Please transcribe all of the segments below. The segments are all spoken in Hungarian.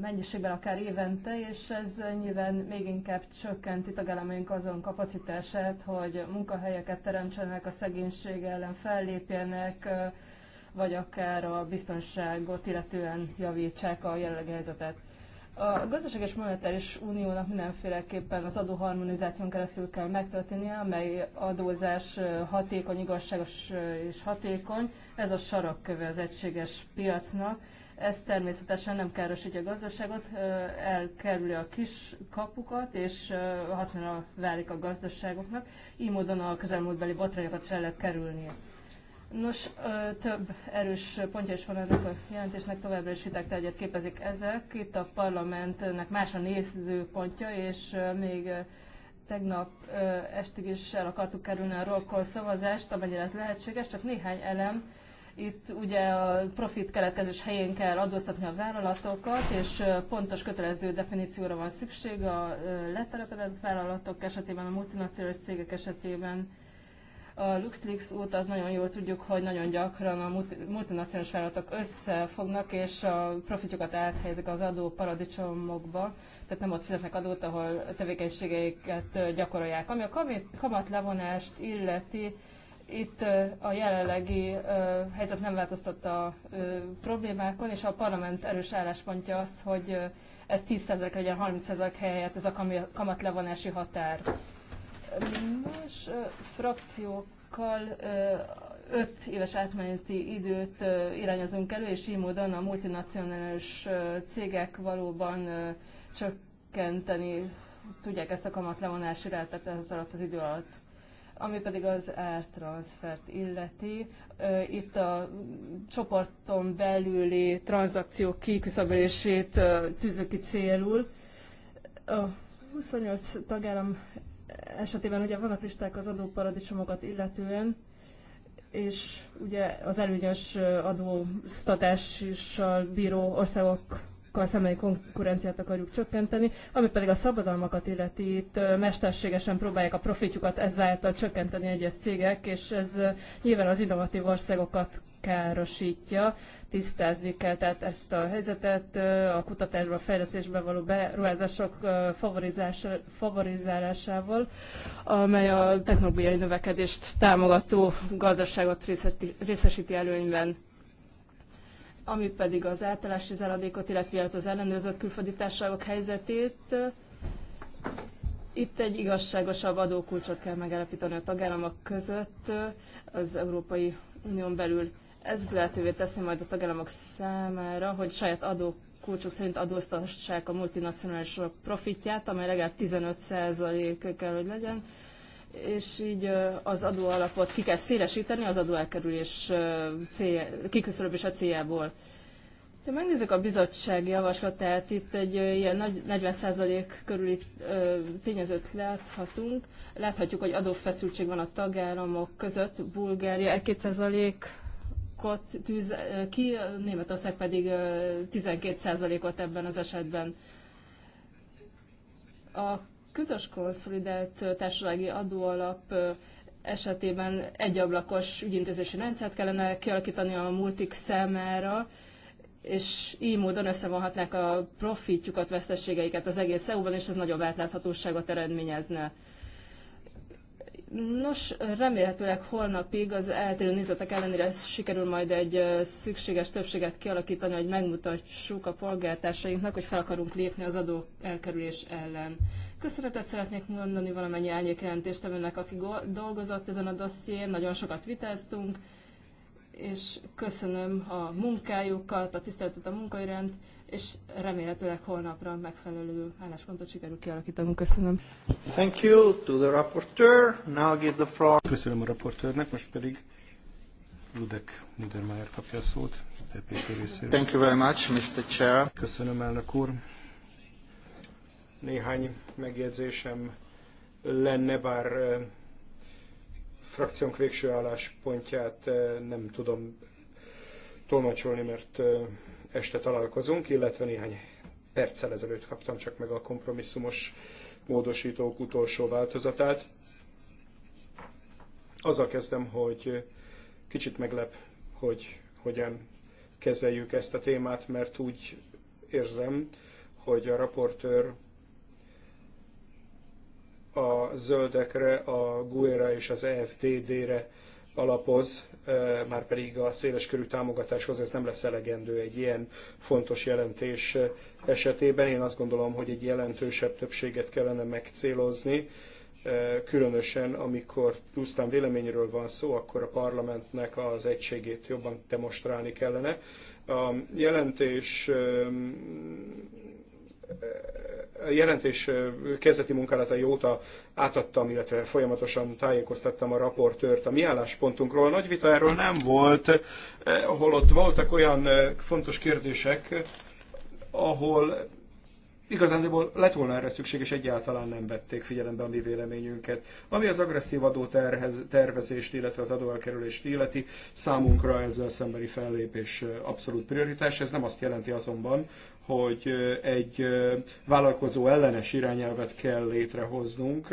mennyiségben akár évente, és ez nyilván még inkább csökkenti tagállamaink azon kapacitását, hogy munkahelyeket teremtsenek, a szegénység ellen fellépjenek, vagy akár a biztonságot illetően javítsák a jelenlegi helyzetet. A gazdaság és monetáris uniónak mindenféleképpen az adóharmonizáción keresztül kell megtörténnie, amely adózás hatékony, igazságos és hatékony. Ez a sarokköve az egységes piacnak, ez természetesen nem károsítja a gazdaságot, elkerüli a kis kapukat, és hasznára válik a gazdaságoknak. Így módon a közelmúltbeli botrányokat se lehet kerülni. Nos, több erős pontja is van ennek a jelentésnek, továbbra is hitek egyet képezik ezek. Itt a parlamentnek más a nézőpontja, és még tegnap estig is el akartuk kerülni a rollkol szavazást, amennyire ez lehetséges, csak néhány elem itt ugye a profit keletkezés helyén kell adóztatni a vállalatokat, és pontos kötelező definícióra van szükség a letelepedett vállalatok esetében, a multinacionális cégek esetében. A LuxLeaks óta nagyon jól tudjuk, hogy nagyon gyakran a multinacionális vállalatok összefognak, és a profitjukat áthelyezik az adó paradicsomokba, tehát nem ott fizetnek adót, ahol tevékenységeiket gyakorolják. Ami a kamat levonást illeti, itt a jelenlegi helyzet nem változtatta a problémákon, és a parlament erős álláspontja az, hogy ez 10% legyen 30% helyett, ez a kamatlevonási határ. Nos, frakciókkal öt éves átmeneti időt irányozunk elő, és így módon a multinacionális cégek valóban csökkenteni tudják ezt a kamatlevonási rátet ez alatt az idő alatt. Ami pedig az ártranszfert illeti, itt a csoporton belüli tranzakciók kiküszöbölését tűzök ki célul. A 28 tagállam esetében ugye vannak listák az adóparadicsomokat illetően, és ugye az előnyös adóztatással bíró országok országokkal szembeni konkurenciát akarjuk csökkenteni, ami pedig a szabadalmakat illeti itt mesterségesen próbálják a profitjukat ezáltal csökkenteni egyes cégek, és ez nyilván az innovatív országokat károsítja. Tisztázni kell tehát ezt a helyzetet, a kutatásba, a fejlesztésbe való beruházások favorizálásával, amely a technológiai növekedést támogató gazdaságot részesíti előnyben ami pedig az általási záradékot, illetve az ellenőrzött külföldi társaságok helyzetét. Itt egy igazságosabb adókulcsot kell megállapítani a tagállamok között az Európai Unión belül. Ez lehetővé teszi majd a tagállamok számára, hogy saját adókulcsok szerint adóztassák a multinacionális profitját, amely legalább 15% kell, hogy legyen, és így az adóalapot ki kell szélesíteni az adóelkerülés célja, kiküszöbölése céljából. Ha megnézzük a bizottság javaslatát, itt egy ilyen nagy 40% körüli tényezőt láthatunk. Láthatjuk, hogy adófeszültség van a tagállamok között, Bulgária 2%-ot tűz ki, Németország pedig 12%-ot ebben az esetben. A közös konszolidált társasági adóalap esetében egyablakos ügyintézési rendszert kellene kialakítani a multik számára, és így módon összevonhatnák a profitjukat, vesztességeiket az egész EU-ban, és ez nagyobb átláthatóságot eredményezne. Nos, remélhetőleg holnapig az eltérő nézetek ellenére sikerül majd egy szükséges többséget kialakítani, hogy megmutassuk a polgártársainknak, hogy fel akarunk lépni az adó elkerülés ellen. Köszönetet szeretnék mondani valamennyi elnyék önnek, aki dolgozott ezen a dosszién, nagyon sokat vitáztunk, és köszönöm a munkájukat, a tiszteletet a munkairend, és remélhetőleg holnapra megfelelő álláspontot sikerül kialakítanunk. Köszönöm. Thank you to the rapporteur. Now give the floor. Köszönöm a raportőrnek, most pedig Ludek Niedermayer kapja a szót. Thank you very much, Mr. Chair. Köszönöm, elnök úr. Néhány megjegyzésem lenne, bár frakciónk végső álláspontját nem tudom tolmácsolni, mert este találkozunk, illetve néhány perccel ezelőtt kaptam csak meg a kompromisszumos módosítók utolsó változatát. Azzal kezdem, hogy kicsit meglep, hogy hogyan kezeljük ezt a témát, mert úgy érzem, hogy a raportőr a zöldekre, a GUE-ra és az EFTD-re alapoz, már pedig a széleskörű támogatáshoz ez nem lesz elegendő egy ilyen fontos jelentés esetében. Én azt gondolom, hogy egy jelentősebb többséget kellene megcélozni, különösen amikor pusztán véleményről van szó, akkor a parlamentnek az egységét jobban demonstrálni kellene. A jelentés a jelentés kezdeti munkálatai óta átadtam, illetve folyamatosan tájékoztattam a raportőrt a mi álláspontunkról. Nagy vita erről nem volt, holott voltak olyan fontos kérdések, ahol igazándiból lett volna erre szükség, és egyáltalán nem vették figyelembe a mi véleményünket. Ami az agresszív adóterhez, tervezést, illetve az adóelkerülést illeti, számunkra ezzel szembeni fellépés abszolút prioritás. Ez nem azt jelenti azonban, hogy egy vállalkozó ellenes irányelvet kell létrehoznunk,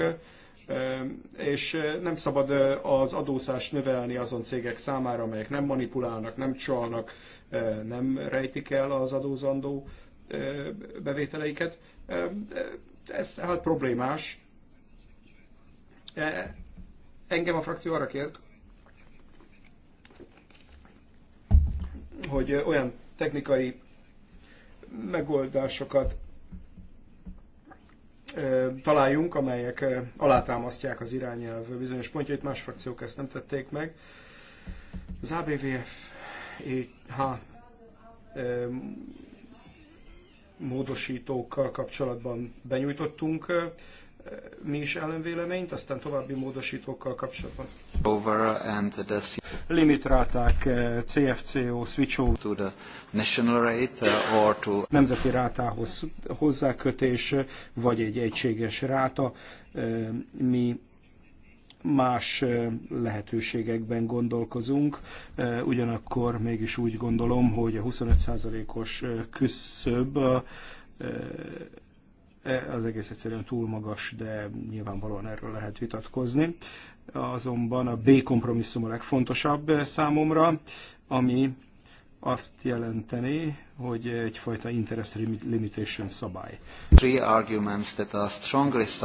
és nem szabad az adószást növelni azon cégek számára, amelyek nem manipulálnak, nem csalnak, nem rejtik el az adózandó bevételeiket. Ez hát problémás. E, engem a frakció arra kért, hogy olyan technikai megoldásokat találjunk, amelyek alátámasztják az irányelv bizonyos pontjait, más frakciók ezt nem tették meg. Az ABVF e ha módosítókkal kapcsolatban benyújtottunk mi is ellenvéleményt, aztán további módosítókkal kapcsolatban. Over and the Limitrálták CFCO switch to the national rate uh, or to nemzeti rátához hozzákötés, vagy egy egységes ráta. Mi más lehetőségekben gondolkozunk, ugyanakkor mégis úgy gondolom, hogy a 25%-os küszöb e, az egész egyszerűen túl magas, de nyilvánvalóan erről lehet vitatkozni. Azonban a B kompromisszum a legfontosabb számomra, ami azt jelenteni, hogy egyfajta interest limitation szabály.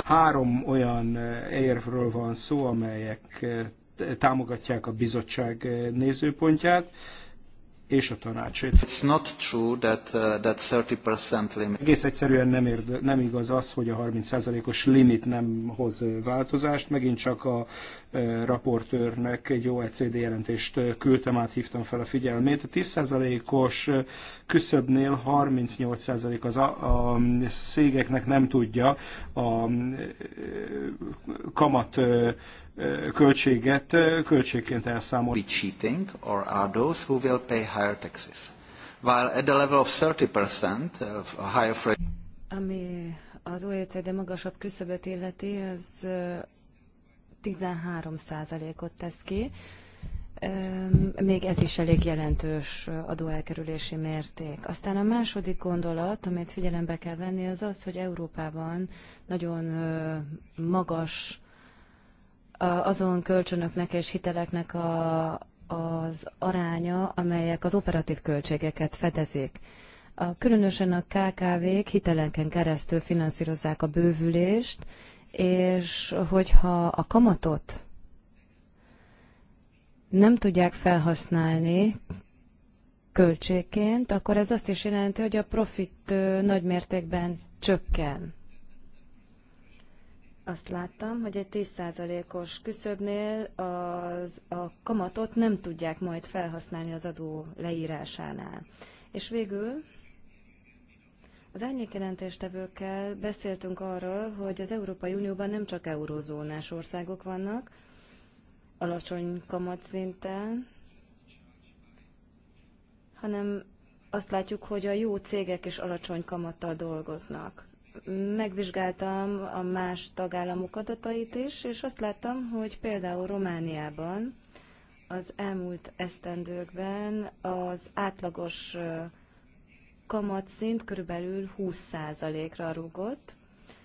Három olyan eh, érvről van szó, amelyek eh, támogatják a bizottság eh, nézőpontját és a tanácsét. It's not true that, uh, that 30% limit. Egész egyszerűen nem, érde, nem igaz az, hogy a 30%-os limit nem hoz változást. Megint csak a uh, raportőrnek egy OECD jelentést küldtem át, hívtam fel a figyelmét. A 10%-os küszöbnél 38% az a, a szégeknek nem tudja a uh, kamat uh, költséget költségként elszámol. Be cheating or are those who will pay higher taxes? While at the level of 30% of uh, higher freight... Ami az OECD magasabb küszöböt illeti, az 13%-ot tesz ki. Még ez is elég jelentős adóelkerülési mérték. Aztán a második gondolat, amit figyelembe kell venni, az az, hogy Európában nagyon magas azon kölcsönöknek és hiteleknek a, az aránya, amelyek az operatív költségeket fedezik. A, különösen a KKV-k hitelenken keresztül finanszírozzák a bővülést, és hogyha a kamatot nem tudják felhasználni költségként, akkor ez azt is jelenti, hogy a profit nagymértékben csökken azt láttam, hogy egy 10%-os küszöbnél az, a kamatot nem tudják majd felhasználni az adó leírásánál. És végül az árnyékjelentéstevőkkel beszéltünk arról, hogy az Európai Unióban nem csak eurozónás országok vannak, alacsony kamatszinten, hanem azt látjuk, hogy a jó cégek is alacsony kamattal dolgoznak megvizsgáltam a más tagállamok adatait is, és azt láttam, hogy például Romániában az elmúlt esztendőkben az átlagos kamatszint körülbelül 20%-ra rúgott,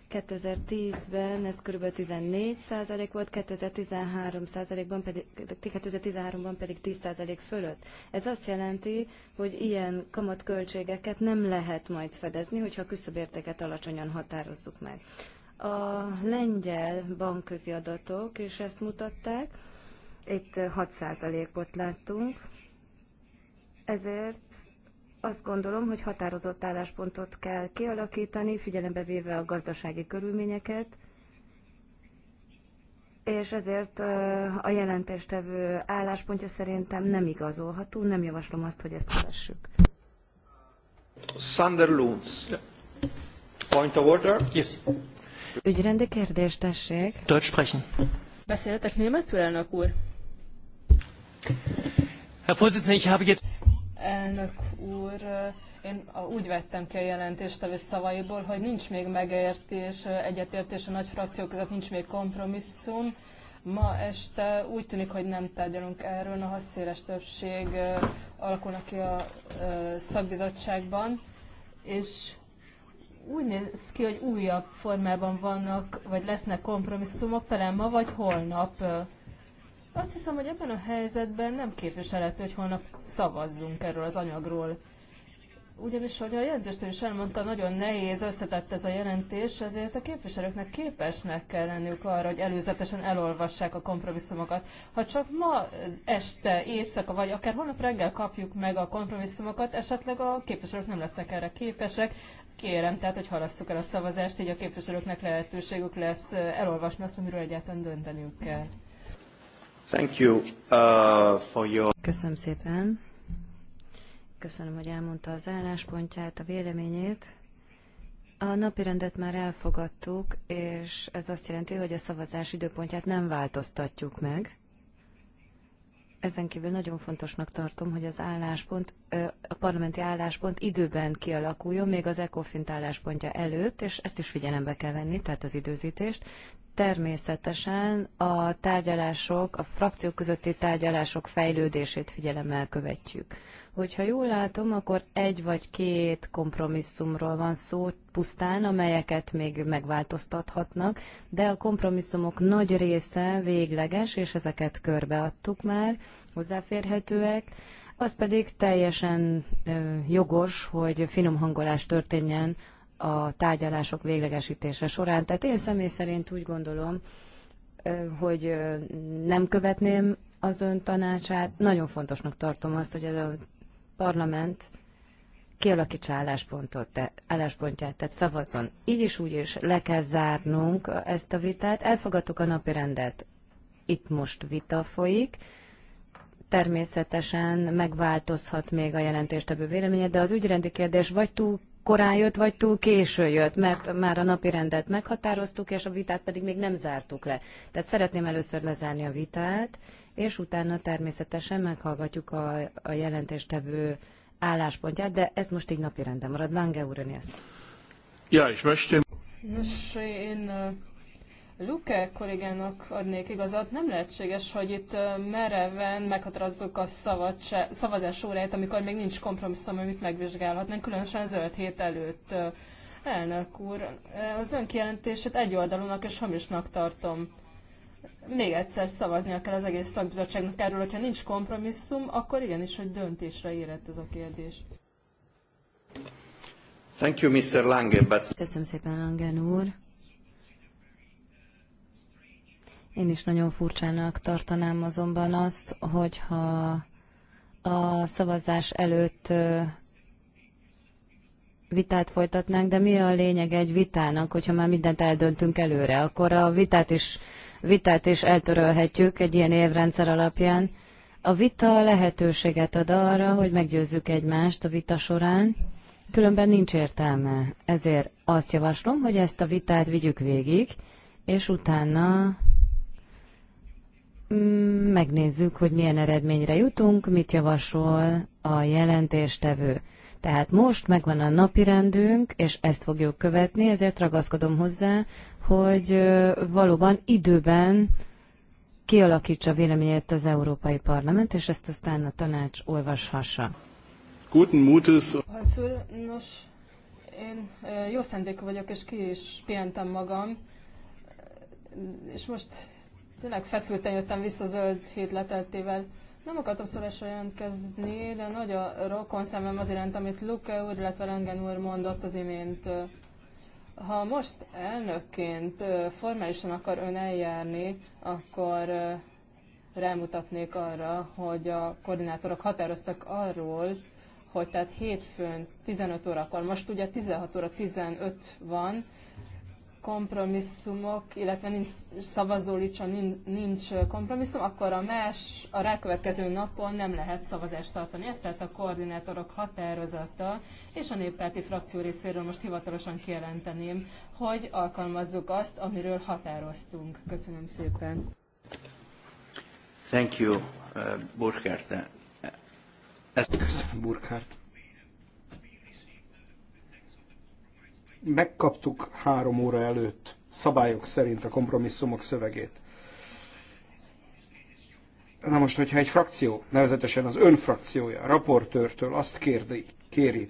2010-ben ez kb. 14 százalék volt, 2013 százalékban pedig, 2013-ban pedig 10 százalék fölött. Ez azt jelenti, hogy ilyen kamatköltségeket nem lehet majd fedezni, hogyha a küszöbértéket alacsonyan határozzuk meg. A lengyel bankközi adatok is ezt mutatták, itt 6 százalékot láttunk, ezért azt gondolom, hogy határozott álláspontot kell kialakítani, figyelembe véve a gazdasági körülményeket, és ezért a jelentéstevő álláspontja szerintem nem igazolható, nem javaslom azt, hogy ezt kövessük. Sander Lunds. Point of order? Yes. Ügyrendi kérdés, tessék. Deutsch sprechen. Beszéltek németül, elnök úr? Herr Vorsitzender, ich habe jetzt... Elnök úr, én úgy vettem ki a jelentést a szavaiból, hogy nincs még megértés, egyetértés a nagy frakciók között, nincs még kompromisszum. Ma este úgy tűnik, hogy nem tárgyalunk erről, a széles többség alakulnak ki a szakbizottságban, és úgy néz ki, hogy újabb formában vannak, vagy lesznek kompromisszumok, talán ma vagy holnap azt hiszem, hogy ebben a helyzetben nem képviselhető, hogy holnap szavazzunk erről az anyagról. Ugyanis, hogy a jelentéstől is elmondta, nagyon nehéz, összetett ez a jelentés, ezért a képviselőknek képesnek kell lenniük arra, hogy előzetesen elolvassák a kompromisszumokat. Ha csak ma este, éjszaka, vagy akár holnap reggel kapjuk meg a kompromisszumokat, esetleg a képviselők nem lesznek erre képesek. Kérem, tehát, hogy halasszuk el a szavazást, így a képviselőknek lehetőségük lesz elolvasni azt, amiről egyáltalán dönteniük kell. Thank you, uh, for your... Köszönöm szépen. Köszönöm, hogy elmondta az álláspontját, a véleményét. A rendet már elfogadtuk, és ez azt jelenti, hogy a szavazás időpontját nem változtatjuk meg. Ezen kívül nagyon fontosnak tartom, hogy az álláspont, a parlamenti álláspont időben kialakuljon, még az ECOFIN álláspontja előtt, és ezt is figyelembe kell venni, tehát az időzítést. Természetesen a tárgyalások, a frakciók közötti tárgyalások fejlődését figyelemmel követjük. Hogyha jól látom, akkor egy vagy két kompromisszumról van szó pusztán, amelyeket még megváltoztathatnak, de a kompromisszumok nagy része végleges, és ezeket körbeadtuk már, hozzáférhetőek. Az pedig teljesen jogos, hogy finom hangolás történjen a tárgyalások véglegesítése során. Tehát én személy szerint úgy gondolom, hogy nem követném az ön tanácsát. Nagyon fontosnak tartom azt, hogy ez a parlament kialakítsa álláspontot, te, álláspontját, tehát szavazzon. Így is úgy is le kell zárnunk ezt a vitát. Elfogadtuk a napi rendet. Itt most vita folyik. Természetesen megváltozhat még a jelentéstevő véleménye, de az ügyrendi kérdés vagy túl korán jött, vagy túl késő jött, mert már a napi rendet meghatároztuk, és a vitát pedig még nem zártuk le. Tehát szeretném először lezárni a vitát, és utána természetesen meghallgatjuk a, a jelentéstevő álláspontját, de ez most így rendben marad. Lange úr, ezt. Ja, és mestem. Nos, én Luke kollégának adnék igazat, nem lehetséges, hogy itt mereven meghatározzuk a szavazás óráját, amikor még nincs kompromisszum, amit megvizsgálhatnánk, különösen az ölt hét előtt. Elnök úr, az önkijelentését oldalúnak és hamisnak tartom még egyszer szavaznia kell az egész szakbizottságnak erről, hogyha nincs kompromisszum, akkor igenis, hogy döntésre érett ez a kérdés. Thank you, Mr. Lange, but... Köszönöm szépen, Langen úr. Én is nagyon furcsának tartanám azonban azt, hogyha a szavazás előtt vitát folytatnánk, de mi a lényeg egy vitának, hogyha már mindent eldöntünk előre, akkor a vitát is, vitát is eltörölhetjük egy ilyen évrendszer alapján. A vita lehetőséget ad arra, hogy meggyőzzük egymást a vita során, különben nincs értelme. Ezért azt javaslom, hogy ezt a vitát vigyük végig, és utána mm, megnézzük, hogy milyen eredményre jutunk, mit javasol a jelentéstevő. Tehát most megvan a napi rendünk, és ezt fogjuk követni, ezért ragaszkodom hozzá, hogy valóban időben kialakítsa véleményét az Európai Parlament, és ezt aztán a tanács olvashassa. Guten Mutes. nos, én jó szendék vagyok, és ki is pihentem magam, és most tényleg feszülten jöttem vissza zöld hét leteltével. Nem akartam szólásra jelentkezni, de nagy a rokon szemem az iránt, amit Luke úr, illetve Lengen úr mondott az imént. Ha most elnökként formálisan akar ön eljárni, akkor rámutatnék arra, hogy a koordinátorok határoztak arról, hogy tehát hétfőn 15 órakor, most ugye 16 óra 15 van, kompromisszumok, illetve nincs szavazólicsa, nincs kompromisszum, akkor a más, a rákövetkező napon nem lehet szavazást tartani. Ez tehát a koordinátorok határozata, és a néppárti frakció részéről most hivatalosan kijelenteném, hogy alkalmazzuk azt, amiről határoztunk. Köszönöm szépen. Thank you, uh, Burkhardt. Köszönöm, Burkhardt. megkaptuk három óra előtt szabályok szerint a kompromisszumok szövegét. Na most, hogyha egy frakció, nevezetesen az ön frakciója, a raportőrtől azt kérdi, kéri,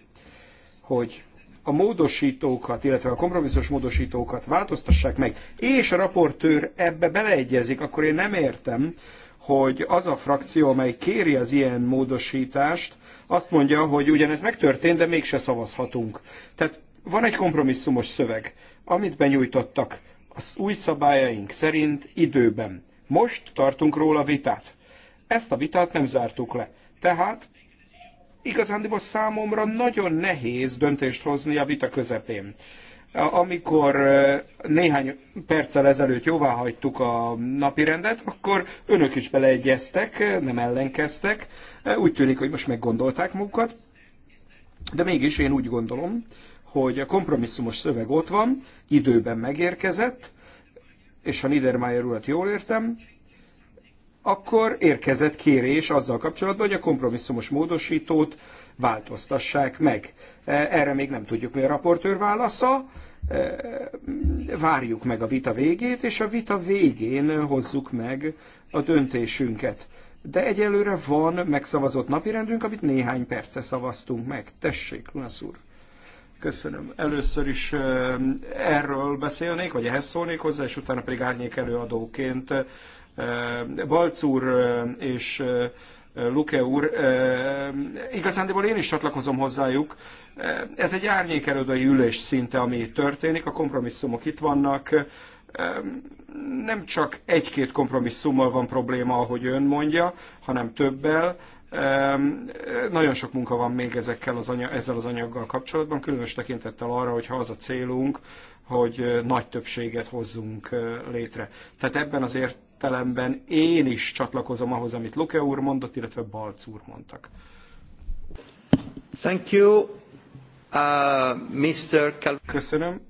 hogy a módosítókat, illetve a kompromisszus módosítókat változtassák meg, és a raportőr ebbe beleegyezik, akkor én nem értem, hogy az a frakció, amely kéri az ilyen módosítást, azt mondja, hogy ugyanez megtörtént, de mégse szavazhatunk. Tehát van egy kompromisszumos szöveg, amit benyújtottak az új szabályaink szerint időben. Most tartunk róla vitát. Ezt a vitát nem zártuk le. Tehát igazándiból számomra nagyon nehéz döntést hozni a vita közepén. Amikor néhány perccel ezelőtt jóvá hagytuk a napirendet, akkor önök is beleegyeztek, nem ellenkeztek. Úgy tűnik, hogy most meggondolták magukat. De mégis én úgy gondolom, hogy a kompromisszumos szöveg ott van, időben megérkezett, és ha Niedermayer urat jól értem, akkor érkezett kérés azzal kapcsolatban, hogy a kompromisszumos módosítót változtassák meg. E, erre még nem tudjuk, mi a raportőr válasza. E, várjuk meg a vita végét, és a vita végén hozzuk meg a döntésünket. De egyelőre van megszavazott napirendünk, amit néhány perce szavaztunk meg. Tessék, Lunasz úr! Köszönöm. Először is erről beszélnék, vagy ehhez szólnék hozzá, és utána pedig árnyék előadóként. Balc úr és Luke úr, igazándiból én is csatlakozom hozzájuk. Ez egy árnyék előadói ülés szinte, ami történik, a kompromisszumok itt vannak, nem csak egy-két kompromisszummal van probléma, ahogy ön mondja, hanem többel. Nagyon sok munka van még ezekkel az anyag, ezzel az anyaggal kapcsolatban, különös tekintettel arra, hogy ha az a célunk, hogy nagy többséget hozzunk létre. Tehát ebben az értelemben én is csatlakozom ahhoz, amit Luke úr mondott, illetve Balc úr mondtak. Thank you, uh, Mr. Kel- Köszönöm.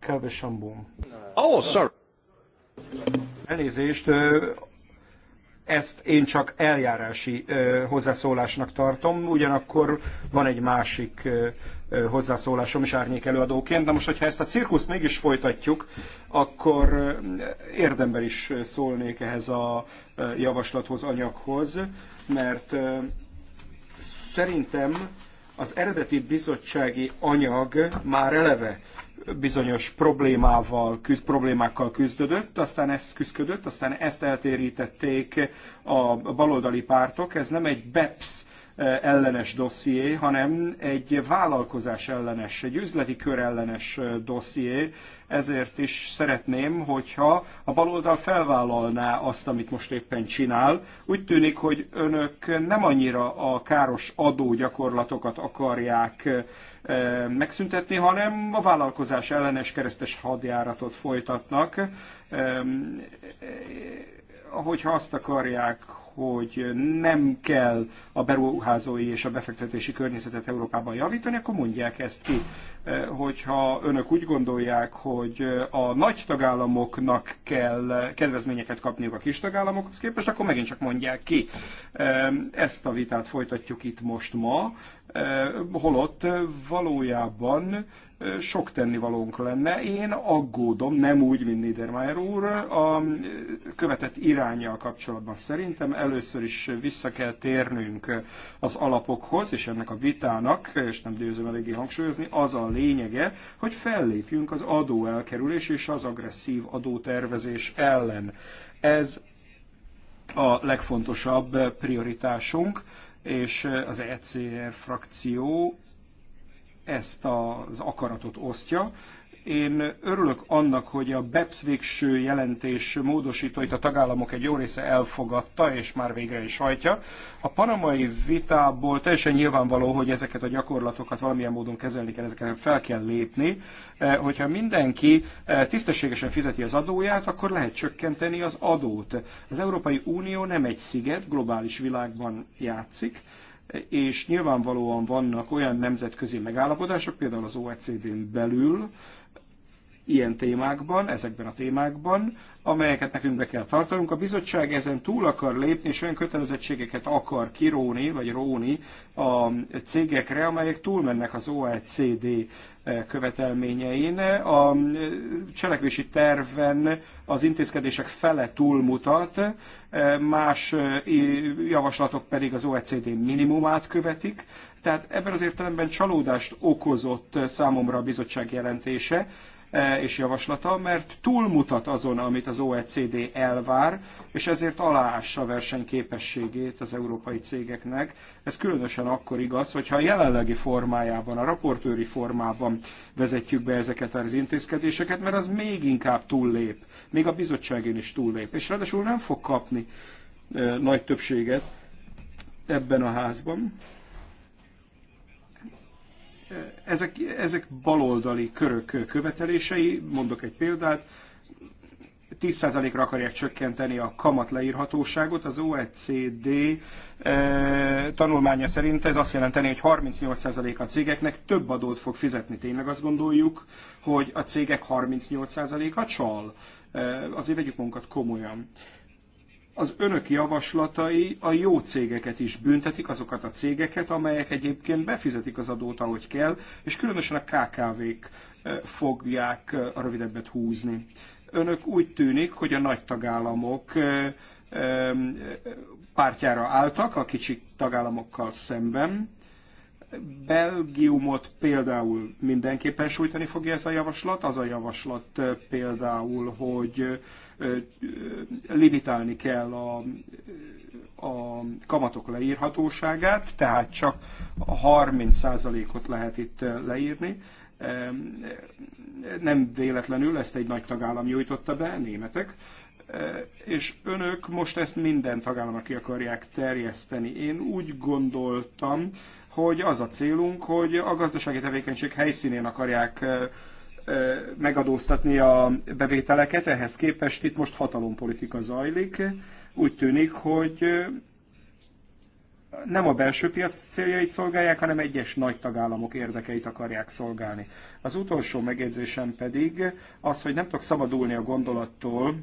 Calvesambon. Oh, sorry. Elnézést, ezt én csak eljárási hozzászólásnak tartom, ugyanakkor van egy másik hozzászólásom is árnyék előadóként. De most, hogyha ezt a cirkuszt mégis folytatjuk, akkor érdemben is szólnék ehhez a javaslathoz, anyaghoz, mert szerintem az eredeti bizottsági anyag már eleve bizonyos problémával, küzd, problémákkal küzdödött, aztán ezt küzdött, aztán ezt eltérítették a baloldali pártok. Ez nem egy BEPS Eh, ellenes dosszié, hanem egy vállalkozás ellenes, egy üzleti kör ellenes eh, dosszié. Ezért is szeretném, hogyha a baloldal felvállalná azt, amit most éppen csinál. Úgy tűnik, hogy önök nem annyira a káros adógyakorlatokat akarják eh, megszüntetni, hanem a vállalkozás ellenes keresztes hadjáratot folytatnak hogyha azt akarják, hogy nem kell a beruházói és a befektetési környezetet Európában javítani, akkor mondják ezt ki. Eh, hogyha önök úgy gondolják, hogy eh, a nagy tagállamoknak kell eh, kedvezményeket kapniuk a kis tagállamokhoz képest, akkor megint csak mondják ki. Ezt a vitát folytatjuk itt most ma, holott valójában sok tennivalónk lenne. Én aggódom, nem úgy, mint Niedermayer úr, a követett irányjal kapcsolatban szerintem először is vissza kell térnünk az alapokhoz, és ennek a vitának, és nem győzöm eléggé hangsúlyozni, az a lényege, hogy fellépjünk az adóelkerülés és az agresszív adótervezés ellen. Ez a legfontosabb prioritásunk, és az ECR frakció ezt az akaratot osztja, én örülök annak, hogy a BEPS végső jelentés módosítóit a tagállamok egy jó része elfogadta, és már végre is hajtja. A panamai vitából teljesen nyilvánvaló, hogy ezeket a gyakorlatokat valamilyen módon kezelni kell, ezeket fel kell lépni. Eh, hogyha mindenki eh, tisztességesen fizeti az adóját, akkor lehet csökkenteni az adót. Az Európai Unió nem egy sziget, globális világban játszik, eh, és nyilvánvalóan vannak olyan nemzetközi megállapodások, például az OECD-n belül, ilyen témákban, ezekben a témákban, amelyeket nekünk be kell tartanunk. A bizottság ezen túl akar lépni, és olyan kötelezettségeket akar kiróni, vagy róni a cégekre, amelyek túlmennek az OECD eh, követelményein. A eh, cselekvési terven az intézkedések fele túlmutat, eh, más javaslatok pedig az OECD minimumát követik, tehát ebben az értelemben csalódást okozott számomra a bizottság jelentése, E, és javaslata, mert túlmutat azon, amit az OECD elvár, és ezért aláássa a versenyképességét az európai cégeknek. Ez különösen akkor igaz, hogyha a jelenlegi formájában, a raportőri formában vezetjük be ezeket az intézkedéseket, mert az még inkább túllép, még a bizottságén is túllép, és ráadásul nem fog kapni e, nagy többséget ebben a házban, ezek, ezek baloldali körök követelései, mondok egy példát, 10%-ra akarják csökkenteni a kamat leírhatóságot. Az OECD e, eh, tanulmánya szerint ez azt jelenteni, hogy 38% a cégeknek több adót fog fizetni. Tényleg azt gondoljuk, hogy a cégek 38%-a csal. E, azért vegyük magunkat komolyan az önök javaslatai a jó cégeket is büntetik, azokat a cégeket, amelyek egyébként befizetik az adót, ahogy kell, és különösen a KKV-k fogják a rövidebbet húzni. Önök úgy tűnik, hogy a nagy tagállamok pártjára álltak, a kicsi tagállamokkal szemben. Belgiumot például mindenképpen sújtani fogja ez a javaslat. Az a javaslat például, hogy limitálni kell a, a kamatok leírhatóságát, tehát csak 30%-ot lehet itt leírni. Nem véletlenül ezt egy nagy tagállam nyújtotta be, németek, és önök most ezt minden tagállamra ki akarják terjeszteni. Én úgy gondoltam, hogy az a célunk, hogy a gazdasági tevékenység helyszínén akarják megadóztatni a bevételeket, ehhez képest itt most hatalompolitika zajlik. Úgy tűnik, hogy nem a belső piac céljait szolgálják, hanem egyes nagy tagállamok érdekeit akarják szolgálni. Az utolsó megjegyzésem pedig az, hogy nem tudok szabadulni a gondolattól,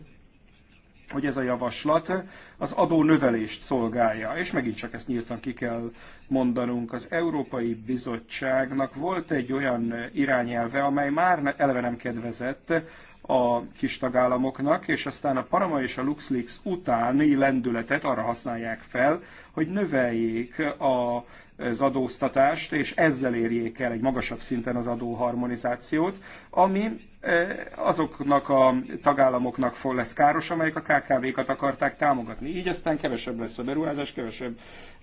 hogy ez a javaslat az adónövelést szolgálja. És megint csak ezt nyíltan ki kell mondanunk. Az Európai Bizottságnak volt egy olyan irányelve, amely már eleve nem kedvezett a kis tagállamoknak, és aztán a Parama és a LuxLeaks utáni lendületet arra használják fel, hogy növeljék a, az adóztatást, és ezzel érjék el egy magasabb szinten az adóharmonizációt, ami e, azoknak a tagállamoknak lesz káros, amelyek a KKV-kat akarták támogatni. Így aztán kevesebb lesz a beruházás, kevesebb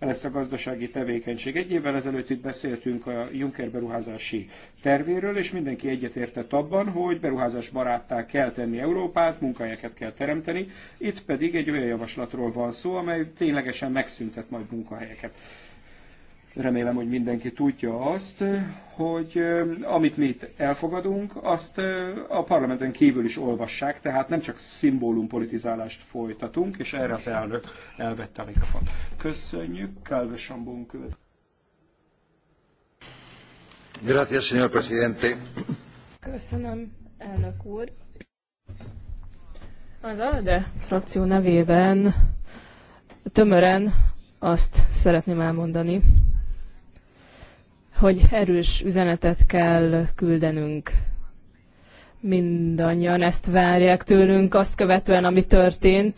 lesz a gazdasági tevékenység. Egy évvel ezelőtt itt beszéltünk a Juncker beruházási tervéről, és mindenki egyetértett abban, hogy beruházás baráttá kell tenni Európát, munkahelyeket kell teremteni. Itt pedig egy olyan javaslatról van szó, amely ténylegesen megszüntet majd munkahelyeket remélem, hogy mindenki tudja azt, hogy amit mi itt elfogadunk, azt a parlamenten kívül is olvassák, tehát nem csak szimbólum politizálást folytatunk, és erre az elnök elvette a mikrofon. Köszönjük, Kálve Sambon követ. Gracias, señor presidente. Köszönöm, elnök úr. Az ALDE frakció nevében tömören azt szeretném elmondani, hogy erős üzenetet kell küldenünk. Mindannyian ezt várják tőlünk, azt követően, ami történt,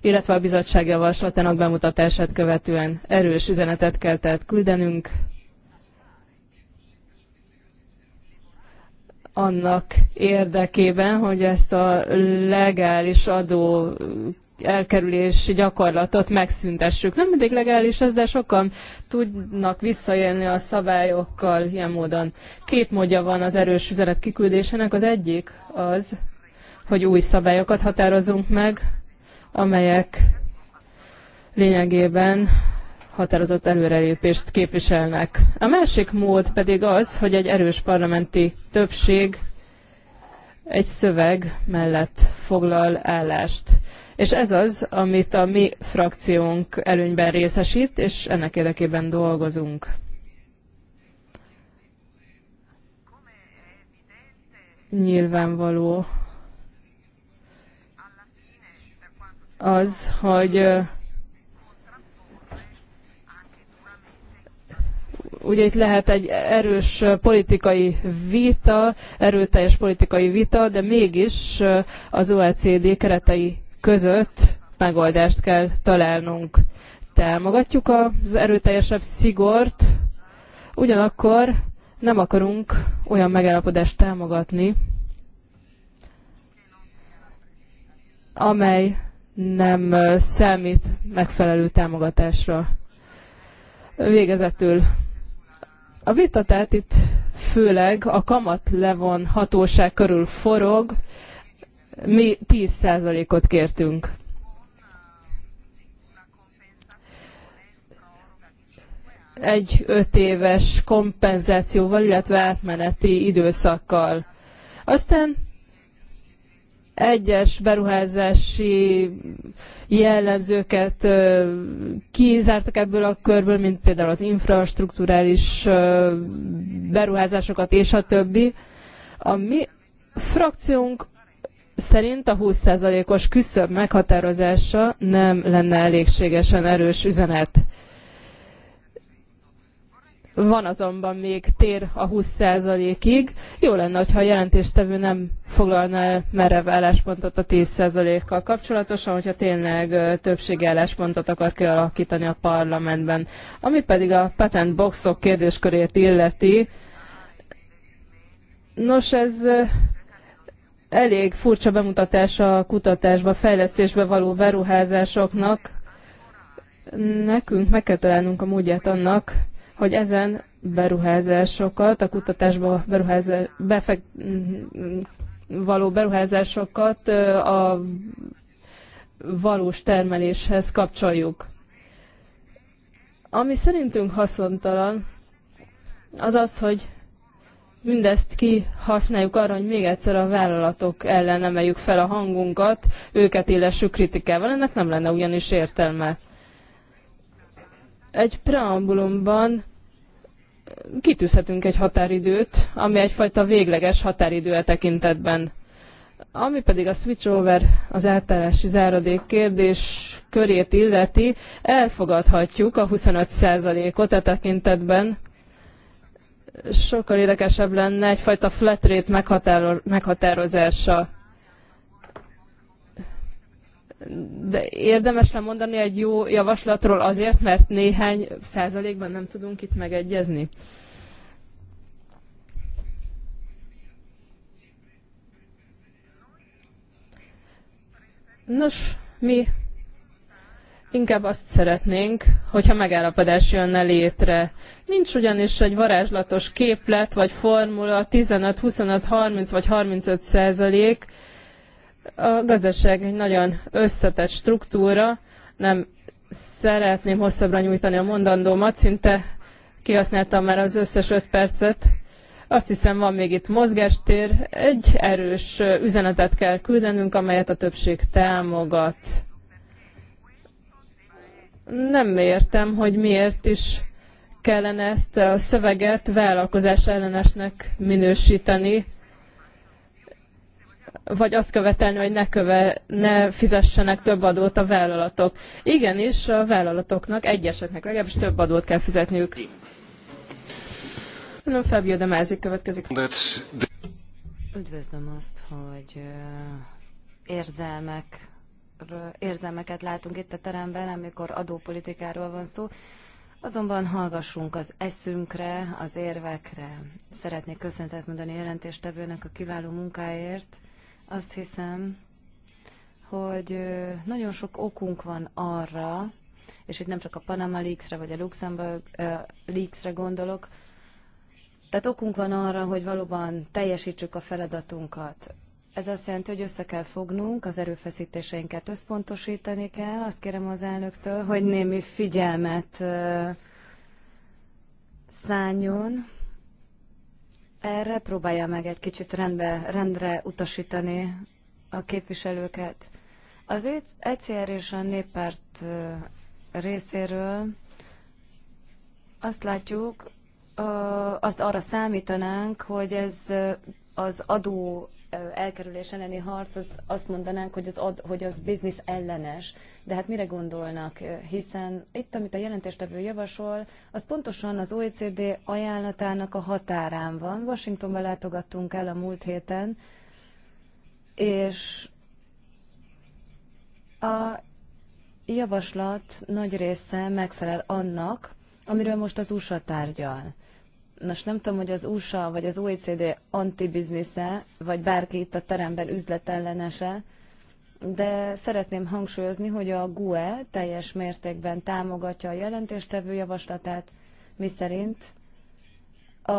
illetve a bizottság javaslatának bemutatását követően erős üzenetet kell tehát küldenünk. annak érdekében, hogy ezt a legális adó elkerülési gyakorlatot megszüntessük. Nem mindig legális ez, de sokan tudnak visszaélni a szabályokkal ilyen módon. Két módja van az erős üzenet kiküldésének. Az egyik az, hogy új szabályokat határozzunk meg, amelyek lényegében határozott előrelépést képviselnek. A másik mód pedig az, hogy egy erős parlamenti többség egy szöveg mellett foglal állást. És ez az, amit a mi frakciónk előnyben részesít, és ennek érdekében dolgozunk. Nyilvánvaló az, hogy ugye itt lehet egy erős politikai vita, erőteljes politikai vita, de mégis az OECD keretei között megoldást kell találnunk. Támogatjuk az erőteljesebb szigort, ugyanakkor nem akarunk olyan megállapodást támogatni, amely nem számít megfelelő támogatásra. Végezetül a vita tehát itt főleg a kamat levon hatóság körül forog, mi 10%-ot kértünk. Egy öt éves kompenzációval, illetve átmeneti időszakkal. Aztán egyes beruházási jellemzőket kizártak ebből a körből, mint például az infrastruktúrális beruházásokat és a többi. A mi frakciónk szerint a 20%-os küszöb meghatározása nem lenne elégségesen erős üzenet. Van azonban még tér a 20%-ig. Jó lenne, hogyha a jelentéstevő nem foglalna el merev álláspontot a 10%-kal kapcsolatosan, hogyha tényleg többségi álláspontot akar kialakítani a parlamentben. Ami pedig a patent boxok kérdéskörét illeti, nos ez elég furcsa bemutatása a kutatásba, fejlesztésbe való beruházásoknak. Nekünk meg kell találnunk a módját annak, hogy ezen beruházásokat, a kutatásba beruházás, befekt, való beruházásokat a valós termeléshez kapcsoljuk. Ami szerintünk haszontalan, az az, hogy mindezt kihasználjuk arra, hogy még egyszer a vállalatok ellen emeljük fel a hangunkat, őket élessük kritikával, ennek nem lenne ugyanis értelme. Egy preambulumban kitűzhetünk egy határidőt, ami egyfajta végleges határidő a e tekintetben. Ami pedig a switchover, az általási záradék kérdés körét illeti, elfogadhatjuk a 25%-ot a e tekintetben, sokkal érdekesebb lenne egyfajta flat rate meghatározása. De érdemes lemondani egy jó javaslatról azért, mert néhány százalékban nem tudunk itt megegyezni. Nos, mi Inkább azt szeretnénk, hogyha megállapodás jönne létre. Nincs ugyanis egy varázslatos képlet vagy formula 15, 25, 30 vagy 35 százalék. A gazdaság egy nagyon összetett struktúra, nem szeretném hosszabbra nyújtani a mondandómat, szinte kihasználtam már az összes öt percet. Azt hiszem van még itt mozgástér, egy erős üzenetet kell küldenünk, amelyet a többség támogat nem értem, hogy miért is kellene ezt a szöveget vállalkozás ellenesnek minősíteni, vagy azt követelni, hogy ne, köve, ne fizessenek több adót a vállalatok. Igenis, a vállalatoknak, egyeseknek legalábbis több adót kell fizetniük. Köszönöm, Fabio de Mázik következik. Üdvözlöm azt, hogy érzelmek érzelmeket látunk itt a teremben, amikor adópolitikáról van szó. Azonban hallgassunk az eszünkre, az érvekre. Szeretnék köszöntet mondani jelentéstevőnek a kiváló munkáért. Azt hiszem, hogy nagyon sok okunk van arra, és itt nem csak a Panama Leaks-re vagy a Luxemburg Leaks-re gondolok, tehát okunk van arra, hogy valóban teljesítsük a feladatunkat. Ez azt jelenti, hogy össze kell fognunk, az erőfeszítéseinket összpontosítani kell. Azt kérem az elnöktől, hogy némi figyelmet szálljon. Erre próbálja meg egy kicsit rendbe, rendre utasítani a képviselőket. Az ECR e és a néppárt részéről azt látjuk, azt arra számítanánk, hogy ez az adó elkerülés elleni harc, az azt mondanánk, hogy az, ad, hogy az biznisz ellenes. De hát mire gondolnak? Hiszen itt, amit a jelentéstevő javasol, az pontosan az OECD ajánlatának a határán van. Washingtonba látogattunk el a múlt héten, és a javaslat nagy része megfelel annak, amiről most az USA tárgyal most nem tudom, hogy az USA vagy az OECD antibiznisze, vagy bárki itt a teremben üzletellenese, de szeretném hangsúlyozni, hogy a GUE teljes mértékben támogatja a jelentéstevő javaslatát, miszerint a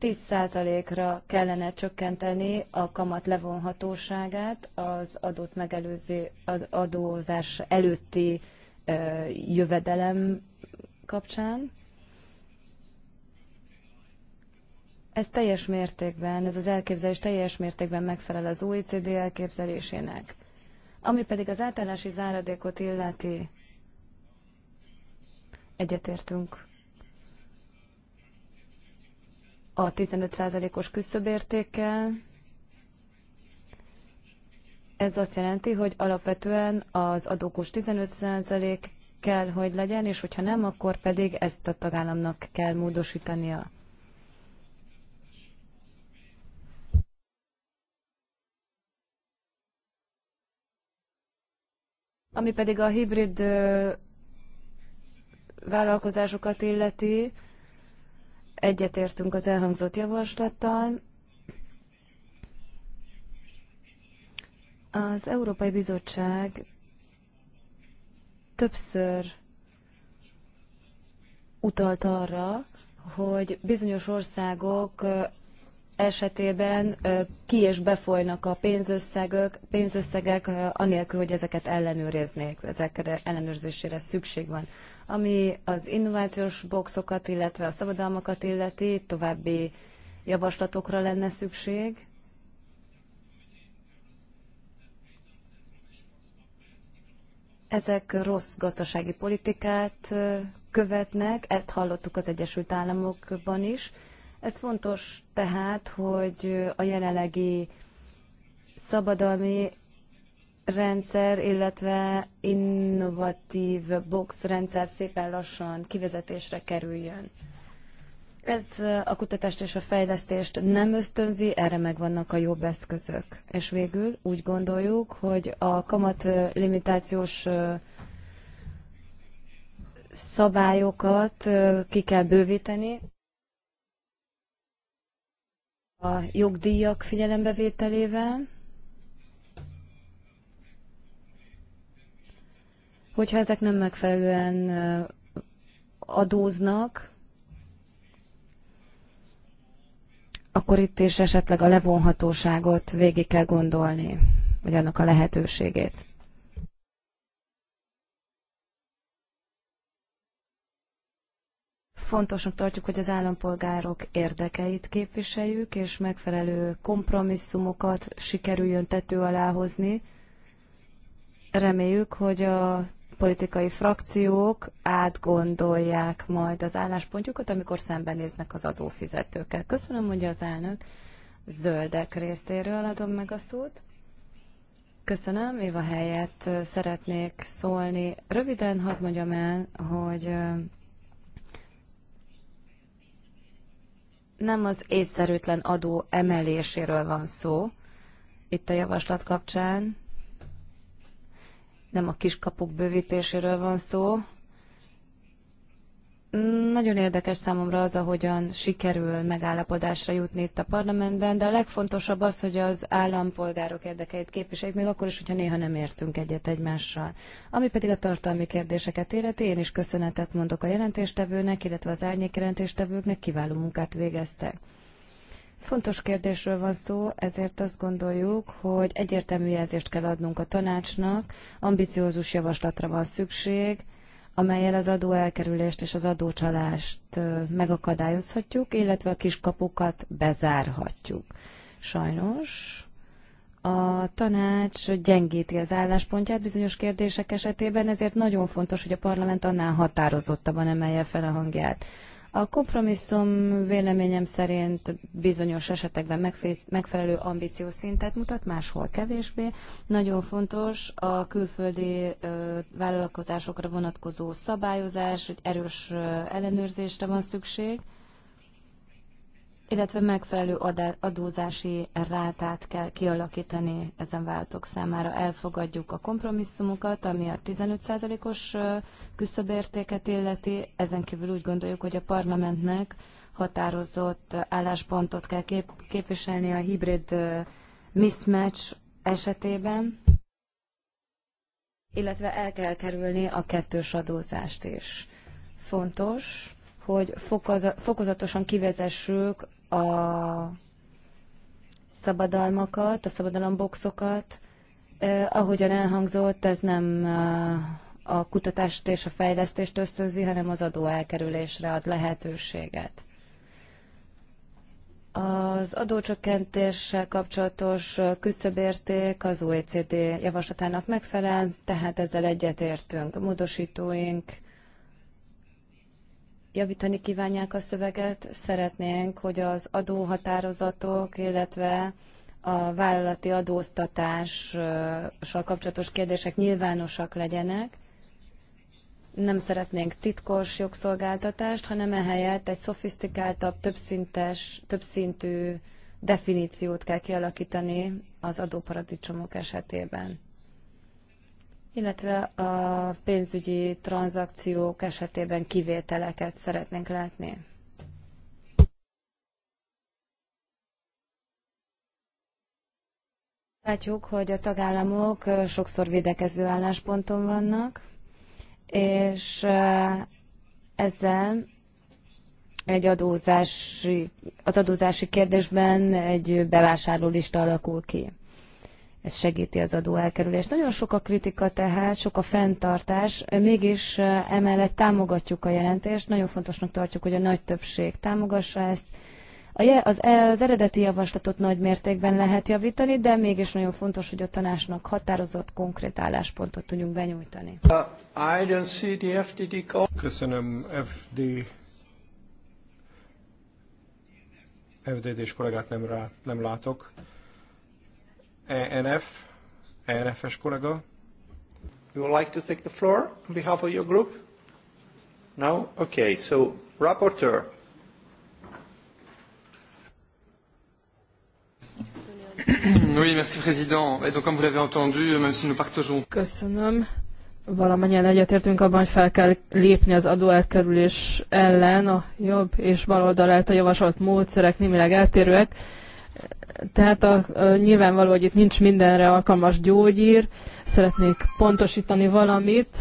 10%-ra kellene csökkenteni a kamat levonhatóságát az adót megelőző adózás előtti jövedelem kapcsán Ez teljes mértékben, ez az elképzelés teljes mértékben megfelel az OECD elképzelésének. Ami pedig az általási záradékot illeti, egyetértünk a 15%-os küszöbértékkel. Ez azt jelenti, hogy alapvetően az adókos 15% kell, hogy legyen, és hogyha nem, akkor pedig ezt a tagállamnak kell módosítania. Ami pedig a hibrid vállalkozásokat illeti, egyetértünk az elhangzott javaslattal. Az Európai Bizottság többször utalt arra, hogy bizonyos országok esetében ki és befolynak a pénzösszegek, pénzösszegek anélkül, hogy ezeket ellenőriznék, ezekre ellenőrzésére szükség van. Ami az innovációs boxokat, illetve a szabadalmakat illeti, további javaslatokra lenne szükség. Ezek rossz gazdasági politikát követnek, ezt hallottuk az Egyesült Államokban is, ez fontos tehát, hogy a jelenlegi szabadalmi rendszer, illetve innovatív box rendszer szépen lassan kivezetésre kerüljön. Ez a kutatást és a fejlesztést nem ösztönzi, erre megvannak a jobb eszközök. És végül úgy gondoljuk, hogy a kamat limitációs szabályokat ki kell bővíteni, a jogdíjak figyelembevételével. Hogyha ezek nem megfelelően adóznak, akkor itt is esetleg a levonhatóságot végig kell gondolni, vagy annak a lehetőségét. Fontosnak tartjuk, hogy az állampolgárok érdekeit képviseljük, és megfelelő kompromisszumokat sikerüljön tető alá hozni. Reméljük, hogy a politikai frakciók átgondolják majd az álláspontjukat, amikor szembenéznek az adófizetőkkel. Köszönöm, hogy az elnök zöldek részéről adom meg a szót. Köszönöm, Éva helyett szeretnék szólni. Röviden hadd mondjam el, hogy nem az észszerűtlen adó emeléséről van szó itt a javaslat kapcsán, nem a kiskapuk bővítéséről van szó, nagyon érdekes számomra az, ahogyan sikerül megállapodásra jutni itt a parlamentben, de a legfontosabb az, hogy az állampolgárok érdekeit képviseljük, még akkor is, hogyha néha nem értünk egyet egymással. Ami pedig a tartalmi kérdéseket illeti, én is köszönetet mondok a jelentéstevőnek, illetve az árnyék jelentéstevőknek, kiváló munkát végeztek. Fontos kérdésről van szó, ezért azt gondoljuk, hogy egyértelmű jelzést kell adnunk a tanácsnak, ambiciózus javaslatra van szükség, amelyel az adóelkerülést és az adócsalást megakadályozhatjuk, illetve a kiskapukat bezárhatjuk. Sajnos a tanács gyengíti az álláspontját bizonyos kérdések esetében, ezért nagyon fontos, hogy a parlament annál határozottabban emelje fel a hangját. A kompromisszum véleményem szerint bizonyos esetekben megfelelő ambíciószintet mutat, máshol kevésbé. Nagyon fontos a külföldi vállalkozásokra vonatkozó szabályozás, hogy erős ellenőrzésre van szükség illetve megfelelő adózási rátát kell kialakítani ezen váltók számára. Elfogadjuk a kompromisszumokat, ami a 15%-os küszöbértéket illeti. Ezen kívül úgy gondoljuk, hogy a parlamentnek határozott álláspontot kell kép- képviselni a hibrid mismatch esetében, illetve el kell kerülni a kettős adózást is. Fontos, hogy fokozatosan kivezessük a szabadalmakat, a szabadalomboxokat. Ahogyan elhangzott, ez nem a kutatást és a fejlesztést ösztönzi, hanem az adó elkerülésre ad lehetőséget. Az adócsökkentéssel kapcsolatos küszöbérték az OECD javaslatának megfelel, tehát ezzel egyetértünk. A módosítóink javítani kívánják a szöveget. Szeretnénk, hogy az adóhatározatok, illetve a vállalati adóztatással kapcsolatos kérdések nyilvánosak legyenek. Nem szeretnénk titkos jogszolgáltatást, hanem ehelyett egy szofisztikáltabb, többszintes, többszintű definíciót kell kialakítani az adóparadicsomok esetében illetve a pénzügyi tranzakciók esetében kivételeket szeretnénk látni. Látjuk, hogy a tagállamok sokszor védekező állásponton vannak, és ezzel egy adózási, az adózási kérdésben egy lista alakul ki ez segíti az adó elkerülést. Nagyon sok a kritika tehát, sok a fenntartás, mégis eh, emellett támogatjuk a jelentést, nagyon fontosnak tartjuk, hogy a nagy többség támogassa ezt. Az, e- az eredeti javaslatot nagy mértékben lehet javítani, de mégis nagyon fontos, hogy a tanácsnak határozott, konkrét álláspontot tudjunk benyújtani. Köszönöm, FD FDD-s kollégát nem, rá, nem látok. ENF, ENF-es kollega. You would like to take the floor on behalf of your group? No? Okay, so rapporteur. Oui, merci président. Et donc comme vous l'avez entendu, même si nous partageons Köszönöm. Valamennyien egyetértünk abban, hogy fel kell lépni az adóelkerülés ellen, a jobb és baloldal által javasolt módszerek némileg eltérőek. Tehát a, a, nyilvánvaló, hogy itt nincs mindenre alkalmas gyógyír. Szeretnék pontosítani valamit.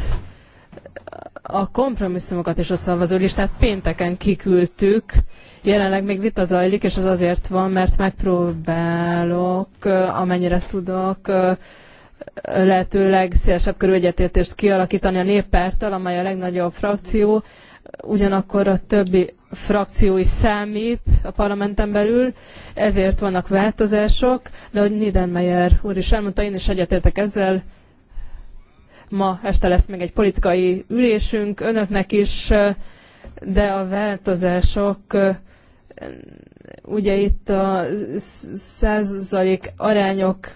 A kompromisszumokat és a listát pénteken kiküldtük. Jelenleg még vita zajlik, és az azért van, mert megpróbálok, amennyire tudok, lehetőleg szélesebb körű egyetértést kialakítani a néppárttal, amely a legnagyobb frakció, ugyanakkor a többi frakció is számít a parlamenten belül, ezért vannak változások, de hogy Niedenmeyer úr is elmondta, én is egyetértek ezzel, ma este lesz még egy politikai ülésünk önöknek is, de a változások ugye itt a százalék arányok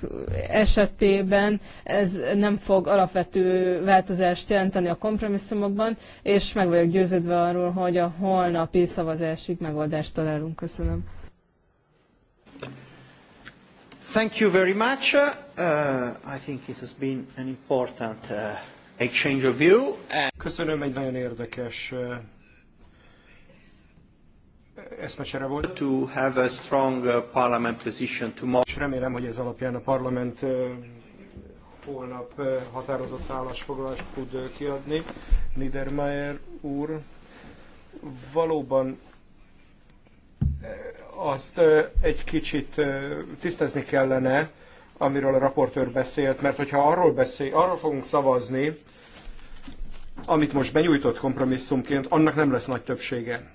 esetében ez nem fog alapvető változást jelenteni a kompromisszumokban, és meg vagyok győződve arról, hogy a holnapi szavazásig megoldást találunk. Köszönöm. Thank you very much. Uh, I think this has been an important uh, exchange of view. And... Köszönöm, egy nagyon érdekes uh, eszmecsere volt. To have a strong uh, parliament position tomorrow. És remélem, hogy ez alapján a parlament uh, holnap uh, határozott állásfoglalást tud kiadni. Niedermayer úr, valóban azt egy kicsit tisztezni kellene, amiről a raportőr beszélt, mert hogyha arról, beszél, arról fogunk szavazni, amit most benyújtott kompromisszumként, annak nem lesz nagy többsége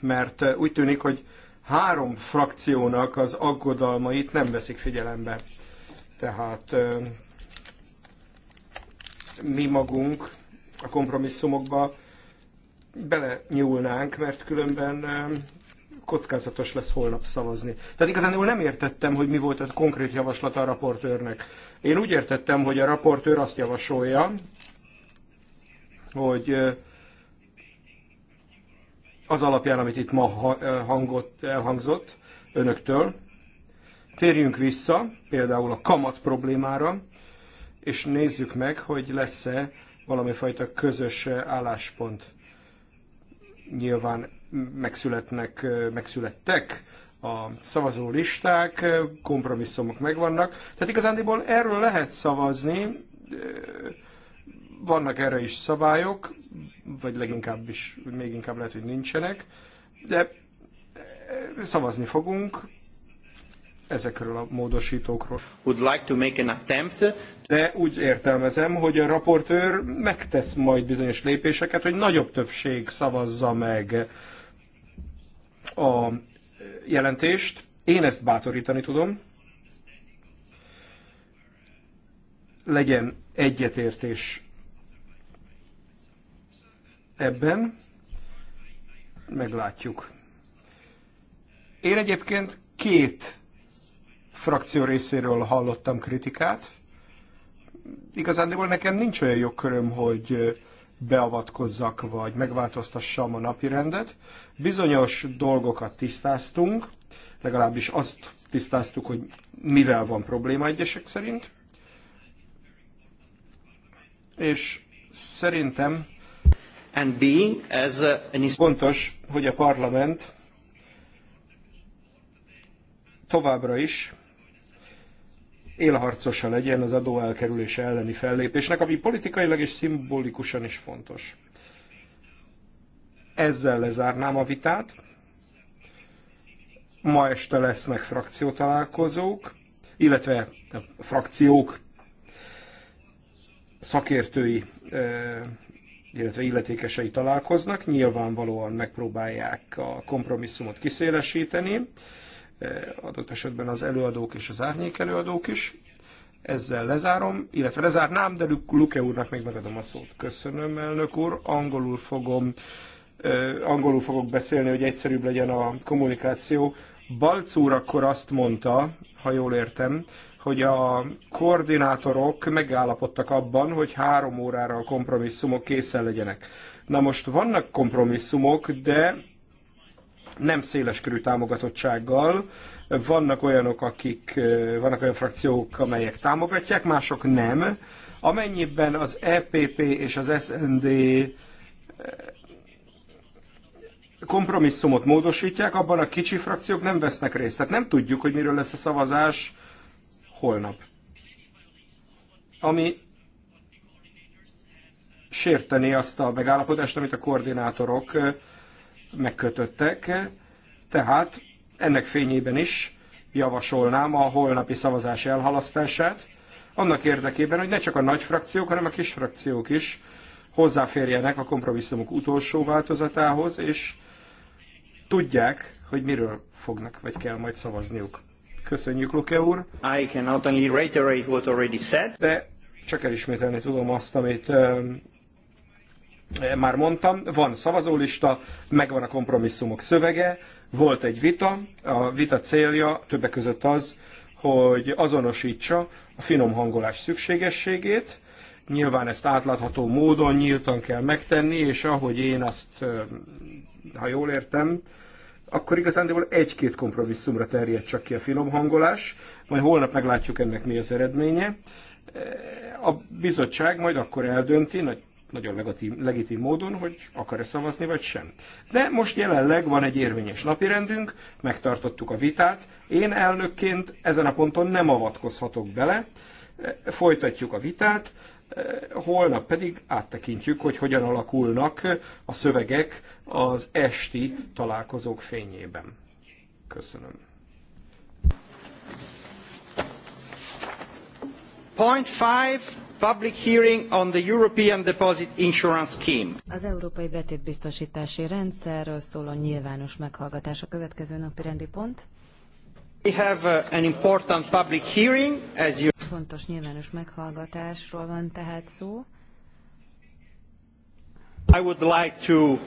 mert úgy tűnik, hogy három frakciónak az aggodalmait nem veszik figyelembe. Tehát mi magunk a kompromisszumokba bele nyúlnánk, mert különben kockázatos lesz holnap szavazni. Tehát igazán nem értettem, hogy mi volt a konkrét javaslat a raportőrnek. Én úgy értettem, hogy a raportőr azt javasolja, hogy az alapján, amit itt ma eh, hangot, elhangzott önöktől. Térjünk vissza például a kamat problémára, és nézzük meg, hogy lesz-e valami fajta közös eh, álláspont. Nyilván megszületnek, eh, megszülettek a szavazó listák, kompromisszumok megvannak. Tehát igazándiból erről lehet szavazni, vannak erre is szabályok, vagy leginkább is, még inkább lehet, hogy nincsenek, de szavazni fogunk ezekről a módosítókról. Would like to make an attempt. De úgy értelmezem, hogy a raportőr megtesz majd bizonyos lépéseket, hogy nagyobb többség szavazza meg a jelentést. Én ezt bátorítani tudom. Legyen egyetértés ebben. Meglátjuk. Én egyébként két frakció részéről hallottam kritikát. Igazándiból nekem nincs olyan jogköröm, hogy beavatkozzak, vagy megváltoztassam a rendet. Bizonyos dolgokat tisztáztunk, legalábbis azt tisztáztuk, hogy mivel van probléma egyesek szerint. És szerintem and being as an... Fontos, hogy a parlament továbbra is élharcosa legyen az adóelkerülése elleni fellépésnek, ami politikailag és szimbolikusan is fontos. Ezzel lezárnám a vitát. Ma este lesznek frakciótalálkozók, illetve a frakciók szakértői eh, illetve illetékesei találkoznak, nyilvánvalóan megpróbálják a kompromisszumot kiszélesíteni, eh, adott esetben az előadók és az árnyék előadók is. Ezzel lezárom, illetve lezárnám, de Luke úrnak még megadom a szót. Köszönöm, elnök úr, angolul fogom angolul fogok beszélni, hogy egyszerűbb legyen a kommunikáció. Balc úr akkor azt mondta, ha jól értem, hogy a koordinátorok megállapodtak abban, hogy három órára a kompromisszumok készen legyenek. Na most vannak kompromisszumok, de nem széleskörű támogatottsággal. Vannak olyanok, akik, vannak olyan frakciók, amelyek támogatják, mások nem. Amennyiben az EPP és az SND kompromisszumot módosítják, abban a kicsi frakciók nem vesznek részt. Tehát nem tudjuk, hogy miről lesz a szavazás holnap. Ami sérteni azt a megállapodást, amit a koordinátorok megkötöttek. Tehát ennek fényében is javasolnám a holnapi szavazás elhalasztását, annak érdekében, hogy ne csak a nagy frakciók, hanem a kis frakciók is hozzáférjenek a kompromisszumok utolsó változatához, és tudják, hogy miről fognak vagy kell majd szavazniuk. Köszönjük, Luke úr. I can only reiterate what already said. De csak elismételni tudom azt, amit um, már mondtam. Van szavazólista, megvan a kompromisszumok szövege, volt egy vita. A vita célja többek között az, hogy azonosítsa a finom hangolás szükségességét. Nyilván ezt átlátható módon nyíltan kell megtenni, és ahogy én azt um, ha jól értem, akkor igazándiból egy-két kompromisszumra terjed csak ki a finom hangolás, majd holnap meglátjuk ennek mi az eredménye. A bizottság majd akkor eldönti, nagy nagyon legitim, legitim módon, hogy akar-e szavazni, vagy sem. De most jelenleg van egy érvényes napirendünk, megtartottuk a vitát. Én elnökként ezen a ponton nem avatkozhatok bele, folytatjuk a vitát. Eh, holnap pedig áttekintjük, hogy hogyan alakulnak a szövegek az esti találkozók fényében. Köszönöm. Point five, public hearing on the European Deposit Insurance Scheme. Az Európai Betétbiztosítási Rendszerről szóló nyilvános meghallgatás a következő napi rendi pont. Uh, Fontos nyilvános meghallgatásról van tehát szó. I would like to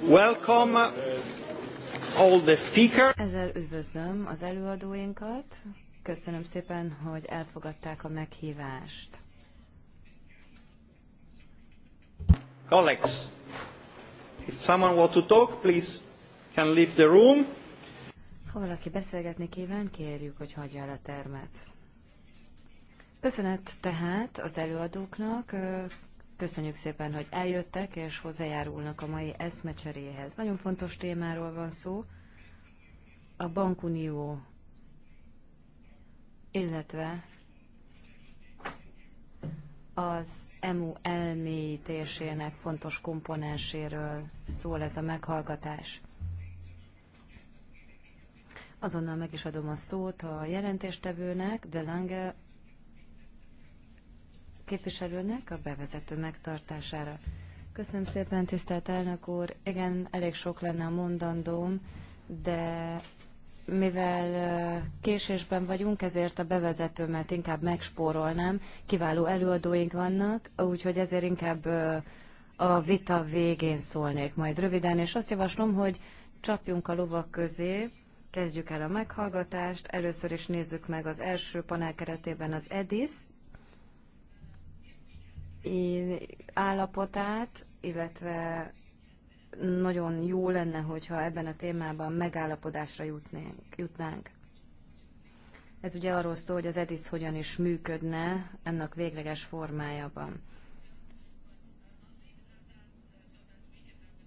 welcome all the speakers. Ezzel üdvözlöm az előadóinkat. Köszönöm szépen, hogy elfogadták a meghívást. Colleagues, if someone wants to talk, please can leave the room. Ha valaki beszélgetni kíván, kérjük, hogy hagyja el a termet. Köszönet tehát az előadóknak, köszönjük szépen, hogy eljöttek és hozzájárulnak a mai eszmecseréhez. Nagyon fontos témáról van szó, a bankunió, illetve az EMU elmélyítésének fontos komponenséről szól ez a meghallgatás. Azonnal meg is adom a szót a jelentéstevőnek, de Lange képviselőnek a bevezető megtartására. Köszönöm szépen, tisztelt elnök úr. Igen, elég sok lenne a mondandóm, de mivel késésben vagyunk, ezért a bevezetőmet inkább megspórolnám. Kiváló előadóink vannak, úgyhogy ezért inkább a vita végén szólnék majd röviden, és azt javaslom, hogy csapjunk a lovak közé, Kezdjük el a meghallgatást. Először is nézzük meg az első panel keretében az EDIS állapotát, illetve nagyon jó lenne, hogyha ebben a témában megállapodásra jutnánk. jutnánk. Ez ugye arról szól, hogy az EDIS hogyan is működne ennek végleges formájában.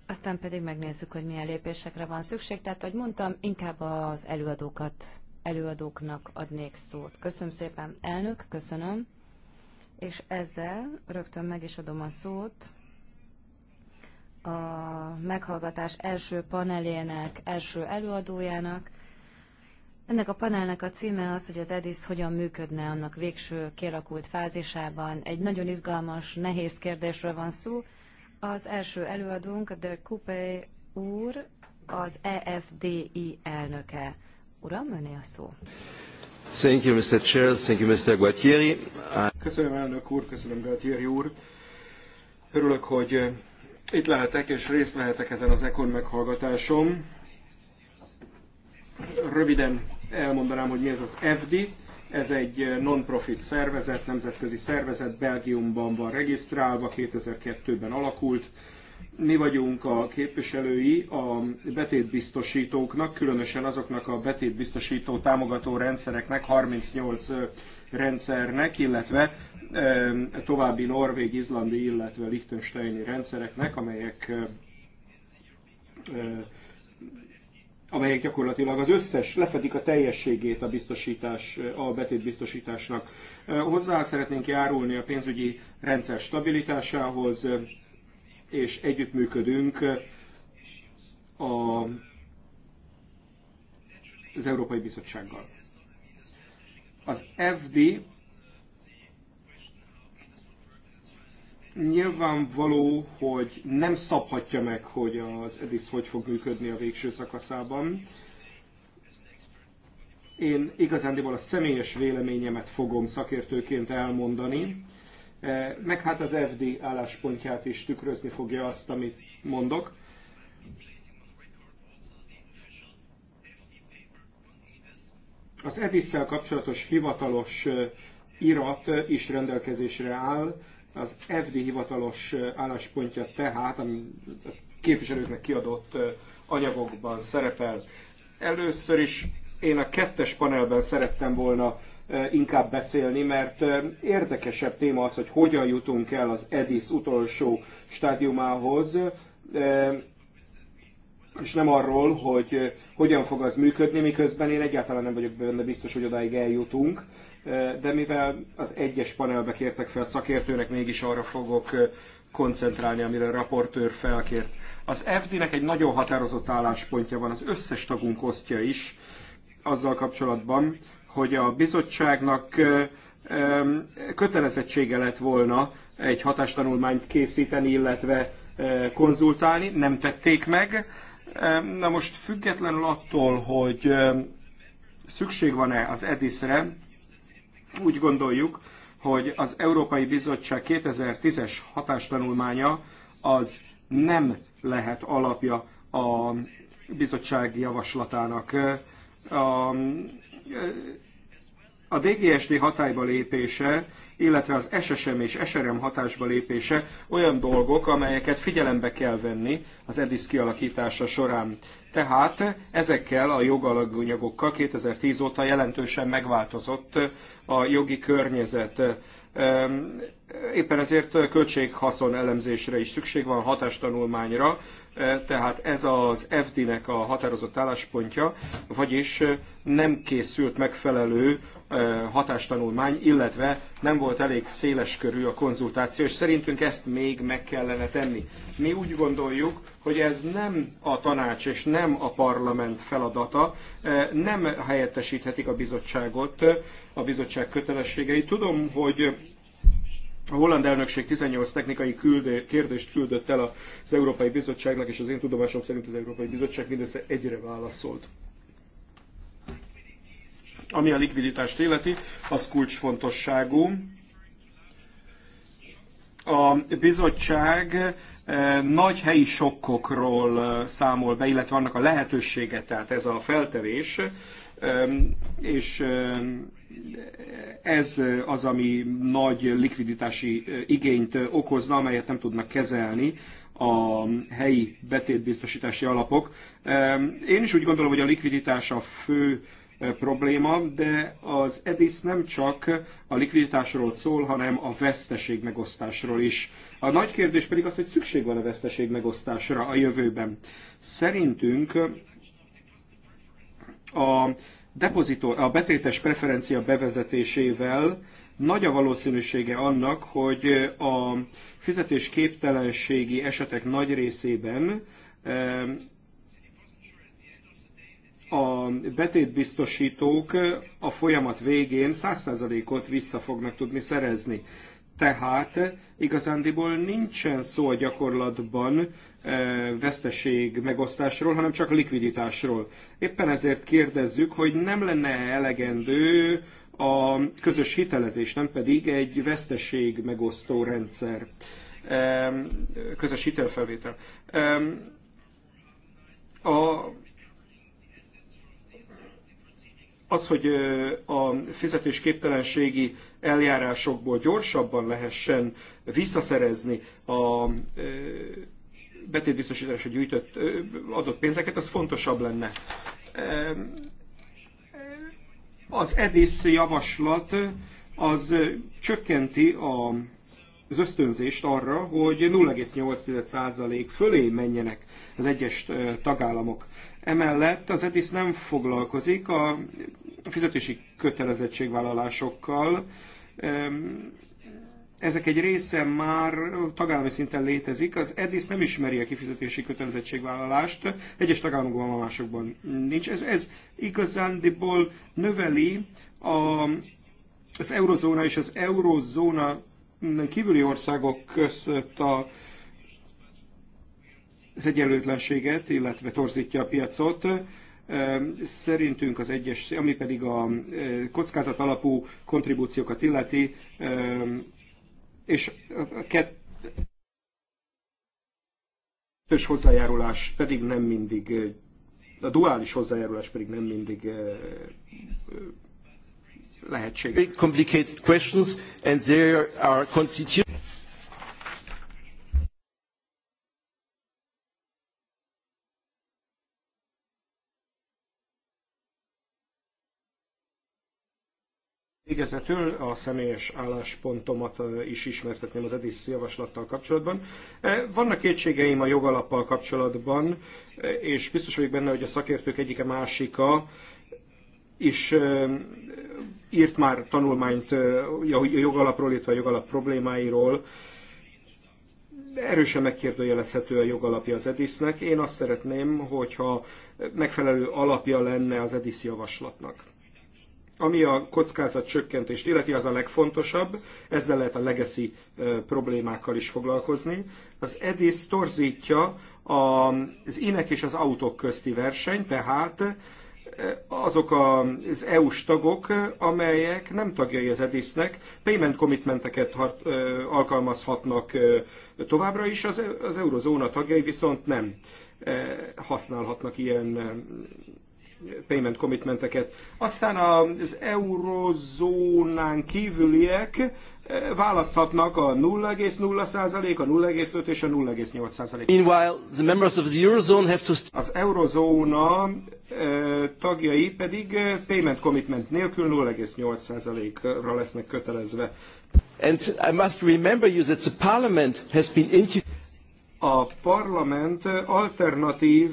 aztán pedig megnézzük, hogy milyen lépésekre van szükség. Tehát, ahogy mondtam, inkább az előadókat, előadóknak adnék szót. Köszönöm szépen, elnök, köszönöm. És ezzel rögtön meg is adom a szót a meghallgatás első panelének, első előadójának. Ennek a panelnek a címe az, hogy az EDIS hogyan működne annak végső kialakult fázisában. Egy nagyon izgalmas, nehéz kérdésről van szó, az első előadónk de Coupé úr, az EFDI elnöke. Uram, öné a szó. Thank you, Mr. Chair. Thank you, Mr. Gualtieri. Köszönöm, elnök úr, köszönöm, Gualtieri úr. Örülök, hogy eh, itt lehetek és részt vehetek ezen az ekon meghallgatásom. Röviden elmondanám, hogy mi ez az EFDI. Ez egy eh, non-profit szervezet, nemzetközi szervezet, Belgiumban van regisztrálva, 2002-ben alakult. Mi vagyunk a képviselői a betétbiztosítóknak, különösen azoknak a betétbiztosító támogató rendszereknek, 38 eh, rendszernek, illetve eh, további norvég, izlandi, illetve liechtensteini rendszereknek, amelyek amelyek gyakorlatilag az összes, lefedik a teljességét a biztosítás, a biztosításnak. Hozzá szeretnénk járulni a pénzügyi rendszer stabilitásához, és együttműködünk a, az Európai Bizottsággal. Az FD nyilvánvaló, hogy nem szabhatja meg, hogy az EDIS hogy fog működni a végső szakaszában. Én igazándiból a személyes véleményemet fogom szakértőként elmondani, e, meg hát az FD álláspontját is tükrözni fogja azt, amit mondok. Az edis kapcsolatos hivatalos e, irat is rendelkezésre áll, az FD hivatalos álláspontja tehát, ami a képviselőknek kiadott anyagokban szerepel. Először is én a kettes panelben szerettem volna inkább beszélni, mert érdekesebb téma az, hogy hogyan jutunk el az EDIS utolsó stádiumához, és nem arról, hogy hogyan fog az működni, miközben én egyáltalán nem vagyok benne biztos, hogy odáig eljutunk de mivel az egyes panelbe kértek fel szakértőnek, mégis arra fogok koncentrálni, amire a raportőr felkért. Az FD-nek egy nagyon határozott álláspontja van, az összes tagunk osztja is azzal kapcsolatban, hogy a bizottságnak kötelezettsége lett volna egy hatástanulmányt készíteni, illetve konzultálni, nem tették meg. Na most függetlenül attól, hogy szükség van-e az EDIS-re, úgy gondoljuk, hogy az Európai Bizottság 2010-es hatástanulmánya az nem lehet alapja a bizottság javaslatának. A a DGSD hatályba lépése, illetve az SSM és SRM hatásba lépése olyan dolgok, amelyeket figyelembe kell venni az EDIS kialakítása során. Tehát ezekkel a jogalanyagokkal 2010 óta jelentősen megváltozott a jogi környezet. Éppen ezért költséghaszon elemzésre is szükség van, hatástanulmányra, tehát ez az FD-nek a határozott álláspontja, vagyis nem készült megfelelő hatástanulmány, illetve nem volt elég széles körű a konzultáció, és szerintünk ezt még meg kellene tenni. Mi úgy gondoljuk, hogy ez nem a tanács és nem a parlament feladata, nem helyettesíthetik a bizottságot, a bizottság kötelességei. Tudom, hogy a holland elnökség 18 technikai küldő, kérdést küldött el az Európai Bizottságnak, és az én tudomásom szerint az Európai Bizottság mindössze egyre válaszolt. Ami a likviditást illeti, az kulcsfontosságú. A bizottság eh, nagy helyi sokkokról eh, számol be, illetve annak a lehetősége, tehát ez a feltevés, eh, és ez az, ami nagy likviditási igényt okozna, amelyet nem tudnak kezelni a helyi betétbiztosítási alapok. Én is úgy gondolom, hogy a likviditás a fő probléma, de az EDIS nem csak a likviditásról szól, hanem a veszteség megosztásról is. A nagy kérdés pedig az, hogy szükség van a veszteség megosztásra a jövőben. Szerintünk a, depozitor, a betétes preferencia bevezetésével nagy a valószínűsége annak, hogy a fizetésképtelenségi esetek nagy részében a betétbiztosítók a folyamat végén 100%-ot vissza fognak tudni szerezni. Tehát igazándiból nincsen szó a gyakorlatban e, veszteség megosztásról, hanem csak likviditásról. Éppen ezért kérdezzük, hogy nem lenne elegendő a közös hitelezés, nem pedig egy veszteség megosztó rendszer, e, közös hitelfelvétel. E, a az, hogy a fizetésképtelenségi eljárásokból gyorsabban lehessen visszaszerezni a betétbiztosításra gyűjtött adott pénzeket, az fontosabb lenne. Az EDIS javaslat az csökkenti a az ösztönzést arra, hogy 0,8% fölé menjenek az egyes tagállamok. Emellett az EDIS nem foglalkozik a fizetési kötelezettségvállalásokkal. Ezek egy része már tagállami szinten létezik. Az EDIS nem ismeri a kifizetési kötelezettségvállalást, egyes tagállamokban, a másokban nincs. Ez, ez igazándiból növeli a, az eurozóna és az eurozóna kívüli országok között a, az egyenlőtlenséget, illetve torzítja a piacot. Szerintünk az egyes, ami pedig a e, kockázat alapú kontribúciókat illeti, e, és a kettős hozzájárulás pedig nem mindig, e, a duális hozzájárulás pedig nem mindig lehetséges. Végezetül a személyes álláspontomat is ismertetném az EDIS javaslattal kapcsolatban. Vannak kétségeim a jogalappal kapcsolatban, és biztos vagyok benne, hogy a szakértők egyike másika is írt már tanulmányt a jogalapról, illetve a jogalap problémáiról. Erősen megkérdőjelezhető a jogalapja az Edisnek. Én azt szeretném, hogyha megfelelő alapja lenne az Edis javaslatnak. Ami a kockázat csökkentést illeti, az a legfontosabb, ezzel lehet a legacy problémákkal is foglalkozni. Az EDIS torzítja az inek és az autók közti verseny, tehát azok az EU-s tagok, amelyek nem tagjai az EDIS-nek, payment commitmenteket alkalmazhatnak továbbra is, az, eurózóna eurozóna tagjai viszont nem használhatnak ilyen payment commitmenteket. Aztán az eurozónán kívüliek választhatnak a 0,0%, a 0,5 és a 0,8%. Meanwhile, the members of the eurozone have to az eurozóna tagjai pedig payment commitment nélkül 0,8%-ra lesznek kötelezve. And I must remember you that the parliament has been into a parlament alternatív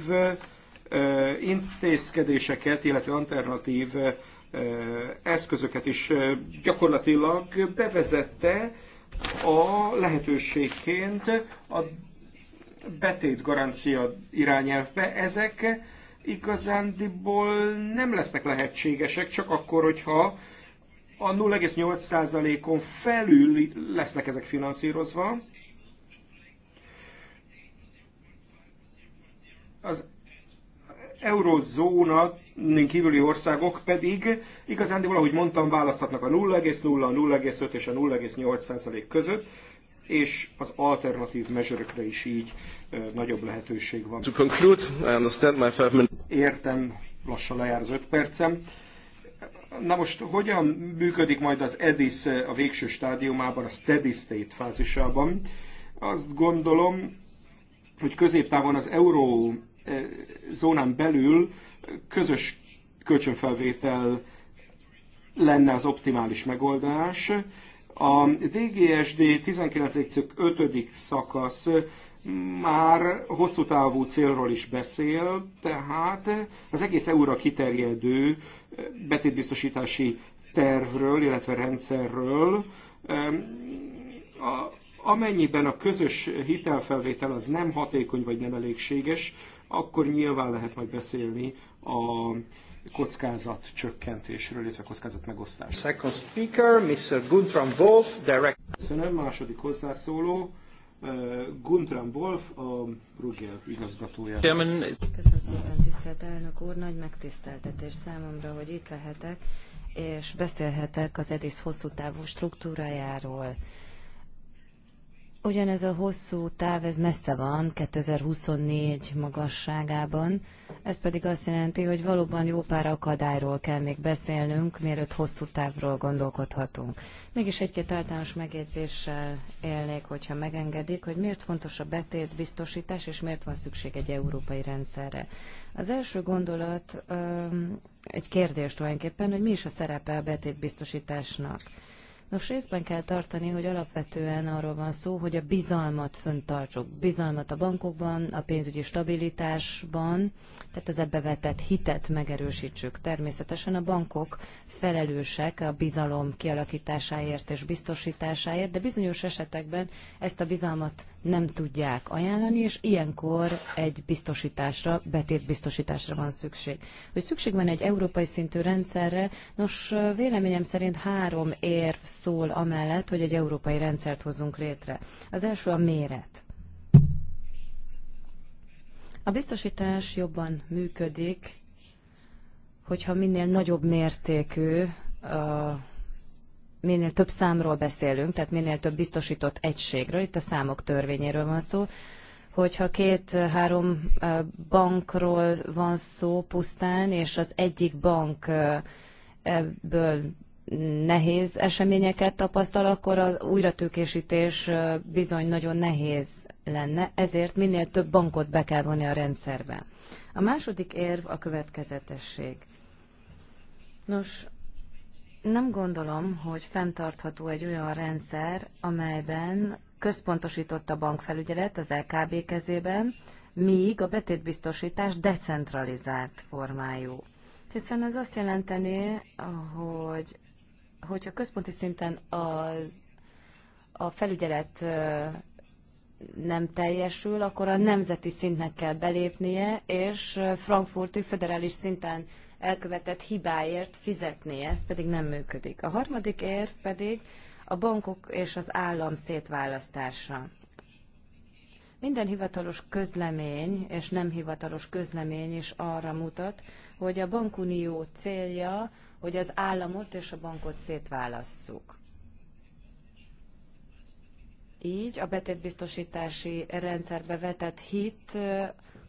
intézkedéseket, illetve alternatív eszközöket is gyakorlatilag bevezette a lehetőségként a betét garancia irányelvbe. Ezek igazándiból nem lesznek lehetségesek, csak akkor, hogyha a 0,8%-on felül lesznek ezek finanszírozva. Az eurozóna kívüli országok pedig igazán de valahogy mondtam, választhatnak a 0,0, a 0,5 és a 0,8 százalék között, és az alternatív mezőrökre is így nagyobb lehetőség van. To conclude, I understand my five minutes. Értem, lassan lejár az öt percem. Na most hogyan működik majd az EDIS a végső stádiumában, a steady state fázisában? Azt gondolom, hogy középtávon az euró Eh, zónán belül közös kölcsönfelvétel lenne az optimális megoldás. A DGSD 19. 5. szakasz már hosszú távú célról is beszél, tehát az egész EU-ra kiterjedő betétbiztosítási tervről, illetve rendszerről, amennyiben a közös hitelfelvétel az nem hatékony vagy nem elégséges, akkor nyilván lehet majd beszélni a kockázat csökkentésről, illetve kockázat megosztásról. Second speaker, Mr. Guntram Wolf, direct. Köszönöm, második hozzászóló. Eh, Guntram Wolf, a Bruegel igazgatója. Köszönöm szépen, tisztelt elnök úr, nagy megtiszteltetés számomra, hogy itt lehetek, és beszélhetek az EDIS hosszú távú struktúrájáról. Ugyanez a hosszú táv, ez messze van, 2024 magasságában. Ez pedig azt jelenti, hogy valóban jó pár akadályról kell még beszélnünk, mielőtt hosszú távról gondolkodhatunk. Mégis egy-két általános megjegyzéssel élnék, hogyha megengedik, hogy miért fontos a betét biztosítás, és miért van szükség egy európai rendszerre. Az első gondolat egy kérdés tulajdonképpen, hogy mi is a szerepe a betét biztosításnak. Nos, részben kell tartani, hogy alapvetően arról van szó, hogy a bizalmat föntartsuk. Bizalmat a bankokban, a pénzügyi stabilitásban, tehát az ebbe vetett hitet megerősítsük. Természetesen a bankok felelősek a bizalom kialakításáért és biztosításáért, de bizonyos esetekben ezt a bizalmat nem tudják ajánlani, és ilyenkor egy biztosításra, betétbiztosításra van szükség. Hogy szükség van egy európai szintű rendszerre, nos, véleményem szerint három érv szól amellett, hogy egy európai rendszert hozzunk létre. Az első a méret. A biztosítás jobban működik, hogyha minél nagyobb mértékű a minél több számról beszélünk, tehát minél több biztosított egységről, itt a számok törvényéről van szó, hogyha két-három bankról van szó pusztán, és az egyik bankból nehéz eseményeket tapasztal, akkor az újratőkésítés bizony nagyon nehéz lenne, ezért minél több bankot be kell vonni a rendszerbe. A második érv a következetesség. Nos, nem gondolom, hogy fenntartható egy olyan rendszer, amelyben központosított a bankfelügyelet az LKB kezében, míg a betétbiztosítás decentralizált formájú. Hiszen ez azt jelenteni, hogy hogyha központi szinten az, a felügyelet nem teljesül, akkor a nemzeti szintnek kell belépnie, és frankfurti föderális szinten elkövetett hibáért fizetni, ez pedig nem működik. A harmadik érv pedig a bankok és az állam szétválasztása. Minden hivatalos közlemény és nem hivatalos közlemény is arra mutat, hogy a bankunió célja, hogy az államot és a bankot szétválasszuk. Így a betétbiztosítási rendszerbe vetett hit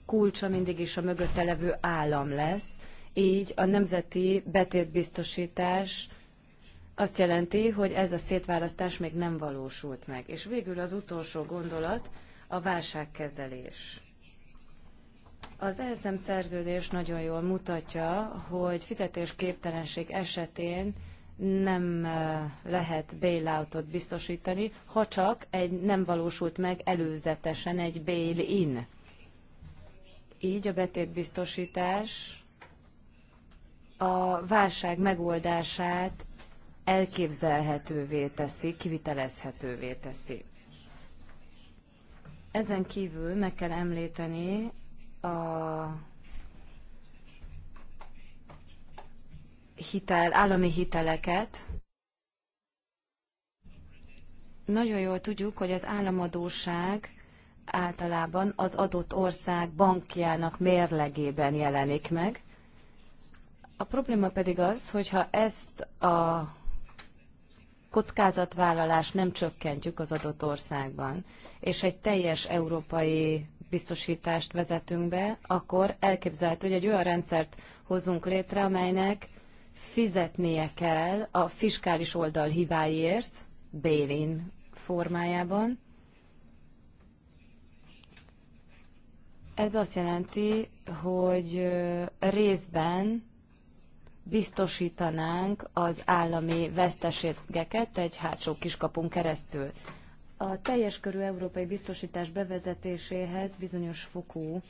kulcsa mindig is a mögötte levő állam lesz, így a nemzeti betétbiztosítás azt jelenti, hogy ez a szétválasztás még nem valósult meg. És végül az utolsó gondolat a válságkezelés. Az ESM szerződés nagyon jól mutatja, hogy fizetésképtelenség esetén nem eh, lehet bailoutot biztosítani, ha csak egy nem valósult meg előzetesen egy bail-in. Így a betétbiztosítás a válság megoldását elképzelhetővé teszi, kivitelezhetővé teszi. Ezen kívül meg kell említeni a hitel, állami hiteleket. Nagyon jól tudjuk, hogy az államadóság általában az adott ország bankjának mérlegében jelenik meg, a probléma pedig az, hogyha ezt a kockázatvállalást nem csökkentjük az adott országban, és egy teljes európai biztosítást vezetünk be, akkor elképzelhető, hogy egy olyan rendszert hozunk létre, amelynek fizetnie kell a fiskális oldal hibáiért, bélin formájában. Ez azt jelenti, hogy részben biztosítanánk az állami veszteségeket egy hátsó kiskapun keresztül. A teljes körű európai biztosítás bevezetéséhez bizonyos fokú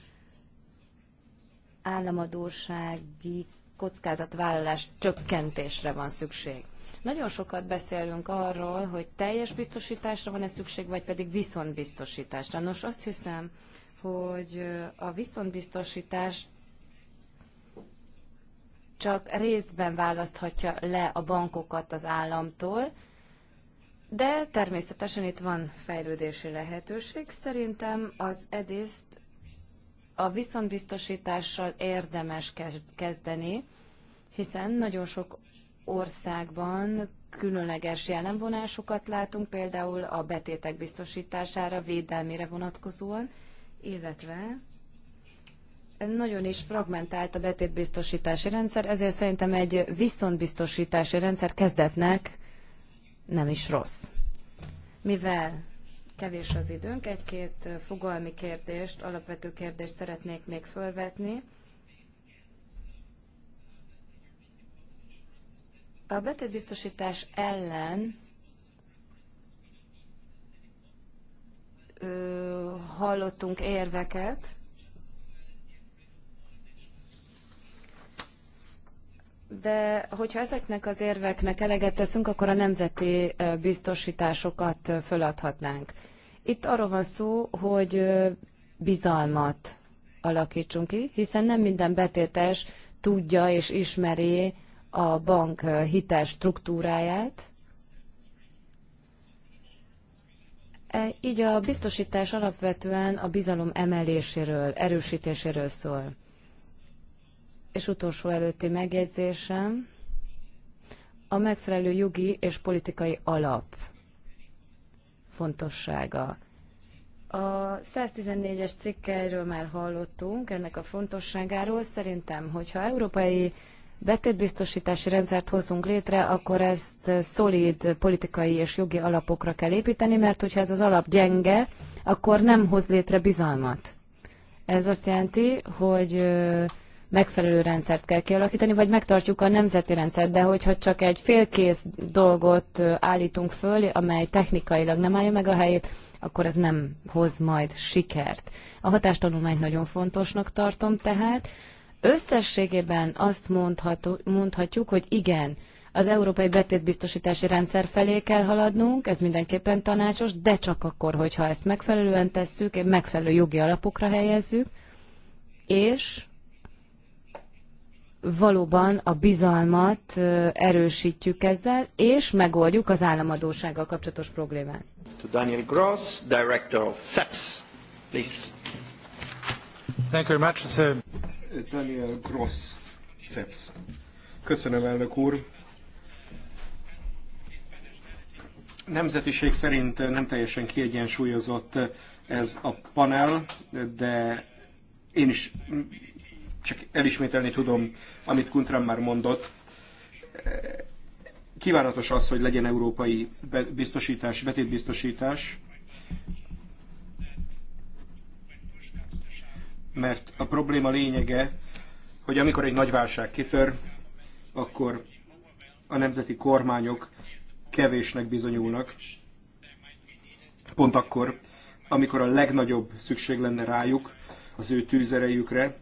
államadósági kockázatvállalás csökkentésre van szükség. Nagyon sokat beszélünk arról, hogy teljes biztosításra van-e szükség, vagy pedig viszontbiztosításra. Nos, azt hiszem, hogy a viszontbiztosítást csak részben választhatja le a bankokat az államtól, de természetesen itt van fejlődési lehetőség. Szerintem az edészt a viszontbiztosítással érdemes kezdeni, hiszen nagyon sok országban különleges jelenvonásokat látunk, például a betétek biztosítására, védelmére vonatkozóan, illetve nagyon is fragmentált a betétbiztosítási rendszer, ezért szerintem egy viszontbiztosítási rendszer kezdetnek nem is rossz. Mivel kevés az időnk, egy-két fogalmi kérdést, alapvető kérdést szeretnék még fölvetni. A betétbiztosítás ellen ö, hallottunk érveket, de hogyha ezeknek az érveknek eleget teszünk, akkor a nemzeti biztosításokat föladhatnánk. Itt arról van szó, hogy bizalmat alakítsunk ki, hiszen nem minden betétes tudja és ismeri a bank hitel struktúráját. E, így a biztosítás alapvetően a bizalom emeléséről, erősítéséről szól és utolsó előtti megjegyzésem, a megfelelő jogi és politikai alap fontossága. A 114-es cikkeiről már hallottunk, ennek a fontosságáról. Szerintem, hogyha európai betétbiztosítási rendszert hozunk létre, akkor ezt szolid politikai és jogi alapokra kell építeni, mert hogyha ez az alap gyenge, akkor nem hoz létre bizalmat. Ez azt jelenti, hogy megfelelő rendszert kell kialakítani, vagy megtartjuk a nemzeti rendszert, de hogyha csak egy félkész dolgot állítunk föl, amely technikailag nem állja meg a helyét, akkor ez nem hoz majd sikert. A hatástanulmányt nagyon fontosnak tartom tehát. Összességében azt mondhatjuk, hogy igen, az európai betétbiztosítási rendszer felé kell haladnunk, ez mindenképpen tanácsos, de csak akkor, hogyha ezt megfelelően tesszük, megfelelő jogi alapokra helyezzük, és valóban a bizalmat erősítjük ezzel, és megoldjuk az államadósággal kapcsolatos problémát. To Daniel Gross, Director of SEPS, e please. Thank you very much, sir. Daniel Gross, SEPS. E Köszönöm, elnök úr. Nemzetiség szerint nem teljesen kiegyensúlyozott ez a panel, de én is csak elismételni tudom, amit Kuntram már mondott. Kívánatos az, hogy legyen európai biztosítás, betétbiztosítás, mert a probléma lényege, hogy amikor egy nagy válság kitör, akkor a nemzeti kormányok kevésnek bizonyulnak, pont akkor, amikor a legnagyobb szükség lenne rájuk, az ő tűzerejükre,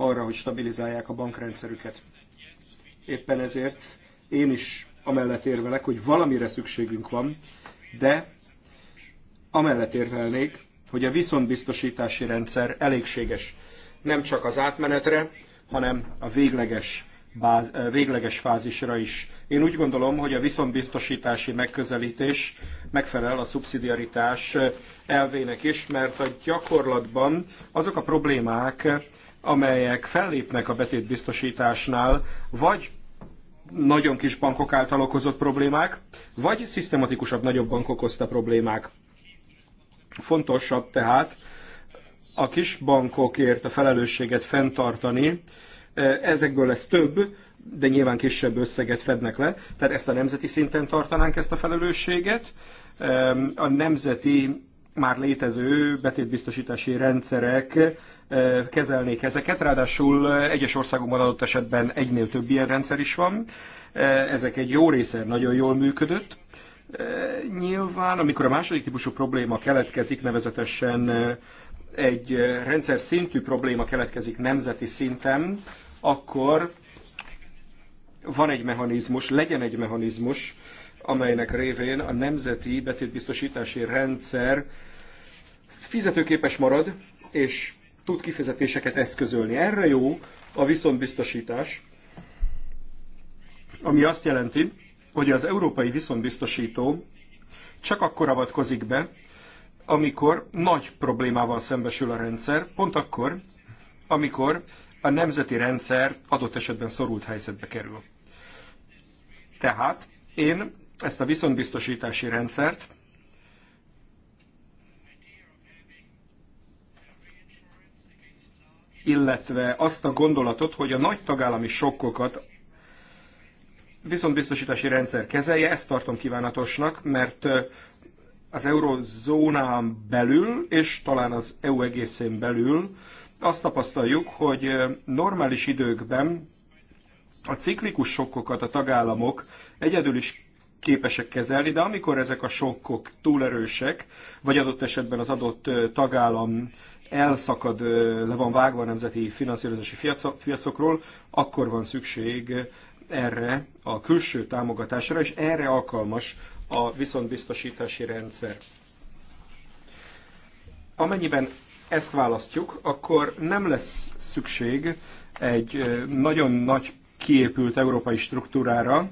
arra, hogy stabilizálják a bankrendszerüket. Éppen ezért én is amellett érvelek, hogy valamire szükségünk van, de amellett érvelnék, hogy a viszontbiztosítási rendszer elégséges nem csak az átmenetre, hanem a végleges, báz, eh, végleges fázisra is. Én úgy gondolom, hogy a viszontbiztosítási megközelítés megfelel a szubszidiaritás eh, elvének is, mert a gyakorlatban azok a problémák, amelyek fellépnek a betétbiztosításnál, vagy nagyon kis bankok által okozott problémák, vagy szisztematikusabb nagyobb bankok okozta problémák. Fontosabb tehát a kis bankokért a felelősséget fenntartani, e, ezekből lesz több, de nyilván kisebb összeget fednek le, tehát ezt a nemzeti szinten tartanánk ezt a felelősséget, e, a nemzeti már létező betétbiztosítási rendszerek eh, kezelnék ezeket, ráadásul egyes országokban adott esetben egynél több ilyen rendszer is van. Eh, ezek egy jó része nagyon jól működött. Eh, nyilván, amikor a második típusú probléma keletkezik, nevezetesen egy rendszer szintű probléma keletkezik nemzeti szinten, akkor van egy mechanizmus, legyen egy mechanizmus, amelynek révén a nemzeti betétbiztosítási rendszer fizetőképes marad, és tud kifizetéseket eszközölni. Erre jó a viszontbiztosítás, ami azt jelenti, hogy az európai viszontbiztosító csak akkor avatkozik be, amikor nagy problémával szembesül a rendszer, pont akkor, amikor a nemzeti rendszer adott esetben szorult helyzetbe kerül. Tehát én ezt a viszontbiztosítási rendszert, illetve azt a gondolatot, hogy a nagy tagállami sokkokat viszontbiztosítási rendszer kezelje, ezt tartom kívánatosnak, mert az eurozónán belül, és talán az EU egészén belül azt tapasztaljuk, hogy normális időkben a ciklikus sokkokat a tagállamok egyedül is képesek kezelni, de amikor ezek a sokkok túlerősek, vagy adott esetben az adott tagállam elszakad, le van vágva a nemzeti finanszírozási piacokról, akkor van szükség erre a külső támogatásra, és erre alkalmas a viszontbiztosítási rendszer. Amennyiben ezt választjuk, akkor nem lesz szükség egy nagyon nagy kiépült európai struktúrára,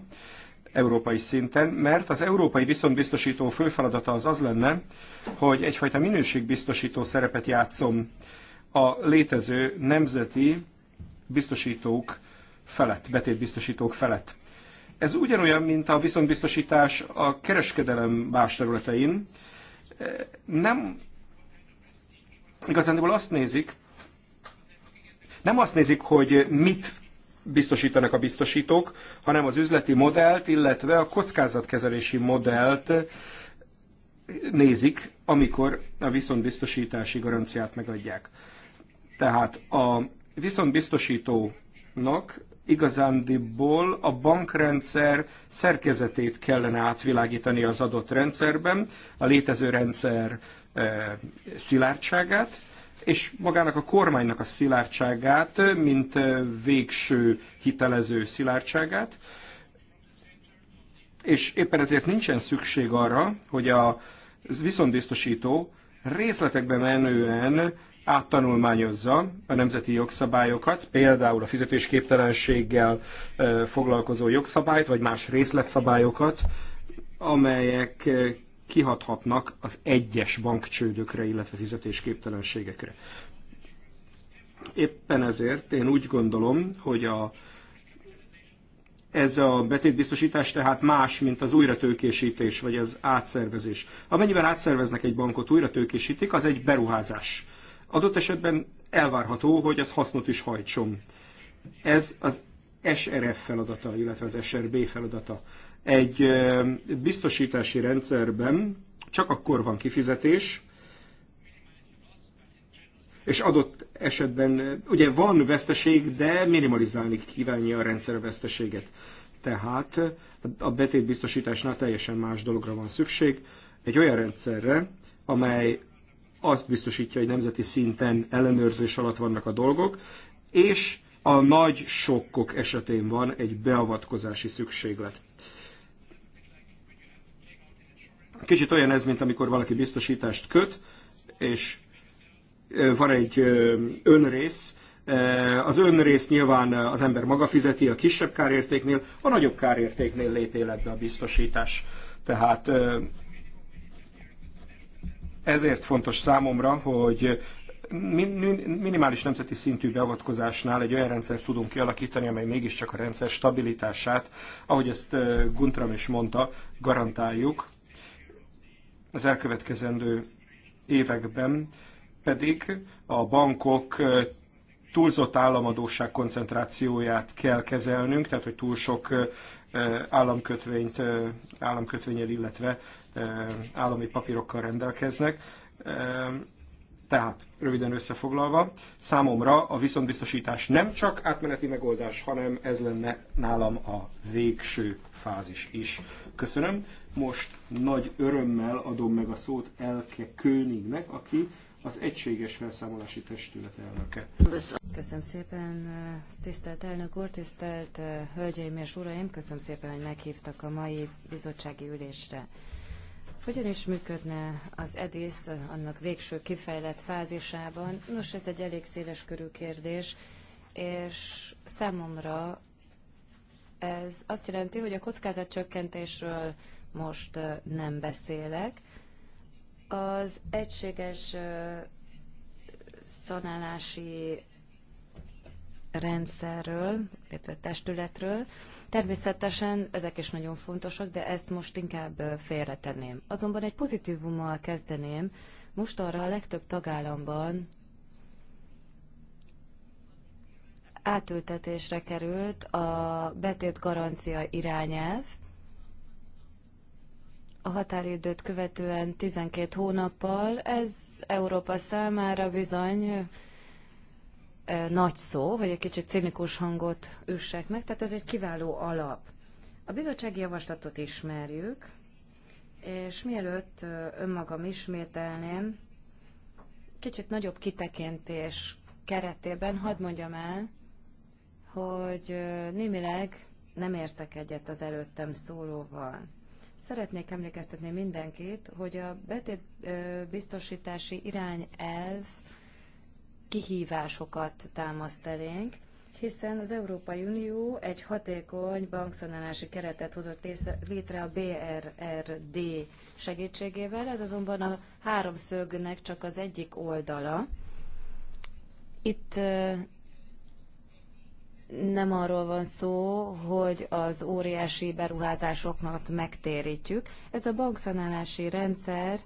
európai szinten, mert az európai viszontbiztosító fő feladata az az lenne, hogy egyfajta minőségbiztosító szerepet játszom a létező nemzeti biztosítók felett, betétbiztosítók felett. Ez ugyanolyan, mint a viszontbiztosítás a kereskedelem más területein. Nem igazándiból azt nézik, nem azt nézik, hogy mit biztosítanak a biztosítók, hanem az üzleti modellt, illetve a kockázatkezelési modellt nézik, amikor a viszontbiztosítási garanciát megadják. Tehát a viszontbiztosítónak igazándiból a bankrendszer szerkezetét kellene átvilágítani az adott rendszerben, a létező rendszer eh, szilárdságát, és magának a kormánynak a szilárdságát, mint végső hitelező szilárdságát, és éppen ezért nincsen szükség arra, hogy a viszontbiztosító részletekbe menően áttanulmányozza a nemzeti jogszabályokat, például a fizetésképtelenséggel foglalkozó jogszabályt, vagy más részletszabályokat, amelyek kihathatnak az egyes bankcsődökre, illetve fizetésképtelenségekre. Éppen ezért én úgy gondolom, hogy a, ez a betétbiztosítás tehát más, mint az újratőkésítés, vagy az átszervezés. Amennyiben átszerveznek egy bankot, újratőkésítik, az egy beruházás. Adott esetben elvárható, hogy ez hasznot is hajtson. Ez az SRF feladata, illetve az SRB feladata. Egy biztosítási rendszerben csak akkor van kifizetés, és adott esetben, ugye van veszteség, de minimalizálni kívánja a rendszer a veszteséget. Tehát a betétbiztosításnál teljesen más dologra van szükség, egy olyan rendszerre, amely azt biztosítja, hogy nemzeti szinten ellenőrzés alatt vannak a dolgok, és a nagy sokkok esetén van egy beavatkozási szükséglet. Kicsit olyan ez, mint amikor valaki biztosítást köt, és van egy önrész, az önrész nyilván az ember maga fizeti a kisebb kárértéknél, a nagyobb kárértéknél lép életbe a biztosítás. Tehát ezért fontos számomra, hogy minimális nemzeti szintű beavatkozásnál egy olyan rendszert tudunk kialakítani, amely mégiscsak a rendszer stabilitását, ahogy ezt Guntram is mondta, garantáljuk, az elkövetkezendő években pedig a bankok túlzott államadóság koncentrációját kell kezelnünk, tehát hogy túl sok államkötvényt, államkötvényel, illetve állami papírokkal rendelkeznek. Tehát, röviden összefoglalva, számomra a viszontbiztosítás nem csak átmeneti megoldás, hanem ez lenne nálam a végső fázis is. Köszönöm. Most nagy örömmel adom meg a szót Elke Könignek, aki az Egységes Felszámolási Testület elnöke. Köszönöm szépen, tisztelt elnök úr, tisztelt hölgyeim és uraim, köszönöm szépen, hogy meghívtak a mai bizottsági ülésre. Hogyan is működne az EDISZ annak végső kifejlett fázisában? Nos, ez egy elég széles körű kérdés, és számomra ez azt jelenti, hogy a kockázatcsökkentésről most nem beszélek. Az egységes szanálási rendszerről, illetve testületről. Természetesen ezek is nagyon fontosak, de ezt most inkább félretenném. Azonban egy pozitívummal kezdeném. Most arra a legtöbb tagállamban átültetésre került a betét garancia irányelv. A határidőt követően 12 hónappal ez Európa számára bizony nagy szó, hogy egy kicsit cinikus hangot üssek meg, tehát ez egy kiváló alap. A bizottsági javaslatot ismerjük, és mielőtt önmagam ismételném, kicsit nagyobb kitekintés keretében hadd mondjam el, hogy némileg nem értek egyet az előttem szólóval. Szeretnék emlékeztetni mindenkit, hogy a betét biztosítási irányelv kihívásokat támaszt elénk, hiszen az Európai Unió egy hatékony bankszonálási keretet hozott létre a BRRD segítségével. Ez azonban a háromszögnek csak az egyik oldala. Itt nem arról van szó, hogy az óriási beruházásoknak megtérítjük. Ez a bankszanálási rendszer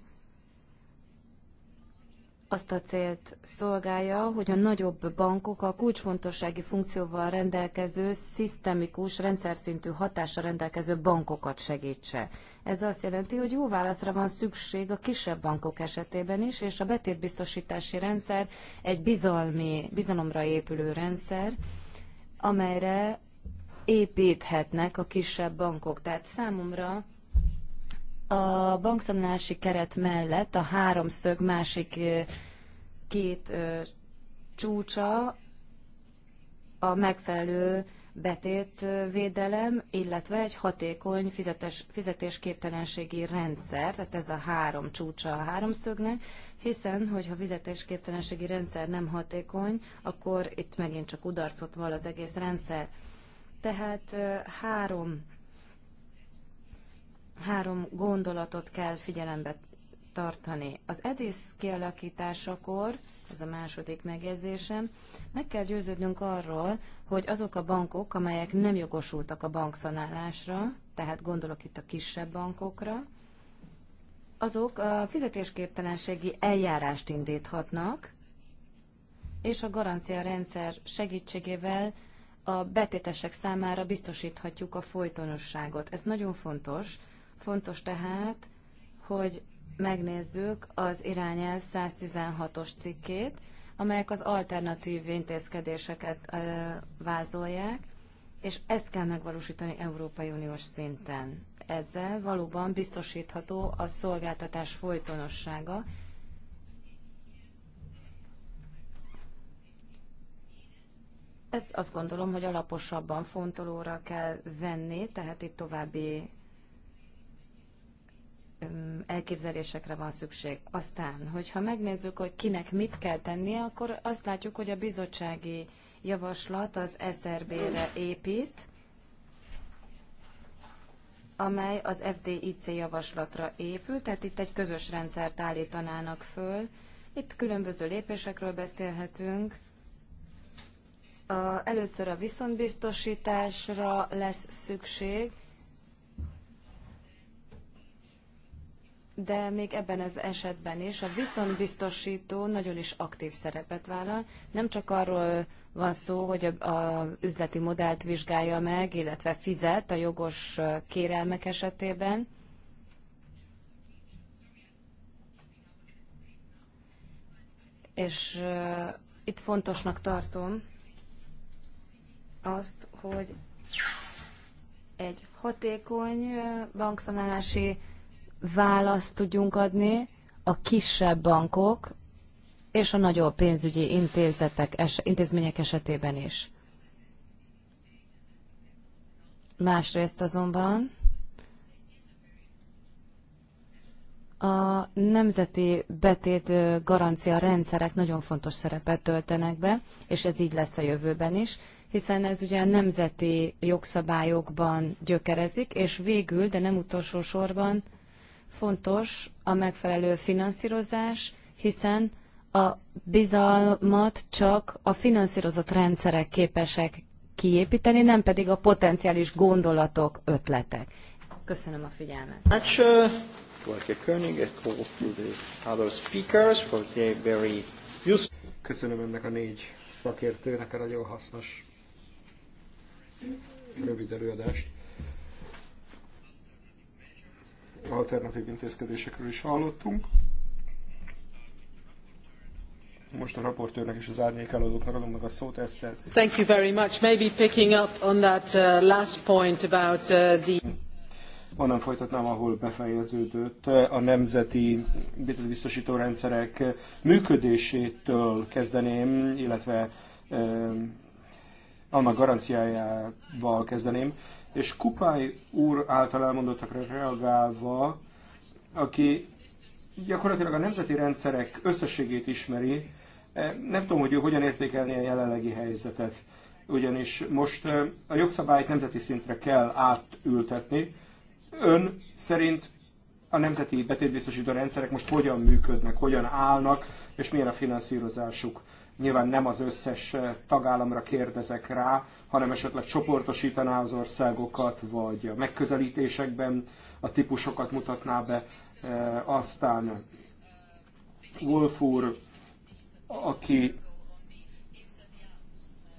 azt a célt szolgálja, hogy a nagyobb bankok a kulcsfontossági funkcióval rendelkező, szisztemikus, szintű hatásra rendelkező bankokat segítse. Ez azt jelenti, hogy jó válaszra van szükség a kisebb bankok esetében is, és a betétbiztosítási rendszer egy bizalmi, bizalomra épülő rendszer, amelyre építhetnek a kisebb bankok. Tehát számomra a bankszanási keret mellett a háromszög másik két csúcsa a megfelelő betétvédelem, illetve egy hatékony fizetés, fizetésképtelenségi rendszer, tehát ez a három csúcsa a háromszögnek, hiszen, hogyha fizetésképtelenségi rendszer nem hatékony, akkor itt megint csak udarcot val az egész rendszer. Tehát három, három gondolatot kell figyelembe tartani. Az EDIS kialakításakor ez a második megjegyzésem. Meg kell győződnünk arról, hogy azok a bankok, amelyek nem jogosultak a bankszanálásra, tehát gondolok itt a kisebb bankokra, azok a fizetésképtelenségi eljárást indíthatnak, és a garancia rendszer segítségével a betétesek számára biztosíthatjuk a folytonosságot. Ez nagyon fontos. Fontos tehát, hogy megnézzük az irányelv 116-os cikkét, amelyek az alternatív intézkedéseket vázolják, és ezt kell megvalósítani Európai Uniós szinten. Ezzel valóban biztosítható a szolgáltatás folytonossága, Ezt azt gondolom, hogy alaposabban fontolóra kell venni, tehát itt további elképzelésekre van szükség. Aztán, hogyha megnézzük, hogy kinek mit kell tennie, akkor azt látjuk, hogy a bizottsági javaslat az SRB-re épít, amely az FDIC javaslatra épül, tehát itt egy közös rendszert állítanának föl. Itt különböző lépésekről beszélhetünk. A, először a viszontbiztosításra lesz szükség, de még ebben az esetben is a viszonbiztosító nagyon is aktív szerepet vállal. Nem csak arról van szó, hogy a, üzleti modellt vizsgálja meg, illetve fizet a jogos kérelmek esetében, és uh, itt fontosnak tartom azt, hogy egy hatékony bankszanálási választ tudjunk adni a kisebb bankok és a nagyobb pénzügyi intézetek, es, intézmények esetében is. Másrészt azonban a nemzeti betét garancia rendszerek nagyon fontos szerepet töltenek be, és ez így lesz a jövőben is, hiszen ez ugye a nemzeti jogszabályokban gyökerezik, és végül, de nem utolsó sorban, Fontos a megfelelő finanszírozás, hiszen a bizalmat csak a finanszírozott rendszerek képesek kiépíteni, nem pedig a potenciális gondolatok, ötletek. Köszönöm a figyelmet. Uh, Köszönöm ennek a négy szakértőnek a nagyon hasznos rövid előadást alternatív intézkedésekről is hallottunk. Most a raportőrnek és az árnyékeladóknak adom meg a szót, Eszter. Thank you very much. Maybe picking up on that uh, last point about uh, the onnan folytatnám, ahol befejeződött a nemzeti biztosító rendszerek működésétől kezdeném, illetve um, annak garanciájával kezdeném, és Kupály úr által elmondottakra reagálva, aki gyakorlatilag a nemzeti rendszerek összességét ismeri, eh, nem tudom, hogy ő hogyan értékelni a jelenlegi helyzetet, ugyanis most eh, a jogszabályt nemzeti szintre kell átültetni. Ön szerint a nemzeti betétbiztosító rendszerek most hogyan működnek, hogyan állnak, és milyen a finanszírozásuk. Nyilván nem az összes eh, tagállamra kérdezek rá, hanem esetleg csoportosítaná az országokat, vagy a megközelítésekben a típusokat mutatná be. E, aztán Wolf úr, aki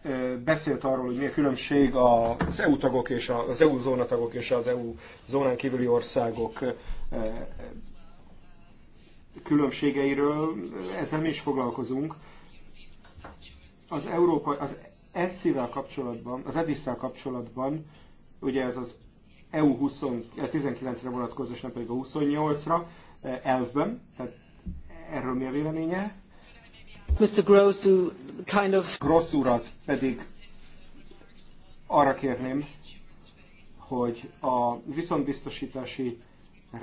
e, beszélt arról, hogy mi a különbség az EU tagok és az EU zóna tagok és az EU zónán kívüli országok e, különbségeiről, ezzel mi is foglalkozunk. Az, Európa, az ETSZ-vel kapcsolatban, az etsz kapcsolatban, ugye ez az EU 19-re vonatkozó, és nem pedig a 28-ra eh, elvben, tehát erről mi a véleménye? Mr. Gross, to kind of... Gross urat pedig arra kérném, hogy a viszontbiztosítási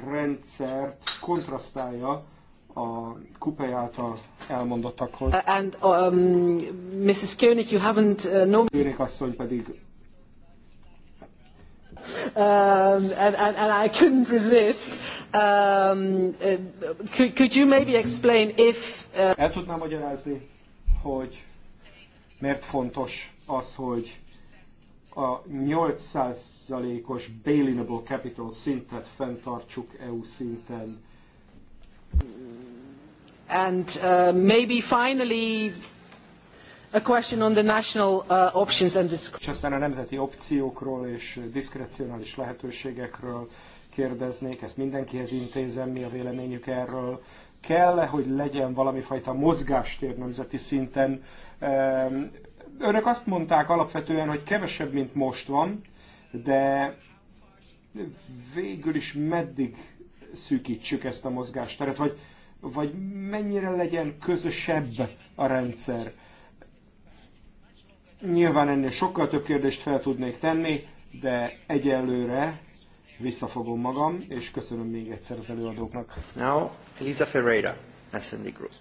rendszert kontrasztálja a Kupé által elmondottakhoz. Uh, and um, Mrs. Koenig, you haven't uh, no... Koenig asszony pedig um, and, and, and I couldn't resist. Um, uh, could, could you maybe explain if... Uh... El tudnám magyarázni, hogy miért fontos az, hogy a 800 os bailinable capital szintet fenntartsuk EU szinten. And uh, maybe finally a question on the national uh, options and És aztán a nemzeti opciókról és diszkrecionális lehetőségekről kérdeznék, ezt mindenkihez intézem, mi a véleményük erről. Kell-e, hogy legyen valami fajta mozgástér nemzeti szinten? Ehm, önök azt mondták alapvetően, hogy kevesebb, mint most van, de végül is meddig szűkítsük ezt a mozgásteret, vagy vagy mennyire legyen közösebb a rendszer. Nyilván ennél sokkal több kérdést fel tudnék tenni, de egyelőre visszafogom magam, és köszönöm még egyszer az előadóknak. Now, Elisa Ferreira, SND Group.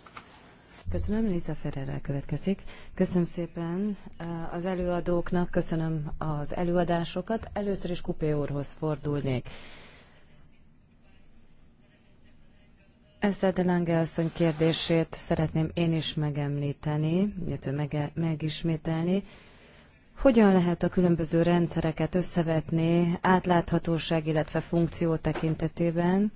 Köszönöm, Liza Ferrerrel következik. Köszönöm szépen eh, az előadóknak, köszönöm az előadásokat. Először is Kupé úrhoz fordulnék. Ezzel de Lange asszony kérdését szeretném én is megemlíteni, illetve meg, megismételni. Hogyan lehet a különböző rendszereket összevetni átláthatóság, illetve funkció tekintetében?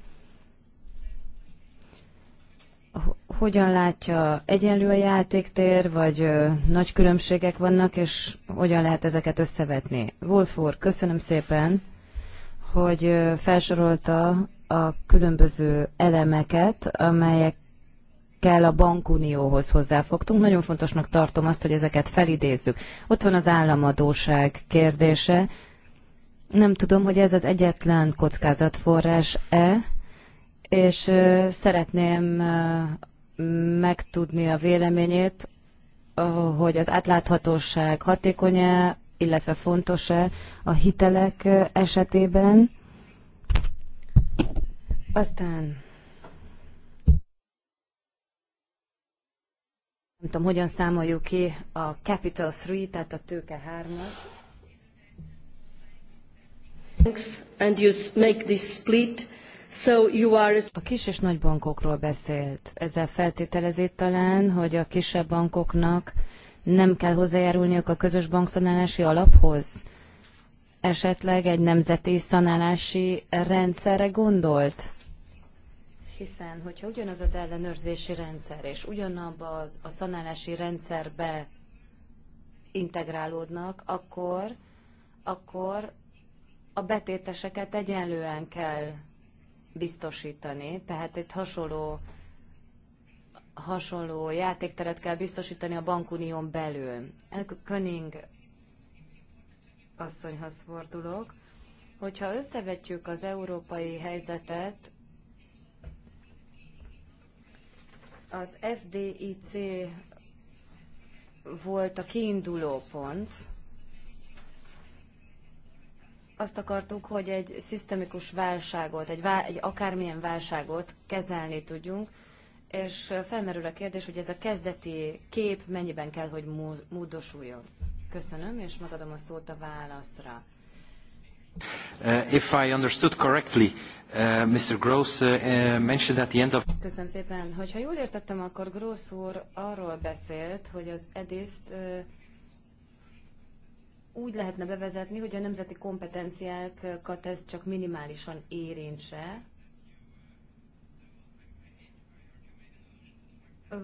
Hogyan látja egyenlő a játéktér, vagy ö, nagy különbségek vannak, és hogyan lehet ezeket összevetni? Wolf úr, köszönöm szépen, hogy ö, felsorolta a különböző elemeket, amelyek kell a bankunióhoz hozzáfogtunk. Nagyon fontosnak tartom azt, hogy ezeket felidézzük. Ott van az államadóság kérdése. Nem tudom, hogy ez az egyetlen kockázatforrás-e, és szeretném megtudni a véleményét, hogy az átláthatóság hatékony-e, illetve fontos-e a hitelek esetében aztán nem tudom, hogyan számoljuk ki a Capital 3, tehát a tőke 3-at. And you make this split, so you are... A kis és nagy bankokról beszélt. Ezzel feltételezét talán, hogy a kisebb bankoknak nem kell hozzájárulniuk a közös bankszonálási alaphoz? Esetleg egy nemzeti szanálási rendszerre gondolt? hiszen hogyha ugyanaz az ellenőrzési rendszer és ugyanabba az, a szanálási rendszerbe integrálódnak, akkor, akkor a betéteseket egyenlően kell biztosítani, tehát itt hasonló, hasonló játékteret kell biztosítani a bankunión belül. Könning asszonyhoz fordulok, hogyha összevetjük az európai helyzetet Az FDIC volt a kiinduló pont. Azt akartuk, hogy egy szisztemikus válságot, egy, vál, egy akármilyen válságot kezelni tudjunk, és felmerül a kérdés, hogy ez a kezdeti kép mennyiben kell, hogy módosuljon. Köszönöm, és megadom a szót a válaszra. Köszönöm szépen. Hogyha jól értettem, akkor Gross úr arról beszélt, hogy az EDIS-t uh, úgy lehetne bevezetni, hogy a nemzeti kompetenciákat ez csak minimálisan érintse.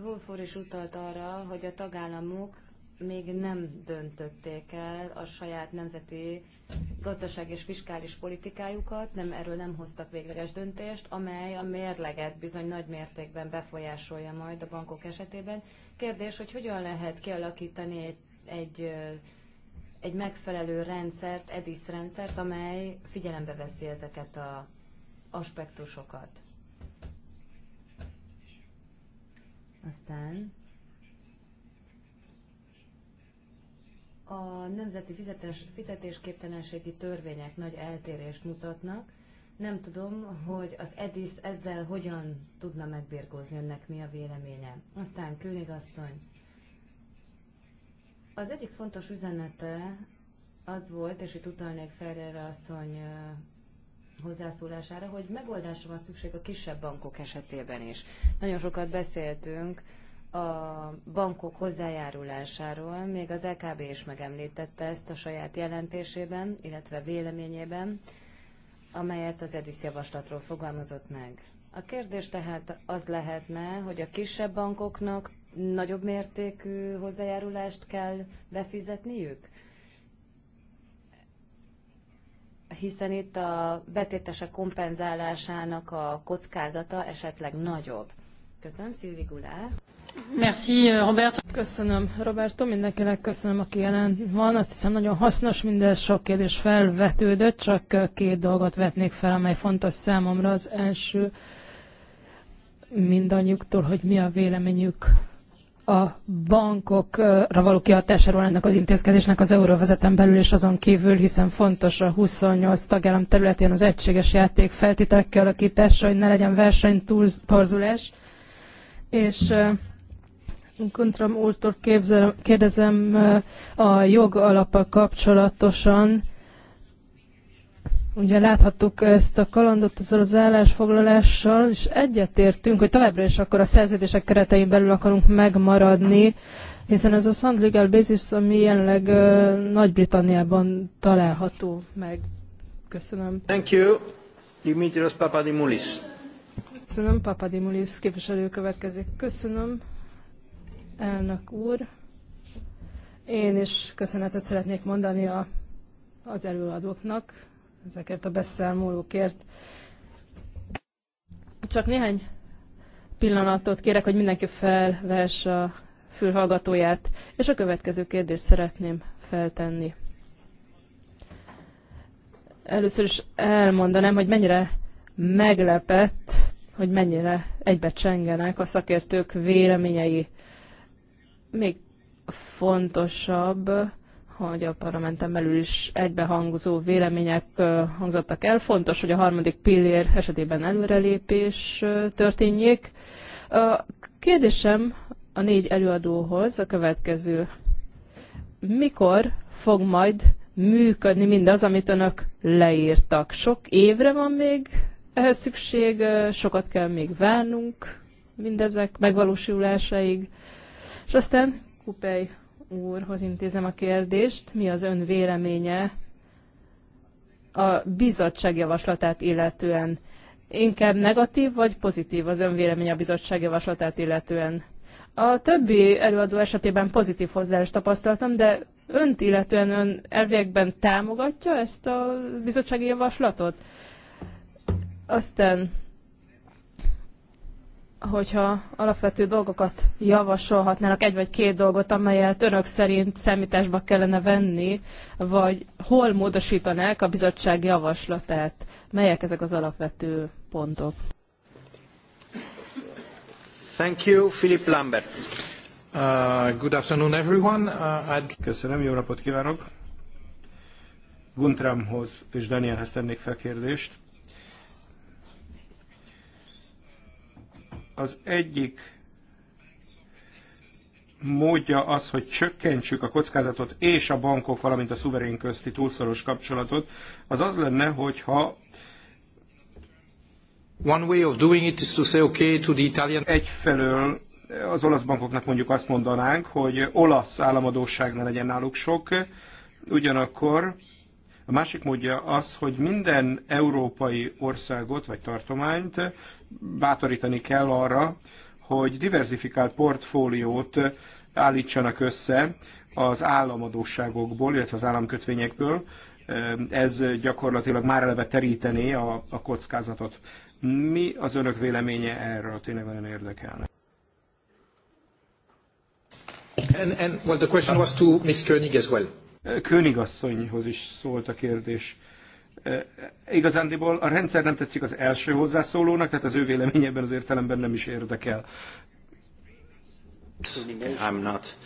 Wolf úr is utalt arra, hogy a tagállamok még nem döntötték el a saját nemzeti gazdaság és fiskális politikájukat, nem erről nem hoztak végleges döntést, amely a mérleget bizony nagy mértékben befolyásolja majd a bankok esetében. Kérdés, hogy hogyan lehet kialakítani egy, egy, egy megfelelő rendszert, EDIS rendszert, amely figyelembe veszi ezeket a aspektusokat. Aztán a nemzeti fizetés, fizetésképtelenségi törvények nagy eltérést mutatnak. Nem tudom, hogy az EDIS ezzel hogyan tudna megbirkózni, önnek mi a véleménye. Aztán Königasszony. Az egyik fontos üzenete az volt, és itt utalnék Ferrer asszony hozzászólására, hogy megoldásra van szükség a kisebb bankok esetében is. Nagyon sokat beszéltünk a bankok hozzájárulásáról, még az LKB e is megemlítette ezt a saját jelentésében, illetve véleményében, amelyet az EDIS javaslatról fogalmazott meg. A kérdés tehát az lehetne, hogy a kisebb bankoknak nagyobb mértékű hozzájárulást kell befizetniük? Hiszen itt a betétesek kompenzálásának a kockázata esetleg nagyobb. Köszönöm, Szilvi Gulár. Merci, euh, Robert. Köszönöm, Roberto. Mindenkinek köszönöm, aki jelen van. Azt hiszem, nagyon hasznos, minden sok kérdés felvetődött, csak euh, két dolgot vetnék fel, amely fontos számomra. Az első mindannyiuktól, hogy mi a véleményük a bankokra való kihatásáról ennek az intézkedésnek az euróvezeten belül és azon kívül, hiszen fontos a 28 tagállam területén az egységes játék feltételek kialakítása, hogy ne legyen túlz, torzulás és Guntram úrtól képzel, kérdezem a jog alapa kapcsolatosan. Ugye láthattuk ezt a kalandot ezzel az állásfoglalással, és egyetértünk, hogy továbbra is akkor a szerződések keretein belül akarunk megmaradni, hiszen ez a Sand Legal Basis, ami jelenleg Nagy-Britanniában található meg. Köszönöm. Thank you. Dimitrios Papadimoulis. Köszönöm, Papadimulis képviselő következik. Köszönöm, elnök úr. Én is köszönetet szeretnék mondani a, az előadóknak ezekért a beszámolókért. Csak néhány pillanatot kérek, hogy mindenki felves a fülhallgatóját, és a következő kérdést szeretném feltenni. Először is elmondanám, hogy mennyire meglepett hogy mennyire egybecsengenek a szakértők véleményei. Még fontosabb, hogy a parlamenten belül is egybehangzó vélemények hangzottak el. Fontos, hogy a harmadik pillér esetében előrelépés történjék. A kérdésem a négy előadóhoz a következő. Mikor fog majd működni mindaz, amit önök leírtak? Sok évre van még ehhez szükség, sokat kell még várnunk mindezek megvalósulásaig. És aztán Kupej úrhoz intézem a kérdést, mi az ön véleménye a bizottság javaslatát illetően? Inkább negatív vagy pozitív az ön véleménye a bizottság javaslatát illetően? A többi előadó esetében pozitív hozzáállást tapasztaltam, de önt illetően ön elviekben támogatja ezt a bizottsági javaslatot? Aztán, hogyha alapvető dolgokat javasolhatnának, egy vagy két dolgot, amelyet önök szerint számításba kellene venni, vagy hol módosítanák a bizottság javaslatát? Melyek ezek az alapvető pontok? Thank you, Philip Lamberts. Uh, good afternoon, everyone. Uh, Köszönöm, jó napot kívánok! Guntramhoz és Danielhez tennék fel kérdést. Az egyik módja az, hogy csökkentsük a kockázatot és a bankok, valamint a szuverén közti túlszoros kapcsolatot, az az lenne, hogyha One way of doing it is to say okay to the Italian... Egyfelől az olasz bankoknak mondjuk azt mondanánk, hogy olasz államadóság ne legyen náluk sok, ugyanakkor a másik módja az, hogy minden európai országot vagy tartományt bátorítani kell arra, hogy diversifikált portfóliót állítsanak össze az államadóságokból, illetve az államkötvényekből. Ez gyakorlatilag már eleve terítené a, a kockázatot. Mi az önök véleménye erről? Tényleg nagyon érdekelne. And, and well, the question was to Ms. Koenig as well. Königasszonyhoz is szólt a kérdés. E, igazándiból a rendszer nem tetszik az első hozzászólónak, tehát az ő véleménye az értelemben nem is érdekel. I'm not.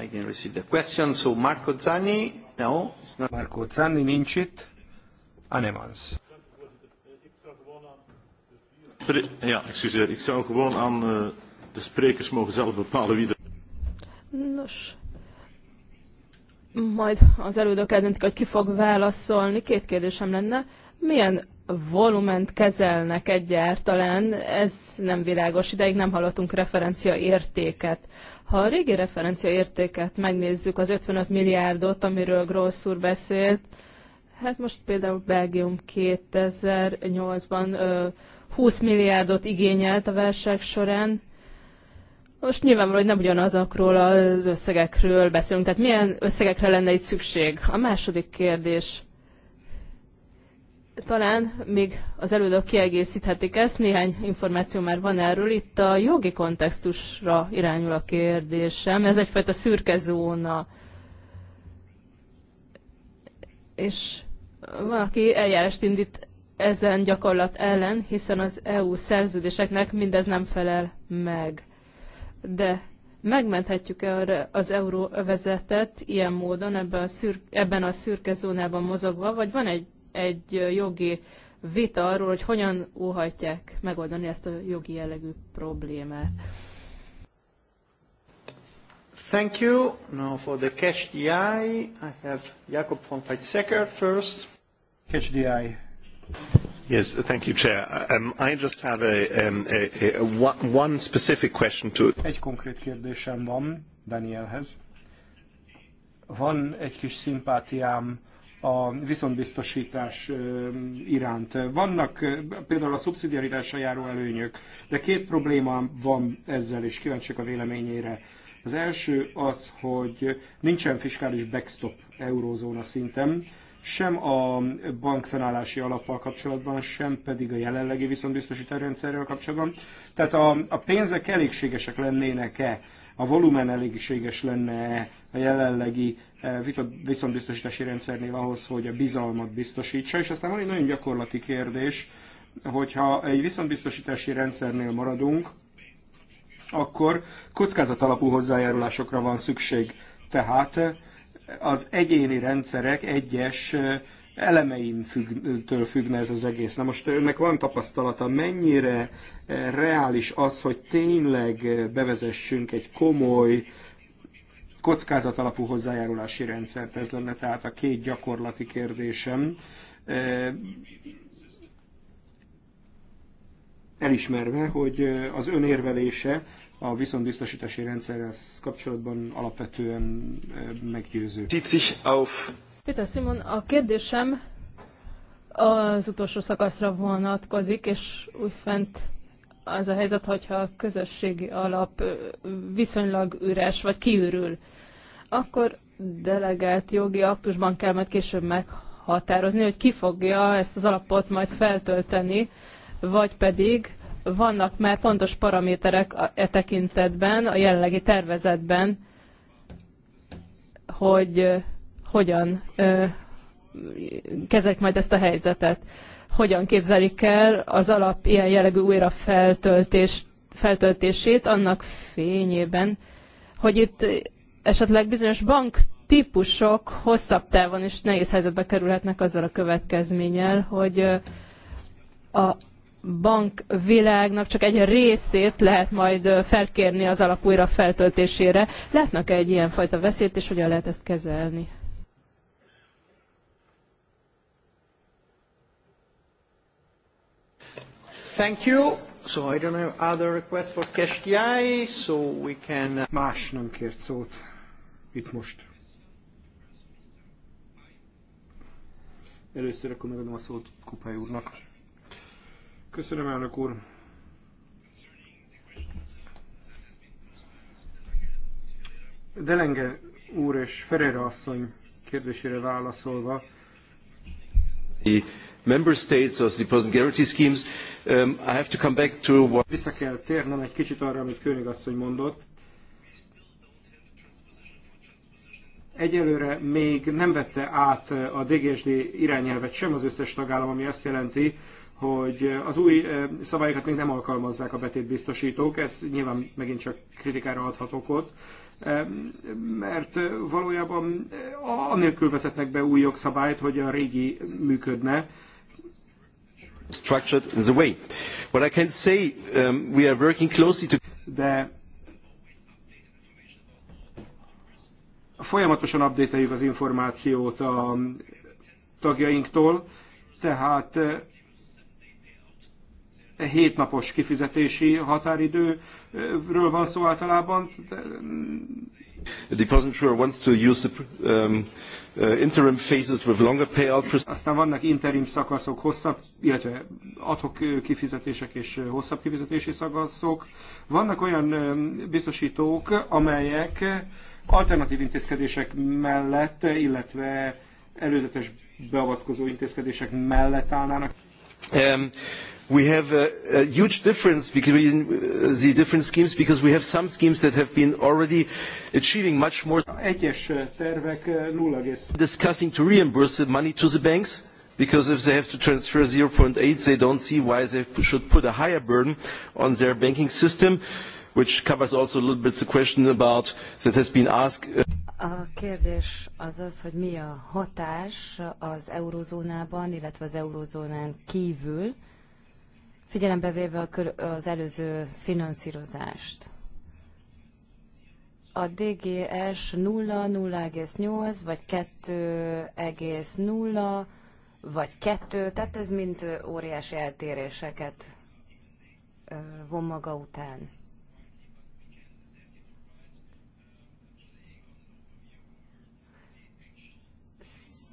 I can receive the question. So Marco Zanni, no, it's not. Marco Zanni nincs itt. Anemans. Ja, excuseer. Ik zou gewoon aan eh, de sprekers mogen zelf bepalen wie de... Nos, majd az elődök eldöntik, hogy ki fog válaszolni. Két kérdésem lenne. Milyen volument kezelnek egyáltalán? Ez nem világos. Ideig nem hallottunk referencia értéket. Ha a régi referencia értéket megnézzük, az 55 milliárdot, amiről Grossz úr beszélt, hát most például Belgium 2008-ban 20 milliárdot igényelt a verseny során, most nyilvánvaló, hogy nem ugyanazokról az összegekről beszélünk. Tehát milyen összegekre lenne itt szükség? A második kérdés. Talán még az elődök kiegészíthetik ezt, néhány információ már van erről. Itt a jogi kontextusra irányul a kérdésem. Ez egyfajta szürke zóna. És van, aki eljárást indít ezen gyakorlat ellen, hiszen az EU szerződéseknek mindez nem felel meg de megmenthetjük e az euróvezetet ilyen módon ebben a, szürke, ebben a szürke zónában mozogva, vagy van egy, egy jogi vita arról, hogy hogyan óhajtják megoldani ezt a jogi jellegű problémát. Thank you. Now for the cash DI, I have Jakob von Weizsäcker first. Cash DI Yes, thank you, Chair. Um, I just have a, um, a, a, one specific question to... Egy konkrét kérdésem van Danielhez. Van egy kis szimpátiám a viszontbiztosítás iránt. Vannak például a szubszidiaritásra járó előnyök, de két probléma van ezzel, és kíváncsiak a véleményére. Az első az, hogy nincsen fiskális backstop eurózóna szinten, sem a bankszenálási alappal kapcsolatban, sem pedig a jelenlegi viszontbiztosítási rendszerrel kapcsolatban. Tehát a, a pénzek elégségesek lennének-e, a volumen elégséges lenne a jelenlegi e, viszontbiztosítási rendszernél ahhoz, hogy a bizalmat biztosítsa, és aztán van egy nagyon gyakorlati kérdés, hogyha egy viszontbiztosítási rendszernél maradunk, akkor kockázat alapú hozzájárulásokra van szükség. Tehát az egyéni rendszerek egyes elemein függ, függne ez az egész. Na most önnek van tapasztalata, mennyire reális az, hogy tényleg bevezessünk egy komoly kockázat alapú hozzájárulási rendszert. Ez lenne tehát a két gyakorlati kérdésem. Elismerve, hogy az önérvelése a viszonbiztosítási rendszerrel kapcsolatban alapvetően e, meggyőző. Péter Simon, a kérdésem az utolsó szakaszra vonatkozik, és úgy fent az a helyzet, hogyha a közösségi alap viszonylag üres, vagy kiürül, akkor delegált jogi aktusban kell majd később meghatározni, hogy ki fogja ezt az alapot majd feltölteni, vagy pedig vannak már pontos paraméterek e tekintetben, a jelenlegi tervezetben, hogy hogyan kezelik majd ezt a helyzetet. Hogyan képzelik el az alap ilyen jellegű újra feltöltés, feltöltését annak fényében, hogy itt esetleg bizonyos bank típusok hosszabb távon is nehéz helyzetbe kerülhetnek azzal a következménnyel, hogy a bankvilágnak csak egy részét lehet majd felkérni az alap újra feltöltésére. Látnak -e egy fajta veszélyt, és hogyan lehet ezt kezelni? Thank you. So I don't have other requests for cash DI, so we can... Uh, Más nem kért szót itt most. Először akkor megadom a szót Kupály úrnak. Köszönöm, elnök úr. Delenge úr és Ferreira asszony kérdésére válaszolva. The member states of the present guarantee schemes, um, I have to come back to what... Vissza kell térnem egy kicsit arra, amit König asszony mondott. Egyelőre még nem vette át a DGSD irányelvet sem az összes tagállam, ami azt jelenti, hogy az új szabályokat még nem alkalmazzák a betétbiztosítók, ez nyilván megint csak kritikára adhat okot, mert valójában anélkül vezetnek be új jogszabályt, hogy a régi működne. Structured the way. What I can say, um, we are working closely to... De folyamatosan update az információt a tagjainktól, tehát E hétnapos kifizetési határidőről van szó általában. The depositor wants to use um, uh, interim phases with longer payout. Aztán vannak interim szakaszok, hosszabb, illetve adhok uh, kifizetések és uh, hosszabb kifizetési szakaszok. Vannak olyan um, biztosítók, amelyek alternatív intézkedések mellett, illetve előzetes beavatkozó intézkedések mellett állnának. Um, we have a, a huge difference between uh, the different schemes because we have some schemes that have been already achieving much more. Uh, uh, discussing to reimburse the money to the banks because if they have to transfer 0.8 they don't see why they should put a higher burden on their banking system which covers also a little bit the question about that has been asked. A kérdés az az, hogy mi a hatás az eurozónában, illetve az eurozónán kívül figyelembe véve az előző finanszírozást. A DGS 0, 0,8 vagy 2,0 vagy 2, tehát ez mind óriási eltéréseket von maga után.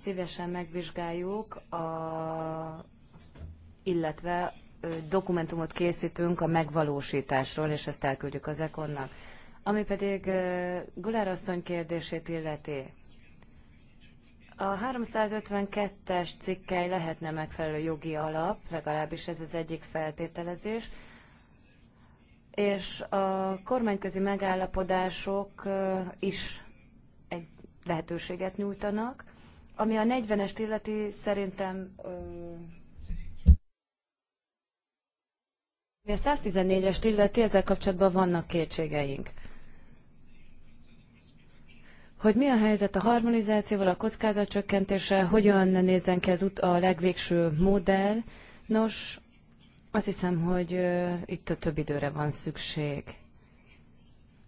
Szívesen megvizsgáljuk a illetve dokumentumot készítünk a megvalósításról, és ezt elküldjük az ekonnak. Ami pedig Gulár asszony kérdését illeti, a 352-es cikkely lehetne megfelelő jogi alap, legalábbis ez az egyik feltételezés, és a kormányközi megállapodások is egy lehetőséget nyújtanak. Ami a 40-est illeti, szerintem A 114-est illeti, ezzel kapcsolatban vannak kétségeink. Hogy mi a helyzet a harmonizációval, a kockázatcsökkentéssel, hogyan nézzen ki ez út a legvégső modell. Nos, azt hiszem, hogy itt a több időre van szükség.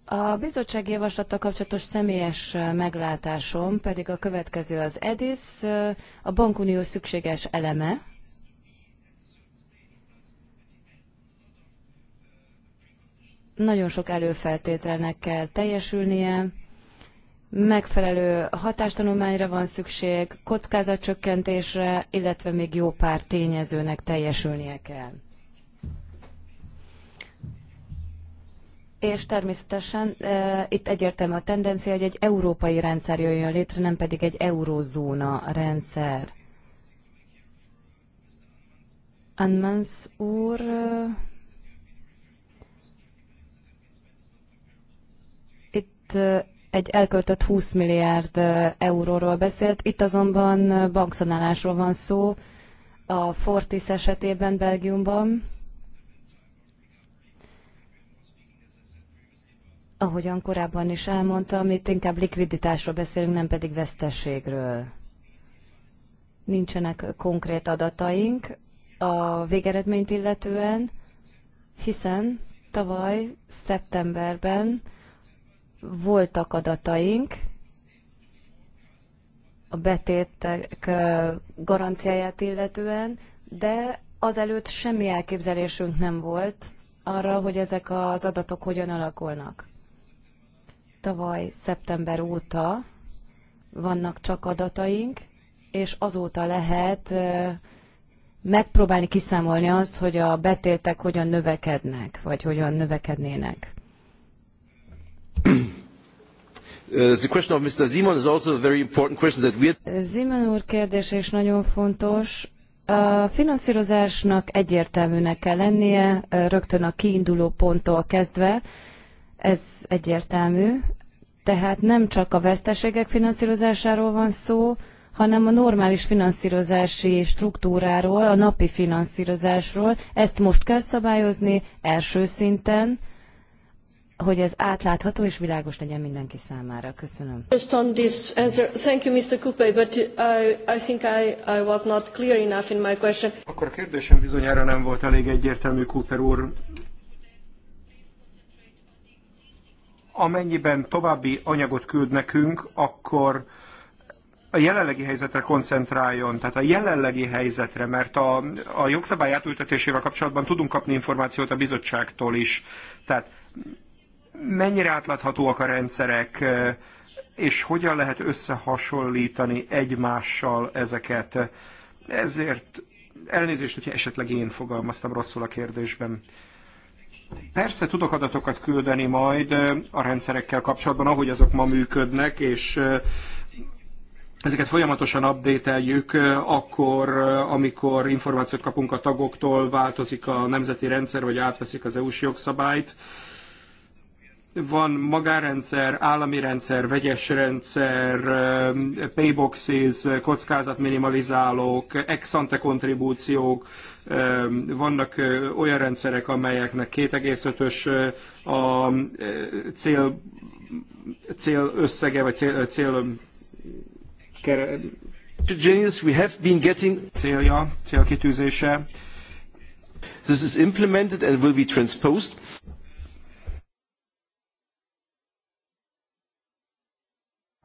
A bizottsági javaslata kapcsolatos személyes meglátásom pedig a következő az EDIS, a bankunió szükséges eleme, Nagyon sok előfeltételnek kell teljesülnie, megfelelő hatástanulmányra van szükség, kockázatcsökkentésre, illetve még jó pár tényezőnek teljesülnie kell. És természetesen e, itt egyértelmű a tendencia, hogy egy európai rendszer jöjjön létre, nem pedig egy eurozóna rendszer. Anmans úr egy elköltött 20 milliárd euróról beszélt, itt azonban bankszanálásról van szó a Fortis esetében Belgiumban. Ahogyan korábban is elmondtam, itt inkább likviditásról beszélünk, nem pedig veszteségről. Nincsenek konkrét adataink a végeredményt illetően, hiszen tavaly szeptemberben voltak adataink, a betétek garanciáját illetően, de azelőtt semmi elképzelésünk nem volt arra, hogy ezek az adatok hogyan alakulnak. Tavaly szeptember óta vannak csak adataink, és azóta lehet megpróbálni kiszámolni azt, hogy a betétek hogyan növekednek, vagy hogyan növekednének the a úr kérdése is nagyon fontos. A finanszírozásnak egyértelműnek kell lennie, rögtön a kiinduló ponttól kezdve. Ez egyértelmű. Tehát nem csak a veszteségek finanszírozásáról van szó, hanem a normális finanszírozási struktúráról, a napi finanszírozásról. Ezt most kell szabályozni első szinten, hogy ez átlátható és világos legyen mindenki számára. Köszönöm. Just on this answer, thank you Mr. Coupe, but I, I think I, I was not clear enough in my question. Akkor a kérdésem bizonyára nem volt elég egyértelmű, Cooper úr. Amennyiben további anyagot küld nekünk, akkor a jelenlegi helyzetre koncentráljon, tehát a jelenlegi helyzetre, mert a, a jogszabály átültetésével kapcsolatban tudunk kapni információt a bizottságtól is. Tehát mennyire átláthatóak a rendszerek, és hogyan lehet összehasonlítani egymással ezeket. Ezért elnézést, hogyha esetleg én fogalmaztam rosszul a kérdésben. Persze tudok adatokat küldeni majd a rendszerekkel kapcsolatban, ahogy azok ma működnek, és ezeket folyamatosan updateljük, akkor, amikor információt kapunk a tagoktól, változik a nemzeti rendszer, vagy átveszik az EU-s jogszabályt van magárendszer, állami rendszer, vegyes rendszer, eh, payboxes, kockázatminimalizálók, ex-ante kontribúciók, eh, vannak eh, olyan rendszerek, amelyeknek 2,5-ös a cél, cél összege, vagy cél, cél Genius, we have been getting célja, célkitűzése. This is implemented and will be transposed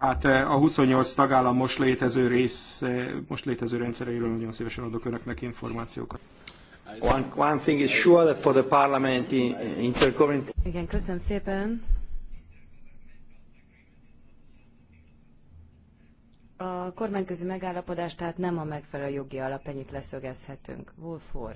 Hát eh, a 28 tagállam most létező rész, most létező rendszeréről nagyon szívesen adok önöknek információkat. One, one thing is sure that for the parliament intergovernmental... Igen, köszönöm szépen. A kormányközi megállapodás tehát nem a megfelelő jogi alap, ennyit leszögezhetünk. Wolfor.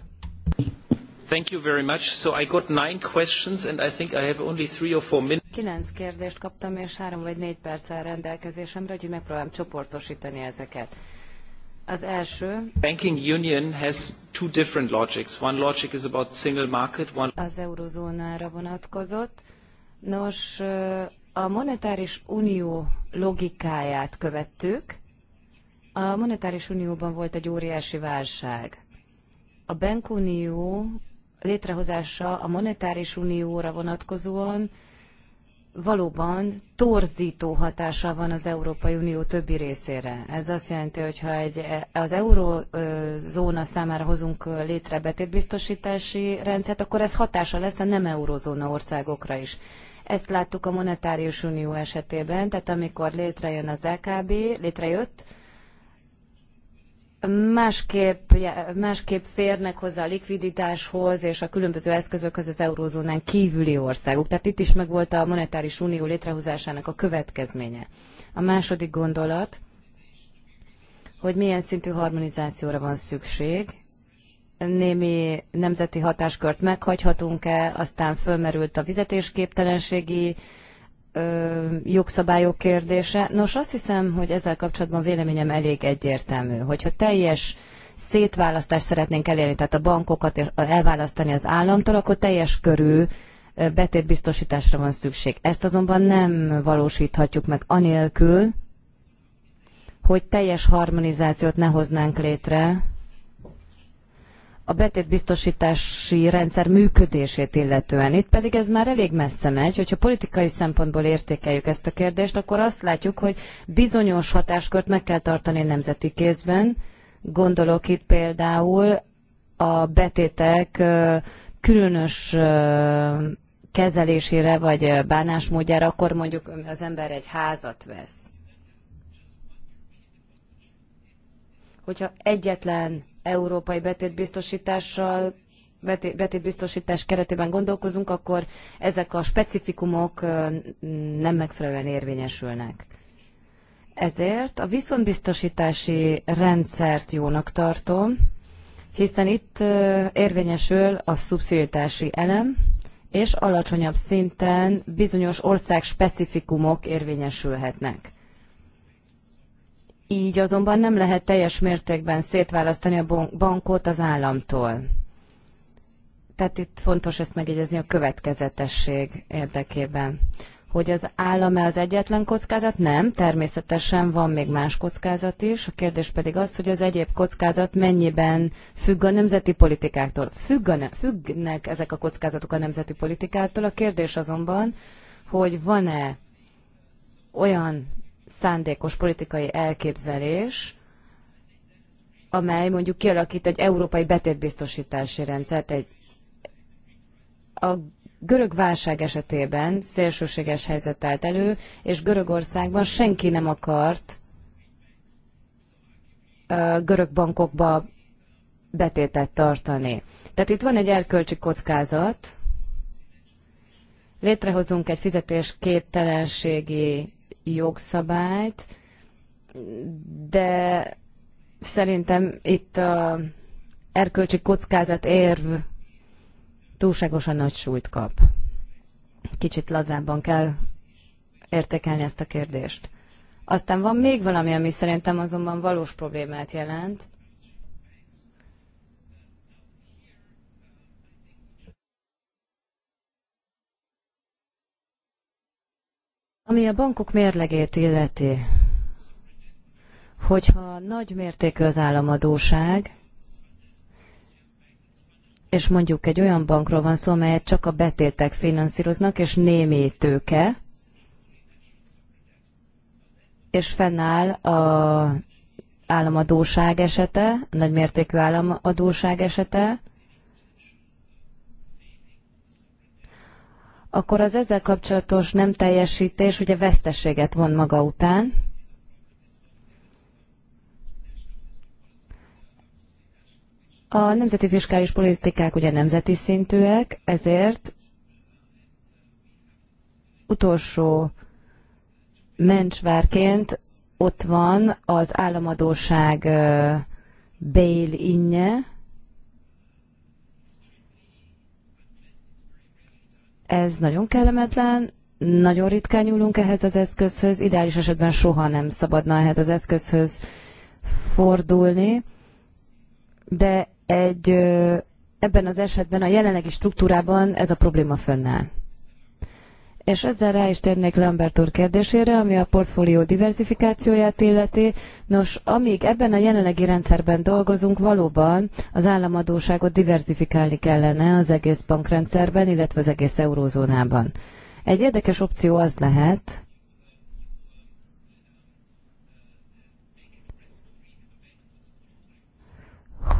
Thank you very much. So I got nine questions and I think I have only three or four minutes kilenc kérdést kaptam, és három vagy négy perc áll rendelkezésemre, úgyhogy megpróbálom csoportosítani ezeket. Az első. Banking Union has two different logics. One logic is about single market, one... Az eurozónára vonatkozott. Nos, a monetáris unió logikáját követtük. A monetáris unióban volt egy óriási válság. A bankunió létrehozása a monetáris unióra vonatkozóan valóban torzító hatása van az Európai Unió többi részére. Ez azt jelenti, hogy ha egy, az eurozóna számára hozunk létre betétbiztosítási rendszert, akkor ez hatása lesz a nem eurozóna országokra is. Ezt láttuk a monetárius unió esetében, tehát amikor létrejön az LKB, e létrejött, másképp, másképp férnek hozzá a likviditáshoz és a különböző eszközökhöz az eurózónán kívüli országok. Tehát itt is megvolt a monetáris unió létrehozásának a következménye. A második gondolat, hogy milyen szintű harmonizációra van szükség, némi nemzeti hatáskört meghagyhatunk-e, aztán fölmerült a fizetésképtelenségi ö, jogszabályok kérdése. Nos, azt hiszem, hogy ezzel kapcsolatban véleményem elég egyértelmű, hogyha teljes szétválasztást szeretnénk elérni, tehát a bankokat elválasztani az államtól, akkor teljes körű betétbiztosításra van szükség. Ezt azonban nem valósíthatjuk meg anélkül, hogy teljes harmonizációt ne hoznánk létre a betétbiztosítási rendszer működését illetően. Itt pedig ez már elég messze megy, hogyha politikai szempontból értékeljük ezt a kérdést, akkor azt látjuk, hogy bizonyos hatáskört meg kell tartani nemzeti kézben. Gondolok itt például a betétek különös kezelésére vagy bánásmódjára, akkor mondjuk az ember egy házat vesz. Hogyha egyetlen európai betétbiztosítással betétbiztosítás keretében gondolkozunk, akkor ezek a specifikumok nem megfelelően érvényesülnek. Ezért a viszontbiztosítási rendszert jónak tartom, hiszen itt érvényesül a szubszidiási elem, és alacsonyabb szinten bizonyos ország specifikumok érvényesülhetnek. Így azonban nem lehet teljes mértékben szétválasztani a bankot az államtól. Tehát itt fontos ezt megjegyezni a következetesség érdekében. Hogy az állam -e az egyetlen kockázat? Nem, természetesen van még más kockázat is. A kérdés pedig az, hogy az egyéb kockázat mennyiben függ a nemzeti politikáktól. ne- függnek ezek a kockázatok a nemzeti politikától. A kérdés azonban, hogy van-e olyan szándékos politikai elképzelés, amely mondjuk kialakít egy európai betétbiztosítási rendszert. Egy, a görög válság esetében szélsőséges helyzet állt elő, és Görögországban senki nem akart görög bankokba betétet tartani. Tehát itt van egy erkölcsi kockázat, létrehozunk egy fizetésképtelenségi jogszabályt, de szerintem itt a erkölcsi kockázat érv túlságosan nagy súlyt kap. Kicsit lazábban kell értékelni ezt a kérdést. Aztán van még valami, ami szerintem azonban valós problémát jelent. Ami a bankok mérlegét illeti, hogyha nagy mértékű az államadóság, és mondjuk egy olyan bankról van szó, amelyet csak a betétek finanszíroznak, és némi tőke, és fennáll a államadóság esete, nagymértékű államadóság esete, akkor az ezzel kapcsolatos nem teljesítés ugye veszteséget von maga után. A nemzeti fiskális politikák ugye nemzeti szintűek, ezért utolsó mencsvárként ott van az államadóság bail-inje, Ez nagyon kellemetlen, nagyon ritkán nyúlunk ehhez az eszközhöz, ideális esetben soha nem szabadna ehhez az eszközhöz fordulni, de egy ebben az esetben a jelenlegi struktúrában ez a probléma fönnáll. És ezzel rá is térnék Lambert úr kérdésére, ami a portfólió diversifikációját illeti. Nos, amíg ebben a jelenlegi rendszerben dolgozunk, valóban az államadóságot diversifikálni kellene az egész bankrendszerben, illetve az egész eurózónában. Egy érdekes opció az lehet,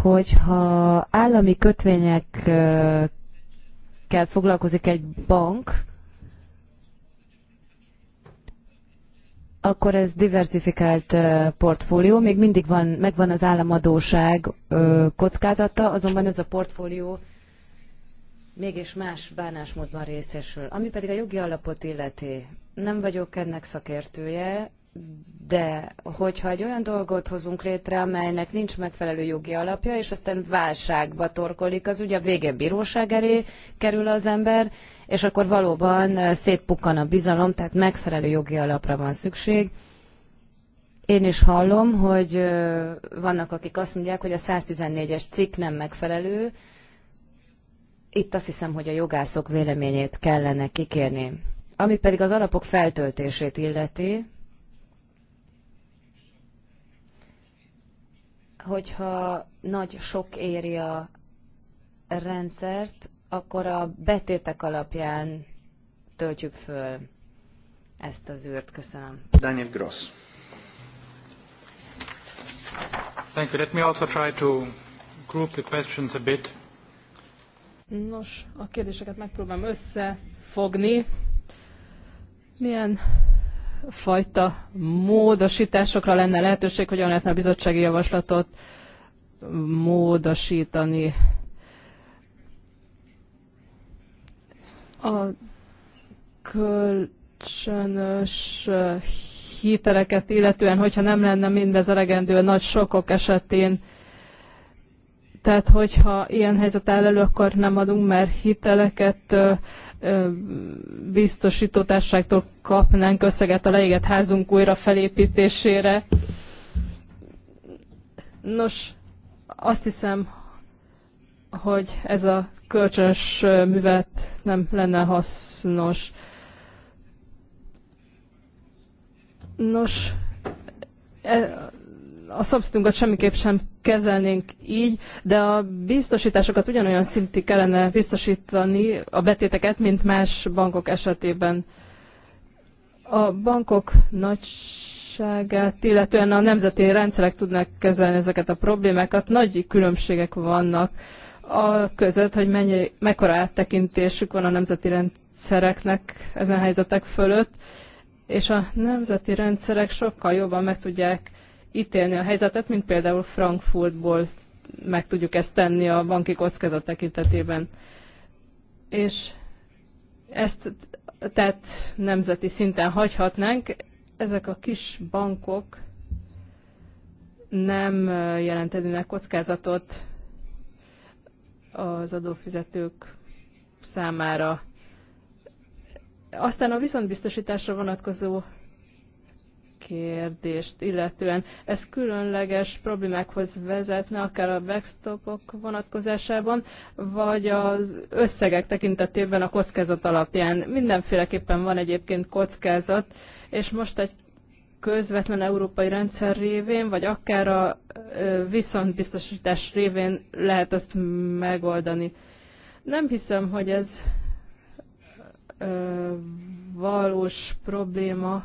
hogyha állami kötvényekkel foglalkozik egy bank, akkor ez diversifikált portfólió, még mindig van, megvan az államadóság kockázata, azonban ez a portfólió mégis más bánásmódban részesül. Ami pedig a jogi alapot illeti, nem vagyok ennek szakértője, de hogyha egy olyan dolgot hozunk létre, amelynek nincs megfelelő jogi alapja, és aztán válságba torkolik, az ugye a végén bíróság elé kerül az ember, és akkor valóban eh, szétpukkan a bizalom, tehát megfelelő jogi alapra van szükség. Én is hallom, hogy eh, vannak, akik azt mondják, hogy a 114-es cikk nem megfelelő. Itt azt hiszem, hogy a jogászok véleményét kellene kikérni. Ami pedig az alapok feltöltését illeti, hogyha nagy sok éri a rendszert, akkor a betétek alapján töltjük föl ezt az űrt. Köszönöm. Daniel Gross. Thank you. Let me also try to group the questions a bit. Nos, a kérdéseket megpróbálom összefogni. Milyen fajta módosításokra lenne lehetőség, hogyan lehetne a bizottsági javaslatot módosítani. A kölcsönös hiteleket illetően, hogyha nem lenne mindez elegendő a nagy sokok esetén, tehát hogyha ilyen helyzet áll elő, akkor nem adunk már hiteleket, biztosító társaságtól kapnánk összeget a leégett házunk újra felépítésére. Nos, azt hiszem, hogy ez a kölcsönös művelet nem lenne hasznos. Nos, e, a szomszédunkat semmiképp sem kezelnénk így, de a biztosításokat ugyanolyan szintig kellene biztosítani a betéteket, mint más bankok esetében. A bankok nagyságát, illetően a nemzeti rendszerek tudnak kezelni ezeket a problémákat. Nagy különbségek vannak a között, hogy mennyi, mekkora áttekintésük van a nemzeti rendszereknek ezen helyzetek fölött, és a nemzeti rendszerek sokkal jobban meg tudják ítélni a helyzetet, mint például Frankfurtból meg tudjuk ezt tenni a banki kockázat tekintetében. És ezt tehát nemzeti szinten hagyhatnánk. Ezek a kis bankok nem jelentenének kockázatot az adófizetők számára. Aztán a viszontbiztosításra vonatkozó kérdést illetően. Ez különleges problémákhoz vezetne, akár a backstopok vonatkozásában, vagy az összegek tekintetében a kockázat alapján. Mindenféleképpen van egyébként kockázat, és most egy közvetlen európai rendszer révén, vagy akár a viszontbiztosítás révén lehet ezt megoldani. Nem hiszem, hogy ez valós probléma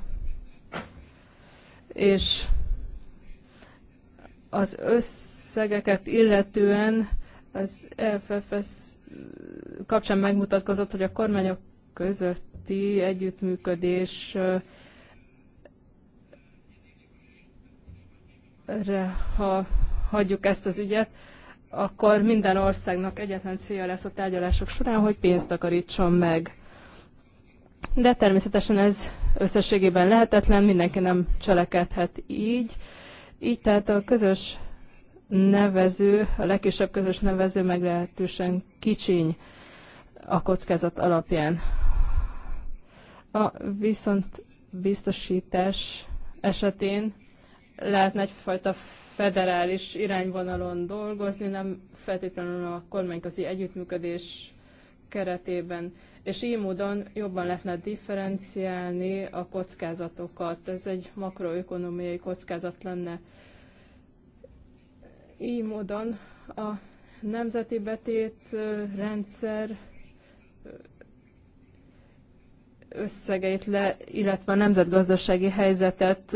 és az összegeket illetően az e FFS kapcsán megmutatkozott, hogy a kormányok közötti együttműködés eh, ha hagyjuk ezt az ügyet, akkor minden országnak egyetlen célja lesz a tárgyalások során, hogy pénzt takarítson meg de természetesen ez összességében lehetetlen, mindenki nem cselekedhet így. Így tehát a közös nevező, a legkisebb közös nevező meglehetősen kicsiny a kockázat alapján. A viszont biztosítás esetén lehetne egyfajta federális irányvonalon dolgozni, nem feltétlenül a kormányközi együttműködés keretében és így módon jobban lehetne differenciálni a kockázatokat. Ez egy makroökonomiai kockázat lenne. Így módon a nemzeti betét rendszer összegeit, le, illetve a nemzetgazdasági helyzetet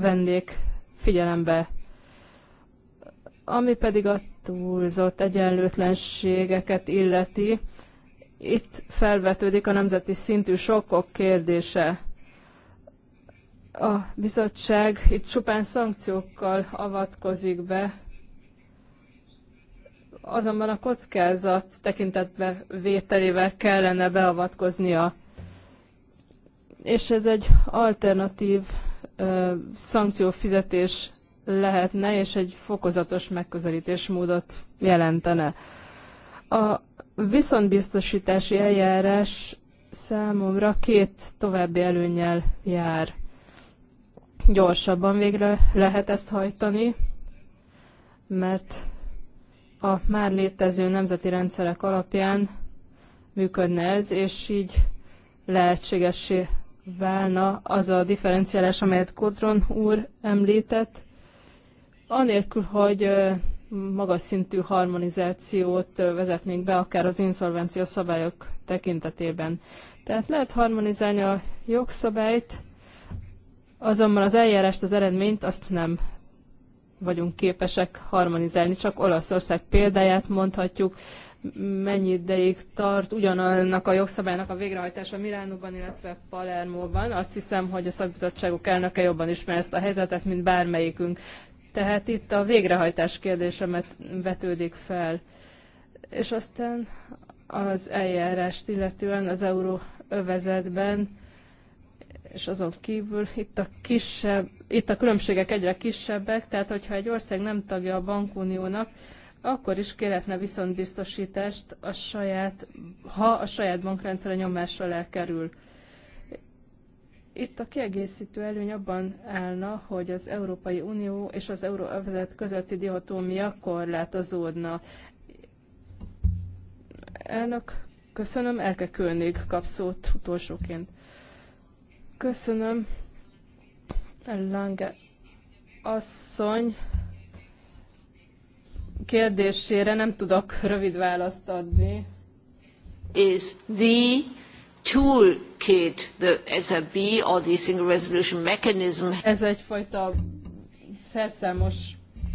vennék figyelembe. Ami pedig a túlzott egyenlőtlenségeket illeti, itt felvetődik a nemzeti szintű sokkok kérdése. A bizottság itt csupán szankciókkal avatkozik be, azonban a kockázat tekintetbe vételével kellene beavatkoznia. És ez egy alternatív ö, szankciófizetés lehetne, és egy fokozatos módot jelentene. A viszontbiztosítási eljárás számomra két további előnyel jár. Gyorsabban végre lehet ezt hajtani, mert a már létező nemzeti rendszerek alapján működne ez, és így lehetségessé válna az a differenciálás, amelyet Kodron úr említett, anélkül, hogy magas szintű harmonizációt vezetnénk be, akár az inszolvencia szabályok tekintetében. Tehát lehet harmonizálni a jogszabályt, azonban az eljárást, az eredményt azt nem vagyunk képesek harmonizálni. Csak Olaszország példáját mondhatjuk, mennyi ideig tart ugyanannak a jogszabálynak a végrehajtása Milánóban, illetve Palermóban. Azt hiszem, hogy a szakbizottságok elnöke jobban ismer ezt a helyzetet, mint bármelyikünk. Tehát itt a végrehajtás kérdésemet vetődik fel. És aztán az eljárást illetően az euróövezetben és azon kívül itt a, kisebb, itt a különbségek egyre kisebbek, tehát hogyha egy ország nem tagja a bankuniónak, akkor is kérhetne viszont biztosítást a saját, ha a saját bankrendszere nyomás alá kerül. Itt a kiegészítő előny abban állna, hogy az Európai Unió és az Euróövezet közötti dihotómia korlátozódna. Elnök, köszönöm, Elke Kölnig kap szót utolsóként. Köszönöm, Lange asszony kérdésére nem tudok rövid választ adni. Is the toolkit, the SRB or the single resolution mechanism. Ez egyfajta szerszámos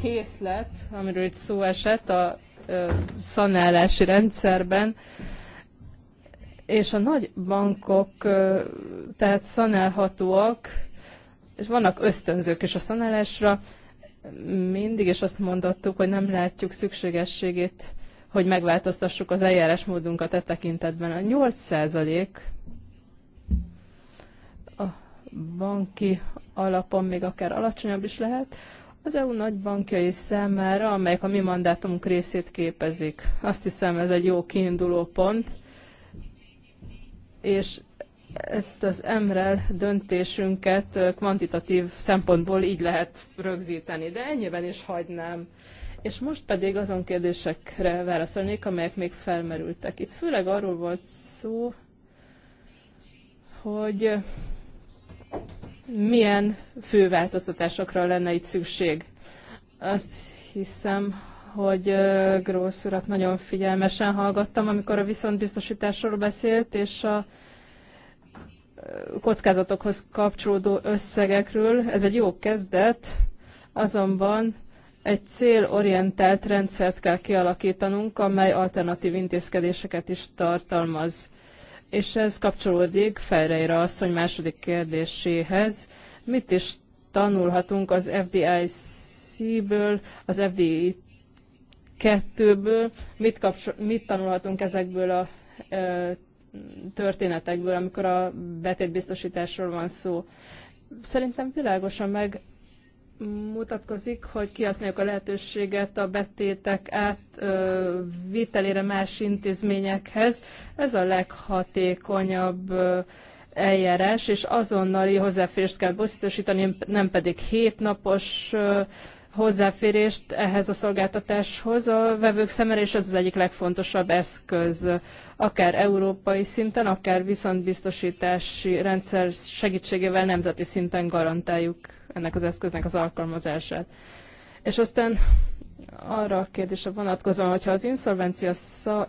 készlet, amiről itt szó esett a szanálási rendszerben, és a nagy bankok tehát szanálhatóak, és vannak ösztönzők is a szanálásra, mindig is azt mondottuk, hogy nem látjuk szükségességét hogy megváltoztassuk az eljárásmódunkat e tekintetben. A 8 százalék a banki alapon még akár alacsonyabb is lehet, az EU nagy bankjai számára, amelyek a mi mandátumunk részét képezik. Azt hiszem, ez egy jó kiinduló pont, és ezt az MREL döntésünket kvantitatív szempontból így lehet rögzíteni, de ennyiben is hagynám. És most pedig azon kérdésekre válaszolnék, amelyek még felmerültek. Itt főleg arról volt szó, hogy milyen fő változtatásokra lenne itt szükség. Azt hiszem, hogy Grósz urat nagyon figyelmesen hallgattam, amikor a viszontbiztosításról beszélt, és a kockázatokhoz kapcsolódó összegekről. Ez egy jó kezdet, azonban egy célorientált rendszert kell kialakítanunk, amely alternatív intézkedéseket is tartalmaz. És ez kapcsolódik Ferreira asszony második kérdéséhez. Mit is tanulhatunk az FDIC-ből, az FDI kettőből, mit, kapcsol, mit tanulhatunk ezekből a történetekből, amikor a betétbiztosításról van szó. Szerintem világosan meg mutatkozik, hogy kihasználjuk a lehetőséget a betétek átvitelére más intézményekhez. Ez a leghatékonyabb eljárás, és azonnali hozzáférést kell biztosítani, nem pedig hétnapos hozzáférést ehhez a szolgáltatáshoz. A vevők szemére és ez az egyik legfontosabb eszköz, akár európai szinten, akár viszont biztosítási rendszer segítségével nemzeti szinten garantáljuk ennek az eszköznek az alkalmazását. És aztán arra a kérdésre vonatkozóan, hogyha az inszolvencia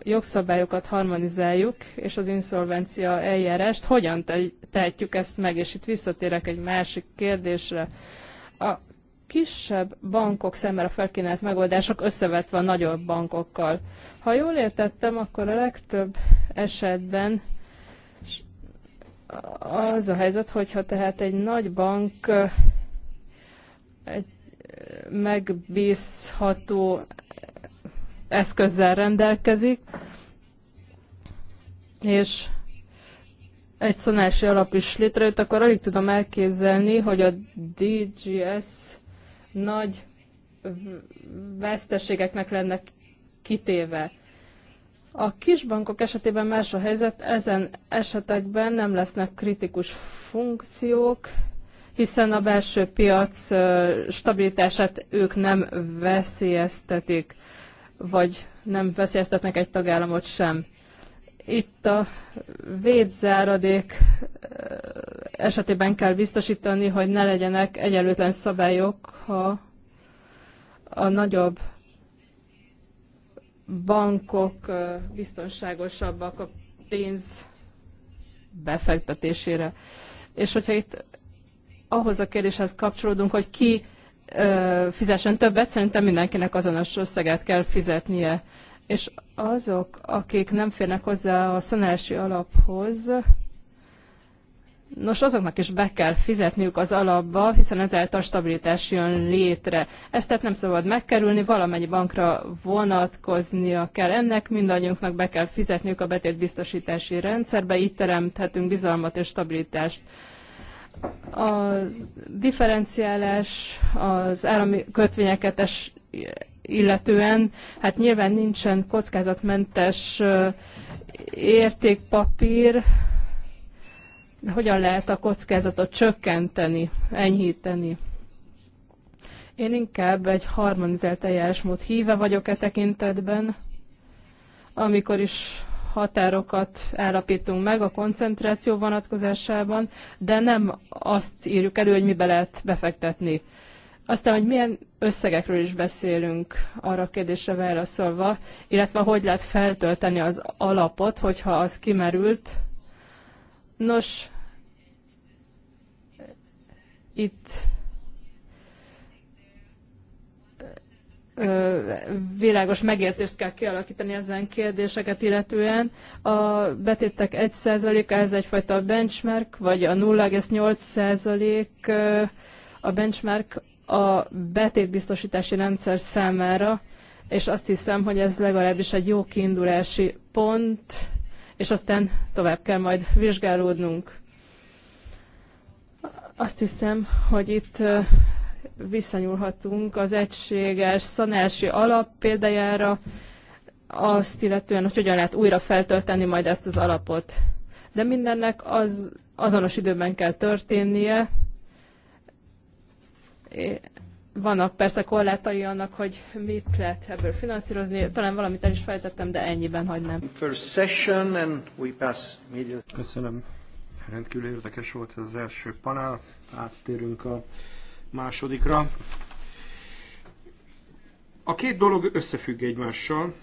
jogszabályokat harmonizáljuk, és az inszolvencia eljárást, hogyan tehetjük ezt meg? És itt visszatérek egy másik kérdésre. A kisebb bankok a felkínált megoldások összevetve a nagyobb bankokkal. Ha jól értettem, akkor a legtöbb esetben az a helyzet, hogyha tehát egy nagy bank egy megbízható eszközzel rendelkezik, és egy szanási alap is létrejött, akkor alig tudom elképzelni, hogy a DGS nagy veszteségeknek lennek kitéve. A kisbankok esetében más a helyzet, ezen esetekben nem lesznek kritikus funkciók, hiszen a belső piac stabilitását ők nem veszélyeztetik, vagy nem veszélyeztetnek egy tagállamot sem. Itt a védzáradék eh, esetében kell biztosítani, hogy ne legyenek egyenlőtlen szabályok, ha a nagyobb bankok eh, biztonságosabbak a pénz befektetésére. És hogyha itt ahhoz a kérdéshez kapcsolódunk, hogy ki eh, fizessen többet, szerintem mindenkinek azonos összeget kell fizetnie és azok, akik nem férnek hozzá a szanási alaphoz, Nos, azoknak is be kell fizetniük az alapba, hiszen ezáltal stabilitás jön létre. Ezt tehát nem szabad megkerülni, valamennyi bankra vonatkoznia kell ennek, mindannyiunknak be kell fizetniük a betétbiztosítási rendszerbe, így teremthetünk bizalmat és stabilitást. A differenciálás az állami kötvényeket es illetően, hát nyilván nincsen kockázatmentes értékpapír, hogyan lehet a kockázatot csökkenteni, enyhíteni. Én inkább egy harmonizált eljárásmód híve vagyok e tekintetben, amikor is határokat állapítunk meg a koncentráció vonatkozásában, de nem azt írjuk elő, hogy mibe lehet befektetni. Aztán, hogy milyen összegekről is beszélünk arra a kérdésre válaszolva, illetve hogy lehet feltölteni az alapot, hogyha az kimerült. Nos, itt világos megértést kell kialakítani ezen kérdéseket illetően. A betétek 1%-a ez egyfajta benchmark, vagy a 0,8% a benchmark a betétbiztosítási rendszer számára, és azt hiszem, hogy ez legalábbis egy jó kiindulási pont, és aztán tovább kell majd vizsgálódnunk. Azt hiszem, hogy itt visszanyúlhatunk az egységes szanási alap példájára, azt illetően, hogy hogyan lehet újra feltölteni majd ezt az alapot. De mindennek az azonos időben kell történnie, vannak persze korlátai annak, hogy mit lehet ebből finanszírozni. Talán valamit el is fejtettem, de ennyiben hagynám. Köszönöm. Rendkívül érdekes volt ez az első panel. Áttérünk a másodikra. A két dolog összefügg egymással.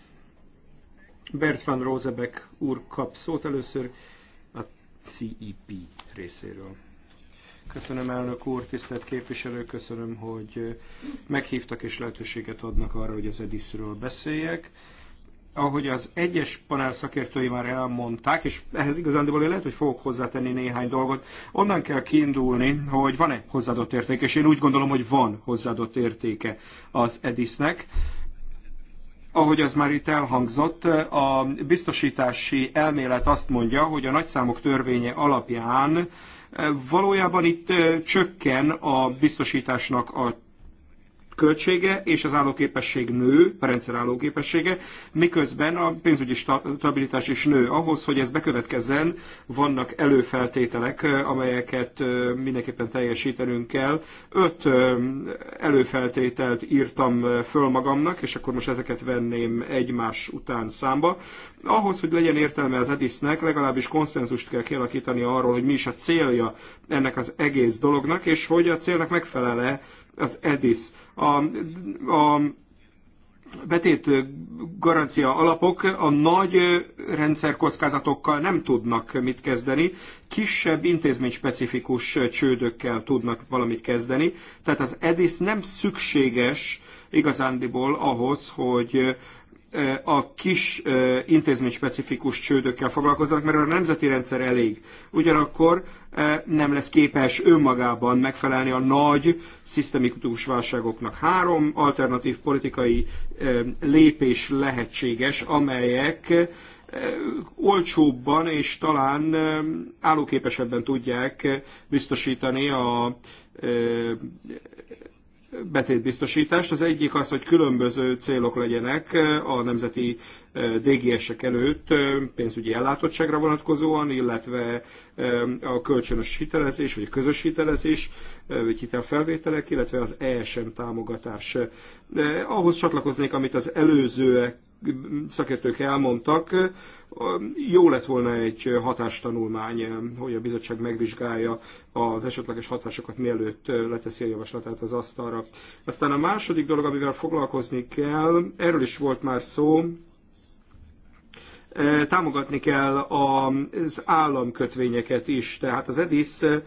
Bertrand Rosebeck úr kap szót először a CEP részéről. Köszönöm elnök úr, tisztelt képviselő, köszönöm, hogy meghívtak és lehetőséget adnak arra, hogy az Edisről beszéljek. Ahogy az egyes panel szakértői már elmondták, és ehhez igazándiból lehet, hogy fogok hozzátenni néhány dolgot, onnan kell kiindulni, hogy van-e hozzáadott érték, és én úgy gondolom, hogy van hozzáadott értéke az Edisnek ahogy az már itt elhangzott, a biztosítási elmélet azt mondja, hogy a nagyszámok törvénye alapján Valójában itt csökken a biztosításnak a költsége és az állóképesség nő, a rendszer állóképessége, miközben a pénzügyi stabilitás is nő. Ahhoz, hogy ez bekövetkezzen, vannak előfeltételek, amelyeket mindenképpen teljesítenünk kell. Öt előfeltételt írtam föl magamnak, és akkor most ezeket venném egymás után számba. Ahhoz, hogy legyen értelme az Edisnek, legalábbis konszenzust kell kialakítani arról, hogy mi is a célja ennek az egész dolognak, és hogy a célnak megfelele az EDIS. A, a betét garancia alapok a nagy rendszerkockázatokkal nem tudnak mit kezdeni, kisebb intézményspecifikus csődökkel tudnak valamit kezdeni, tehát az EDIS nem szükséges igazándiból ahhoz, hogy a kis intézményspecifikus csődökkel foglalkozzanak, mert a nemzeti rendszer elég. Ugyanakkor nem lesz képes önmagában megfelelni a nagy szisztemikus válságoknak. Három alternatív politikai lépés lehetséges, amelyek olcsóbban és talán állóképesebben tudják biztosítani a betétbiztosítást. Az egyik az, hogy különböző célok legyenek a nemzeti DGS-ek előtt pénzügyi ellátottságra vonatkozóan, illetve a kölcsönös hitelezés, vagy közös hitelezés, vagy hitelfelvételek, illetve az ESM támogatás. De Ahhoz csatlakoznék, amit az előzőek szakértők elmondtak, jó lett volna egy hatástanulmány, hogy a bizottság megvizsgálja az esetleges hatásokat, mielőtt leteszi a javaslatát az asztalra. Aztán a második dolog, amivel foglalkozni kell, erről is volt már szó, e, támogatni kell az államkötvényeket is. Tehát az EDIS e,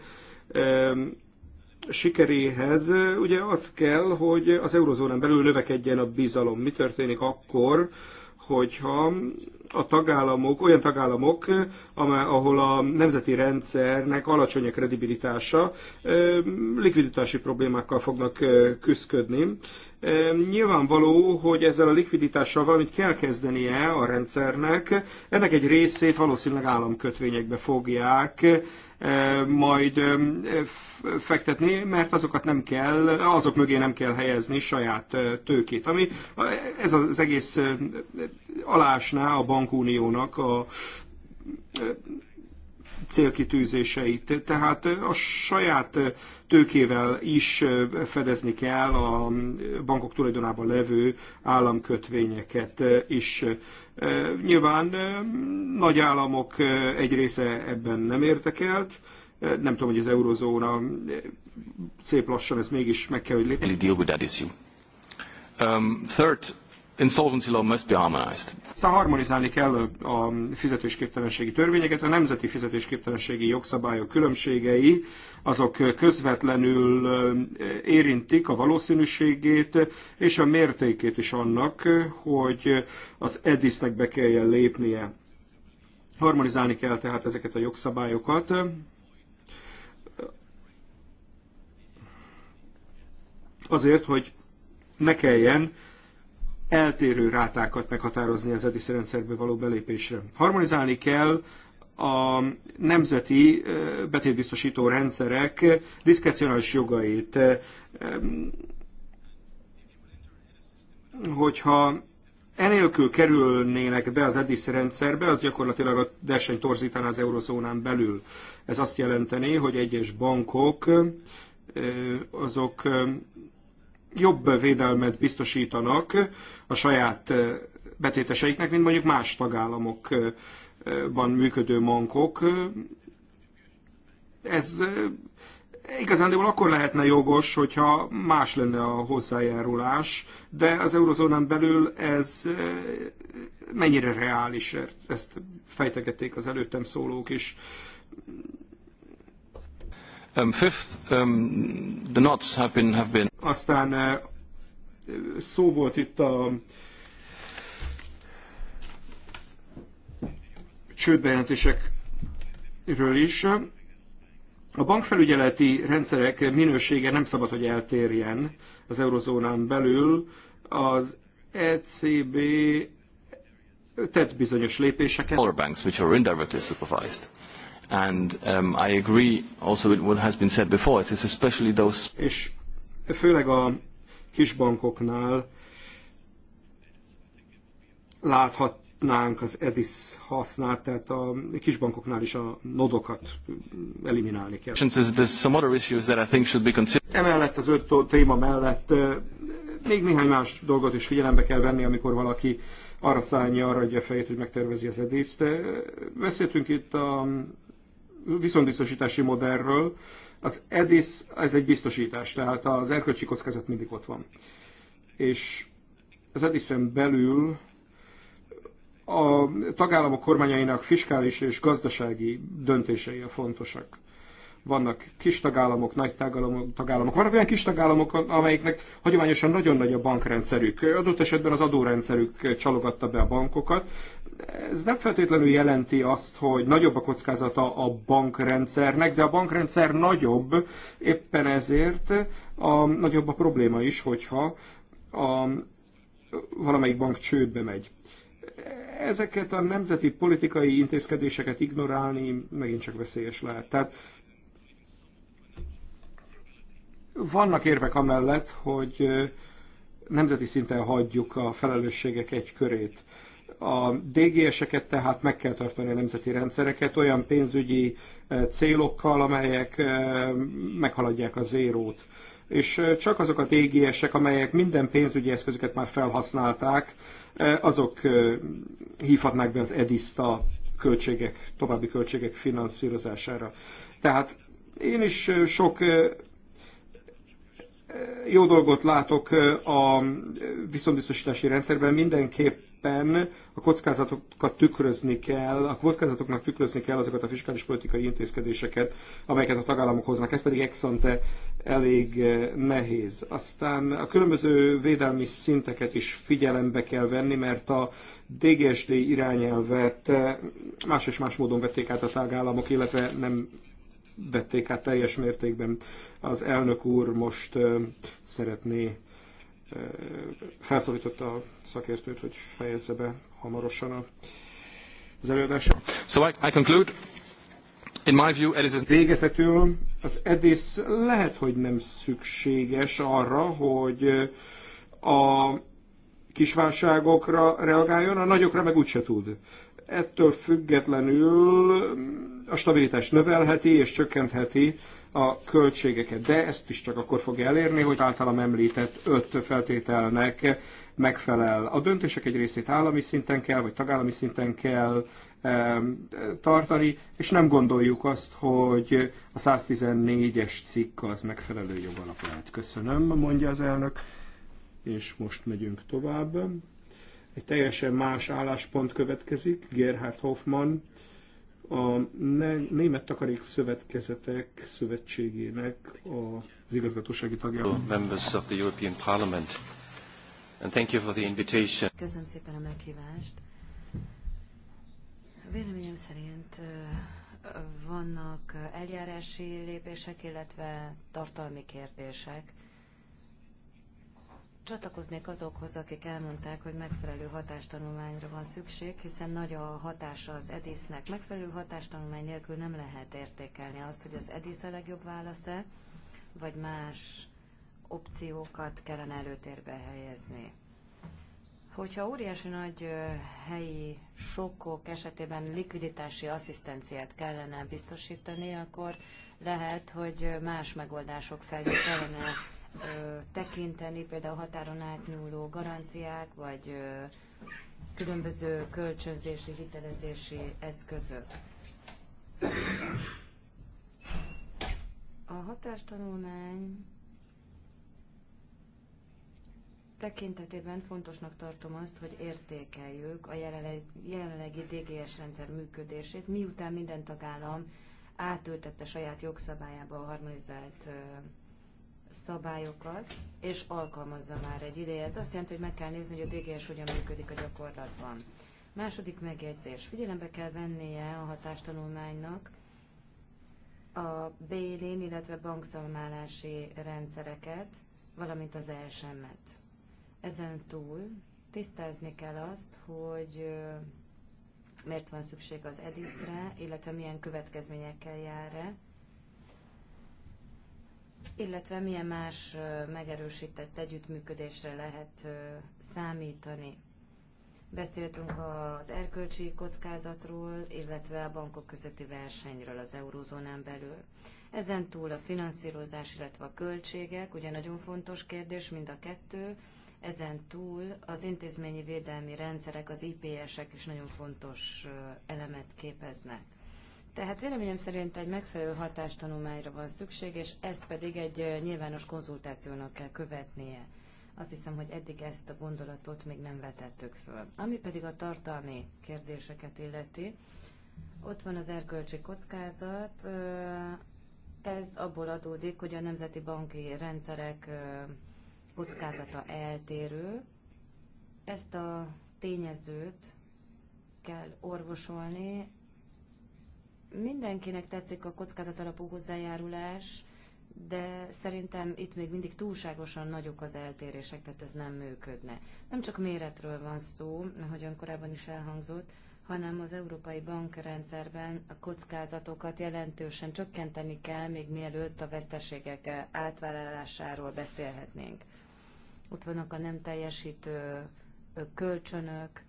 sikeréhez ugye az kell, hogy az eurozónán belül növekedjen a bizalom. Mi történik akkor, hogyha a tagállamok, olyan tagállamok, ahol a nemzeti rendszernek alacsony a kredibilitása, likviditási problémákkal fognak küzdködni, Nyilvánvaló, hogy ezzel a likviditással valamit kell kezdenie a rendszernek. Ennek egy részét valószínűleg államkötvényekbe fogják majd fektetni, mert azokat nem kell, azok mögé nem kell helyezni saját tőkét, ami ez az egész alásná a bankuniónak a célkitűzéseit. Tehát a saját tőkével is fedezni kell a bankok tulajdonában levő államkötvényeket is. Nyilván nagy államok egy része ebben nem érdekelt, nem tudom, hogy az eurozóna szép lassan ez mégis meg kell, hogy létezik. Um, third, insolvency law must be harmonized. harmonizálni kell a fizetésképtelenségi törvényeket, a nemzeti fizetésképtelenségi jogszabályok különbségei, azok közvetlenül érintik a valószínűségét és a mértékét is annak, hogy az EDIS-nek be kelljen lépnie. Harmonizálni kell tehát ezeket a jogszabályokat. Azért, hogy ne kelljen eltérő rátákat meghatározni az EDIS rendszerbe való belépésre. Harmonizálni kell a nemzeti betétbiztosító rendszerek diszkrecionális jogait. Hogyha enélkül kerülnének be az EDIS rendszerbe, az gyakorlatilag a verseny torzítaná az eurozónán belül. Ez azt jelenteni, hogy egyes bankok azok jobb védelmet biztosítanak a saját betéteseiknek, mint mondjuk más tagállamokban működő bankok. Ez igazándiból akkor lehetne jogos, hogyha más lenne a hozzájárulás, de az eurozónán belül ez mennyire reális, ezt fejtegették az előttem szólók is. Um, fifth, um, the knots have been, have been. Aztán uh, szó volt itt a csődbejelentésekről is. A bankfelügyeleti rendszerek minősége nem szabad, hogy eltérjen az eurozónán belül. Az ECB tett bizonyos lépéseket. banks which are indirectly supervised. És főleg a kisbankoknál láthatnánk az EDIS hasznát, tehát a kisbankoknál is a nodokat eliminálni kell. Emellett az öt téma mellett még néhány más dolgot is figyelembe kell venni, amikor valaki arra szállja, arra adja fejét, hogy megtervezi az edészt. Beszéltünk itt a viszonybiztosítási modellről, az EDIS, ez egy biztosítás, tehát az erkölcsi kockázat mindig ott van. És az EDIS-en belül a tagállamok kormányainak fiskális és gazdasági döntései a fontosak. Vannak kis tagállamok, nagy tagállamok, tagállamok. vannak olyan kis tagállamok, amelyiknek hagyományosan nagyon nagy a bankrendszerük. Adott esetben az adórendszerük csalogatta be a bankokat, ez nem feltétlenül jelenti azt, hogy nagyobb a kockázata a bankrendszernek, de a bankrendszer nagyobb, éppen ezért a, nagyobb a probléma is, hogyha a, valamelyik bank csődbe megy. Ezeket a nemzeti politikai intézkedéseket ignorálni megint csak veszélyes lehet. Tehát vannak érvek amellett, hogy nemzeti szinten hagyjuk a felelősségek egy körét a DGS-eket tehát meg kell tartani a nemzeti rendszereket olyan pénzügyi e, célokkal, amelyek e, meghaladják a zérót. És e, csak azok a DGS-ek, amelyek minden pénzügyi eszközüket már felhasználták, azok hívhatnák be az EDISZTA költségek, további költségek finanszírozására. Tehát én is sok jó dolgot látok a viszontbiztosítási rendszerben, mindenképp mindenképpen a kockázatokat tükrözni kell, a kockázatoknak tükrözni kell azokat a fiskális politikai intézkedéseket, amelyeket a tagállamok hoznak. Ez pedig exante elég eh, nehéz. Aztán a különböző védelmi szinteket is figyelembe kell venni, mert a DGSD irányelvet eh, más és más módon vették át a tagállamok, illetve nem vették át teljes mértékben. Az elnök úr most eh, szeretné felszólította a szakértőt, hogy fejezze be hamarosan az So I, I conclude. In my view, it is... Végezetül az edész lehet, hogy nem szükséges arra, hogy a kisválságokra reagáljon, a nagyokra meg úgyse tud. Ettől függetlenül a stabilitást növelheti és csökkentheti a költségeket, de ezt is csak akkor fogja elérni, hogy általam említett öt feltételnek megfelel. A döntések egy részét állami szinten kell, vagy tagállami szinten kell e, tartani, és nem gondoljuk azt, hogy a 114-es cikk az megfelelő jogalap lehet. Köszönöm, mondja az elnök, és most megyünk tovább. Egy teljesen más álláspont következik, Gerhard Hoffmann a Német Takarék Szövetkezetek Szövetségének az igazgatósági tagja. Members of the European Parliament. And thank you for the invitation. Köszönöm szépen a meghívást. Véleményem szerint vannak eljárási lépések, illetve tartalmi kérdések, Csatlakoznék azokhoz, akik elmondták, hogy megfelelő hatástanulmányra van szükség, hiszen nagy a hatása az edis Megfelelő hatástanulmány nélkül nem lehet értékelni azt, hogy az EDIS a legjobb válasz-e, vagy más opciókat kellene előtérbe helyezni. Hogyha óriási nagy helyi sokkok esetében likviditási asszisztenciát kellene biztosítani, akkor lehet, hogy más megoldások felé kellene tekinteni, például határon átnyúló garanciák, vagy különböző kölcsönzési, hitelezési eszközök. A hatástanulmány tekintetében fontosnak tartom azt, hogy értékeljük a jelenleg, jelenlegi DGS rendszer működését, miután minden tagállam átültette saját jogszabályába a harmonizált szabályokat, és alkalmazza már egy ideje. Ez azt jelenti, hogy meg kell nézni, hogy a DGS hogyan működik a gyakorlatban. Második megjegyzés. Figyelembe kell vennie a hatástanulmánynak a bail illetve bankszalmálási rendszereket, valamint az ESM-et. Ezen túl tisztázni kell azt, hogy miért van szükség az EDIS-re, illetve milyen következményekkel jár-e, illetve milyen más megerősített együttműködésre lehet számítani. Beszéltünk az erkölcsi kockázatról, illetve a bankok közötti versenyről az eurózónán belül. Ezen túl a finanszírozás, illetve a költségek, ugye nagyon fontos kérdés mind a kettő, ezen túl az intézményi védelmi rendszerek, az IPS-ek is nagyon fontos elemet képeznek. Tehát véleményem szerint egy megfelelő hatástanulmányra van szükség, és ezt pedig egy nyilvános konzultációnak kell követnie. Azt hiszem, hogy eddig ezt a gondolatot még nem vetettük föl. Ami pedig a tartalmi kérdéseket illeti, ott van az erkölcsi kockázat, ez abból adódik, hogy a nemzeti banki rendszerek kockázata eltérő. Ezt a tényezőt kell orvosolni, Mindenkinek tetszik a kockázat alapú hozzájárulás, de szerintem itt még mindig túlságosan nagyok az eltérések, tehát ez nem működne. Nem csak méretről van szó, ahogyan korábban is elhangzott, hanem az európai bankrendszerben a kockázatokat jelentősen csökkenteni kell, még mielőtt a veszteségek átvállalásáról beszélhetnénk. Ott vannak a nem teljesítő kölcsönök,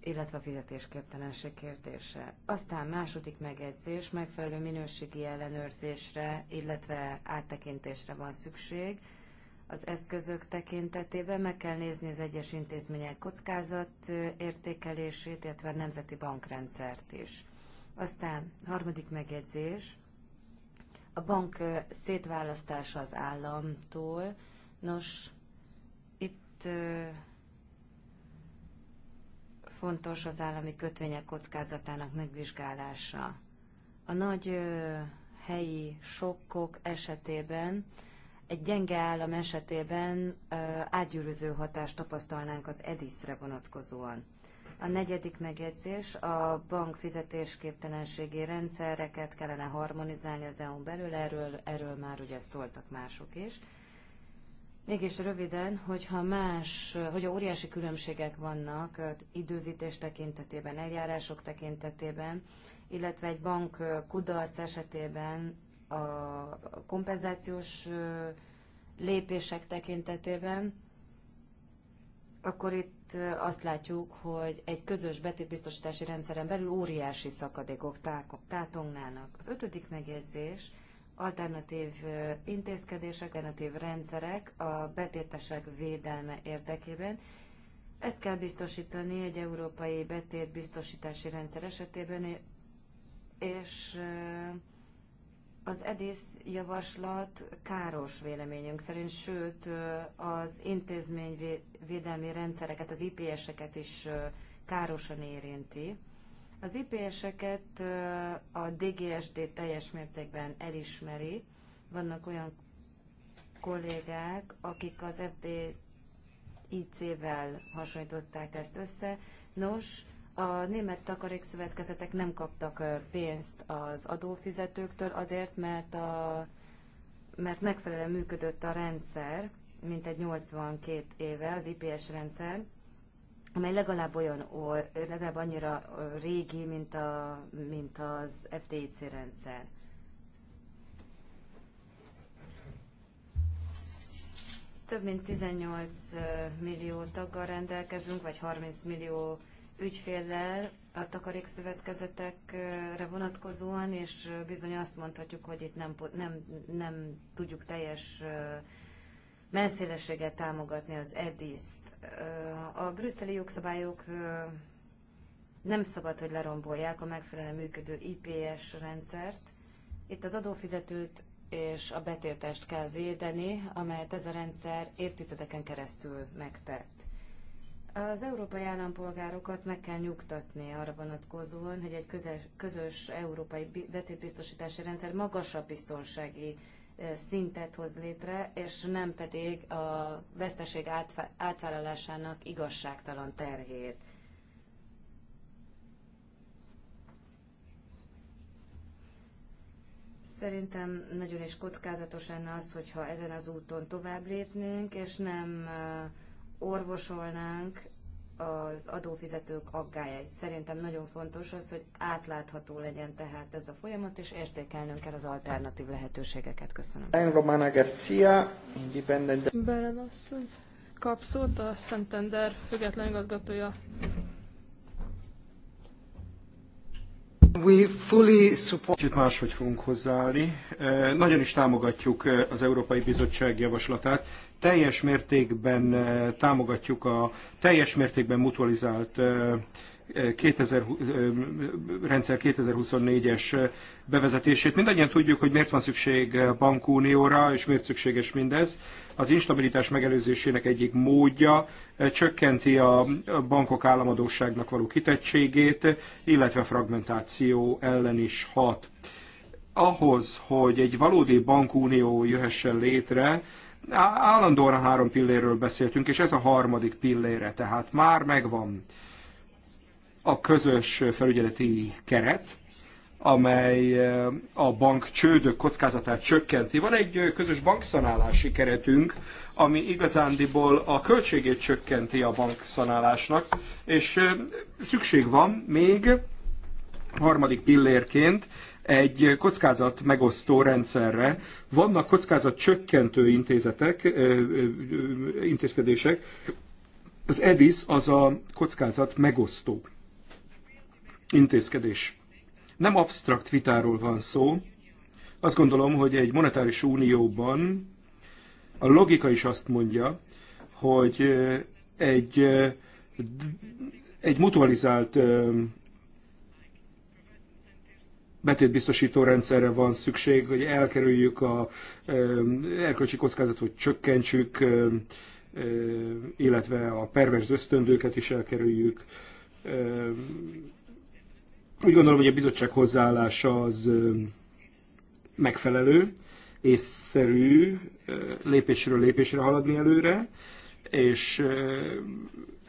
illetve a fizetésképtelenség kérdése. Aztán második megjegyzés, megfelelő minőségi ellenőrzésre, illetve áttekintésre van szükség. Az eszközök tekintetében meg kell nézni az egyes intézmények kockázat eh, értékelését, illetve a nemzeti bankrendszert is. Aztán harmadik megjegyzés, a bank eh, szétválasztása az államtól. Nos, itt eh, fontos az állami kötvények kockázatának megvizsgálása. A nagy ö, helyi sokkok esetében, egy gyenge állam esetében ö, átgyűröző hatást tapasztalnánk az EDIS-re vonatkozóan. A negyedik megjegyzés, a bank fizetésképtelenségi rendszereket kellene harmonizálni az EU-n belül, erről, erről már ugye szóltak mások is. Mégis röviden, hogyha más, hogyha óriási különbségek vannak időzítés tekintetében, eljárások tekintetében, illetve egy bank kudarc esetében a kompenzációs lépések tekintetében, akkor itt azt látjuk, hogy egy közös betétbiztosítási rendszeren belül óriási szakadékok tátongnának. Az ötödik megjegyzés – alternatív intézkedések, alternatív rendszerek a betétesek védelme érdekében. Ezt kell biztosítani egy európai biztosítási rendszer esetében, és az EDIS javaslat káros véleményünk szerint, sőt az intézményvédelmi rendszereket, az IPS-eket is károsan érinti. Az IPS-eket a DGSD teljes mértékben elismeri. Vannak olyan kollégák, akik az FDIC-vel hasonlították ezt össze. Nos, a német takarékszövetkezetek nem kaptak pénzt az adófizetőktől azért, mert, a, mert megfelelően működött a rendszer, mint egy 82 éve az IPS rendszer, amely legalább olyan, legalább annyira régi, mint, a, mint az FTIC rendszer. Több mint 18 millió taggal rendelkezünk, vagy 30 millió ügyféllel a takarékszövetkezetekre vonatkozóan, és bizony azt mondhatjuk, hogy itt nem, nem, nem tudjuk teljes menszélességgel támogatni az EDIS-t. A brüsszeli jogszabályok nem szabad, hogy lerombolják a megfelelően működő IPS rendszert. Itt az adófizetőt és a betiltást kell védeni, amelyet ez a rendszer évtizedeken keresztül megtett. Az európai állampolgárokat meg kell nyugtatni arra vonatkozóan, hogy egy közös, közös európai betétbiztosítási rendszer magasabb biztonsági szintet hoz létre, és nem pedig a veszteség átvállalásának igazságtalan terhét. Szerintem nagyon is kockázatos lenne az, hogyha ezen az úton tovább lépnénk, és nem orvosolnánk az adófizetők aggájait. Szerintem nagyon fontos az, hogy átlátható legyen tehát ez a folyamat, és értékelnünk kell az alternatív lehetőségeket. Köszönöm. Romana Garcia, independent... Belen asszony, kapszót a Szentender független igazgatója. We fully support... Kicsit máshogy fogunk hozzáállni. E, nagyon is támogatjuk e, az Európai Bizottság javaslatát. Teljes mértékben e, támogatjuk a teljes mértékben mutualizált 2000, rendszer 2024-es bevezetését. Mindannyian tudjuk, hogy miért van szükség bankunióra, és miért szükséges mindez. Az instabilitás megelőzésének egyik módja csökkenti a bankok államadóságnak való kitettségét, illetve a fragmentáció ellen is hat. Ahhoz, hogy egy valódi bankunió jöhessen létre, állandóan a három pillérről beszéltünk, és ez a harmadik pillére, tehát már megvan a közös felügyeleti keret, amely eh, a bank csődök kockázatát csökkenti. Van egy eh, közös bankszanálási keretünk, ami igazándiból a költségét csökkenti a bankszanálásnak, és eh, szükség van még harmadik pillérként egy kockázat megosztó rendszerre. Vannak kockázat csökkentő intézetek, intézkedések, az EDIS az a kockázat megosztó intézkedés. Nem absztrakt vitáról van szó. Azt gondolom, hogy egy monetáris unióban a logika is azt mondja, hogy egy, egy mutualizált betétbiztosító rendszerre van szükség, hogy elkerüljük a erkölcsi kockázatot, csökkentsük, illetve a perverz ösztöndőket is elkerüljük. Úgy gondolom, hogy a bizottság hozzáállása az megfelelő, észszerű lépésről lépésre haladni előre, és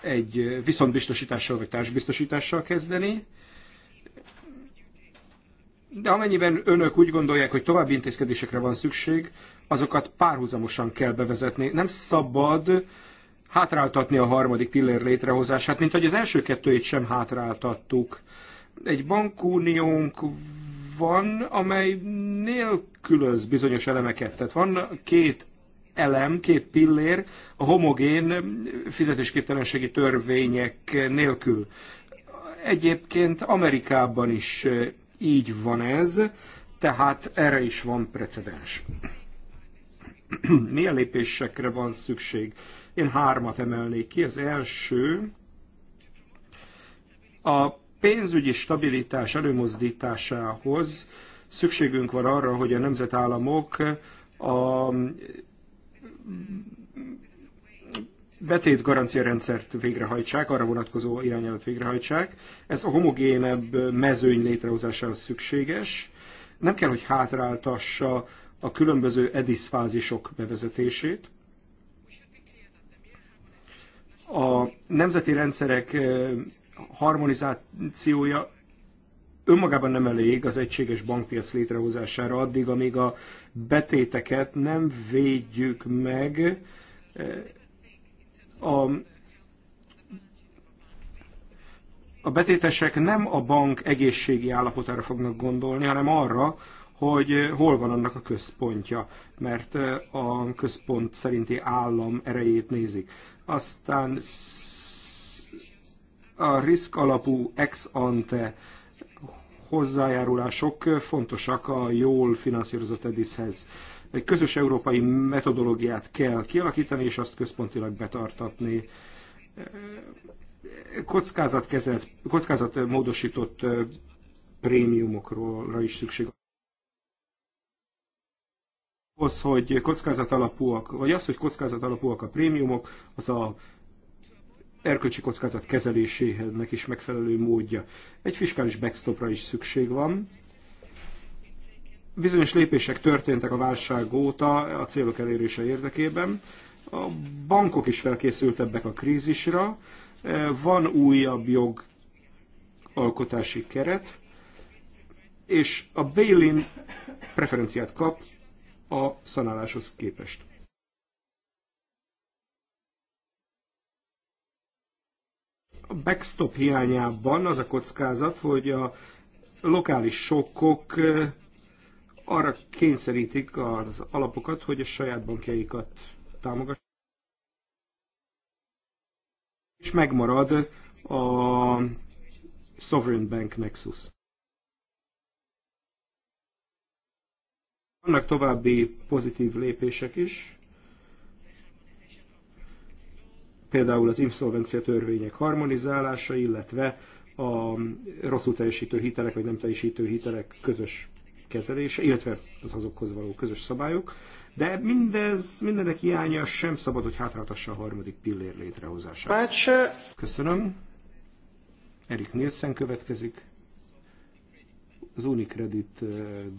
egy viszontbiztosítással vagy társbiztosítással kezdeni. De amennyiben önök úgy gondolják, hogy további intézkedésekre van szükség, azokat párhuzamosan kell bevezetni. Nem szabad hátráltatni a harmadik pillér létrehozását, mint hogy az első kettőjét sem hátráltattuk egy bankuniónk van, amely nélkülöz bizonyos elemeket. Tehát van két elem, két pillér a homogén fizetésképtelenségi törvények nélkül. Egyébként Amerikában is így van ez, tehát erre is van precedens. Milyen lépésekre van szükség? Én hármat emelnék ki. Az első a pénzügyi stabilitás előmozdításához szükségünk van arra, hogy a nemzetállamok a betét garanciarendszert végrehajtsák, arra vonatkozó irányelvet végrehajtsák. Ez a homogénebb mezőny létrehozásához szükséges. Nem kell, hogy hátráltassa a különböző EDIS fázisok bevezetését. A nemzeti rendszerek harmonizációja önmagában nem elég az egységes bankpiac létrehozására addig, amíg a betéteket nem védjük meg eh, a, a betétesek nem a bank egészségi állapotára fognak gondolni, hanem arra, hogy hol van annak a központja, mert eh, a központ szerinti állam erejét nézik. Aztán a risk alapú ex ante hozzájárulások fontosak a jól finanszírozott EDIS-hez. Egy közös európai metodológiát kell kialakítani, és azt központilag betartatni. Kockázatkezelt, kockázatmódosított prémiumokról is szükség az, hogy kockázat alapúak, vagy az, hogy kockázat alapúak a prémiumok, az a erkölcsi kockázat kezelésének is megfelelő módja. Egy fiskális backstopra is szükség van. Bizonyos lépések történtek a válság óta a célok elérése érdekében. A bankok is felkészültebbek a krízisra. Van újabb jogalkotási keret, és a bail preferenciát kap a szanáláshoz képest. a backstop hiányában az a kockázat, hogy a lokális sokkok arra kényszerítik az alapokat, hogy a saját bankjaikat támogassák. És megmarad a Sovereign Bank Nexus. Vannak további pozitív lépések is. például az inszolvencia törvények harmonizálása, illetve a rosszul teljesítő hitelek vagy nem teljesítő hitelek közös kezelése, illetve az azokhoz való közös szabályok. De mindez, mindenek hiánya sem szabad, hogy hátráltassa a harmadik pillér létrehozását. Bács. Köszönöm. Erik Nielsen következik, az Unicredit eh,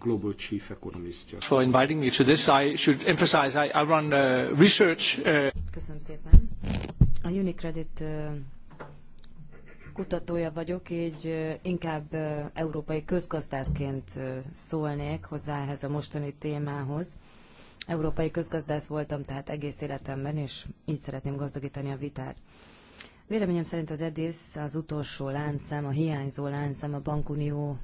Global Chief Economistja. For inviting me to this, I should emphasize I, I run uh, research. Uh... Köszönöm szépen a Unicredit kutatója vagyok, így inkább európai közgazdászként szólnék hozzá ehhez a mostani témához. Európai közgazdász voltam tehát egész életemben, és így szeretném gazdagítani a vitát. Véleményem szerint az EDIS az utolsó láncszem, a hiányzó láncszem a bankunióban.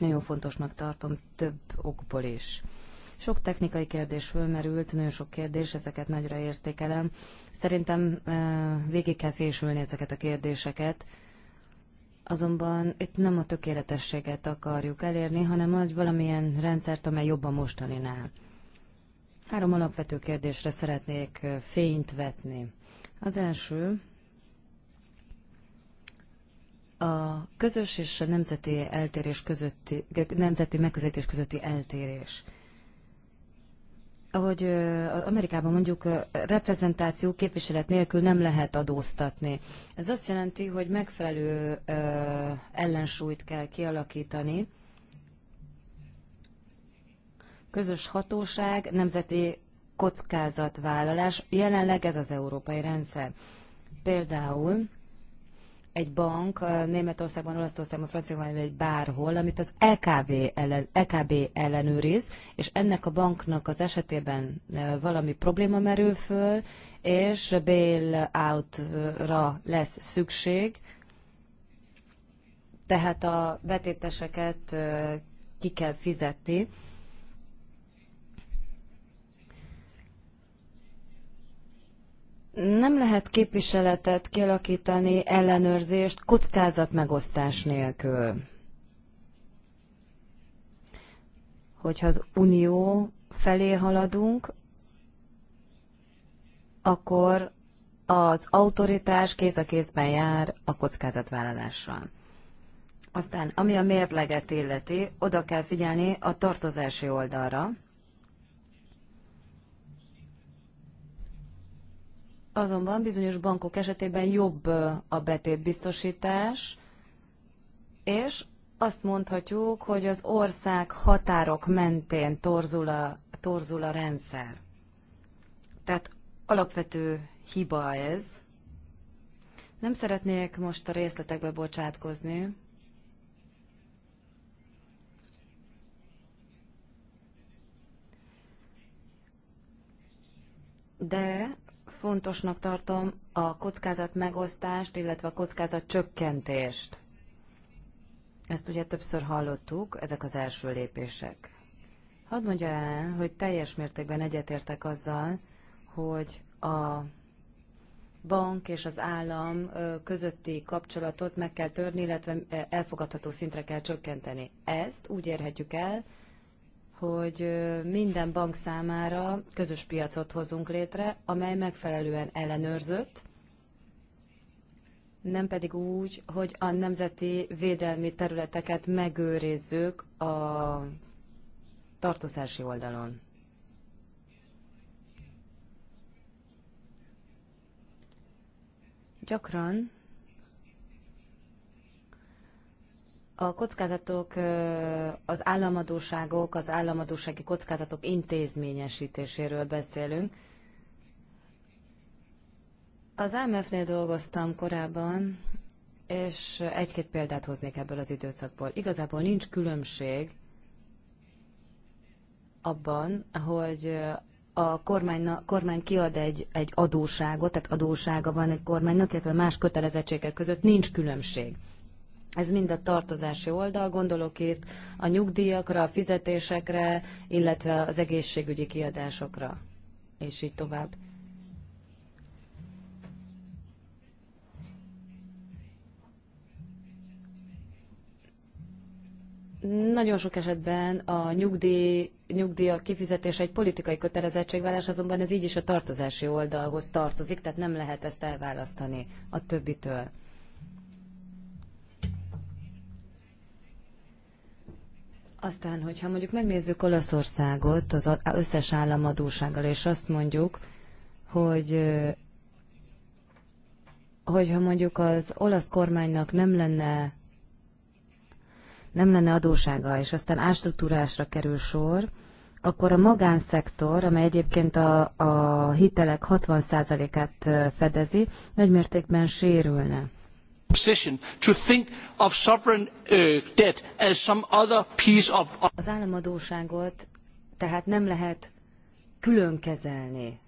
Nagyon fontosnak tartom több okból is. Sok technikai kérdés fölmerült, nagyon sok kérdés, ezeket nagyra értékelem. Szerintem eh, végig kell fésülni ezeket a kérdéseket, azonban itt nem a tökéletességet akarjuk elérni, hanem az valamilyen rendszert, amely jobban mostaninál. Három alapvető kérdésre szeretnék eh, fényt vetni. Az első, a közös és a nemzeti eltérés közötti, nemzeti megközelítés közötti eltérés hogy Amerikában mondjuk reprezentáció képviselet nélkül nem lehet adóztatni. Ez azt jelenti, hogy megfelelő ellensúlyt kell kialakítani. Közös hatóság, nemzeti kockázatvállalás, jelenleg ez az európai rendszer. Például egy bank Németországban, Olaszországban, Franciaországban vagy bárhol, amit az LKB, e ellen, LKB e ellenőriz, és ennek a banknak az esetében e, valami probléma merül föl, és bail out ra lesz szükség, tehát a betéteseket ki kell fizetni, nem lehet képviseletet kialakítani, ellenőrzést kockázat megosztás nélkül. Hogyha az unió felé haladunk, akkor az autoritás kéz a kézben jár a kockázatvállalással. Aztán, ami a mérleget illeti, oda kell figyelni a tartozási oldalra, Azonban bizonyos bankok esetében jobb a betétbiztosítás, és azt mondhatjuk, hogy az ország határok mentén torzul a, torzul a rendszer. Tehát alapvető hiba ez. Nem szeretnék most a részletekbe bocsátkozni. De fontosnak tartom a kockázat megosztást, illetve a kockázat csökkentést. Ezt ugye többször hallottuk, ezek az első lépések. Hadd mondja el, hogy teljes mértékben egyetértek azzal, hogy a bank és az állam közötti kapcsolatot meg kell törni, illetve elfogadható szintre kell csökkenteni. Ezt úgy érhetjük el, hogy minden bank számára közös piacot hozunk létre, amely megfelelően ellenőrzött, nem pedig úgy, hogy a nemzeti védelmi területeket megőrizzük a tartozási oldalon. Gyakran a kockázatok, az államadóságok, az államadósági kockázatok intézményesítéséről beszélünk. Az IMF-nél dolgoztam korábban, és egy-két példát hoznék ebből az időszakból. Igazából nincs különbség abban, hogy a kormány, a kormány kiad egy, egy adóságot, tehát adósága van egy kormánynak, illetve más kötelezettségek között nincs különbség. Ez mind a tartozási oldal, gondolok itt a nyugdíjakra, a fizetésekre, illetve az egészségügyi kiadásokra, és így tovább. Nagyon sok esetben a nyugdíj, nyugdíja kifizetése egy politikai kötelezettségvállás, azonban ez így is a tartozási oldalhoz tartozik, tehát nem lehet ezt elválasztani a többitől. Aztán, hogyha mondjuk megnézzük Olaszországot az összes államadósággal, és azt mondjuk, hogy hogyha mondjuk az olasz kormánynak nem lenne nem lenne adósága, és aztán ástruktúrásra kerül sor, akkor a magánszektor, amely egyébként a, a hitelek 60%-át fedezi, nagymértékben sérülne position to think of sovereign uh, debt as some other piece of... Az államadóságot tehát nem lehet külön kezelni.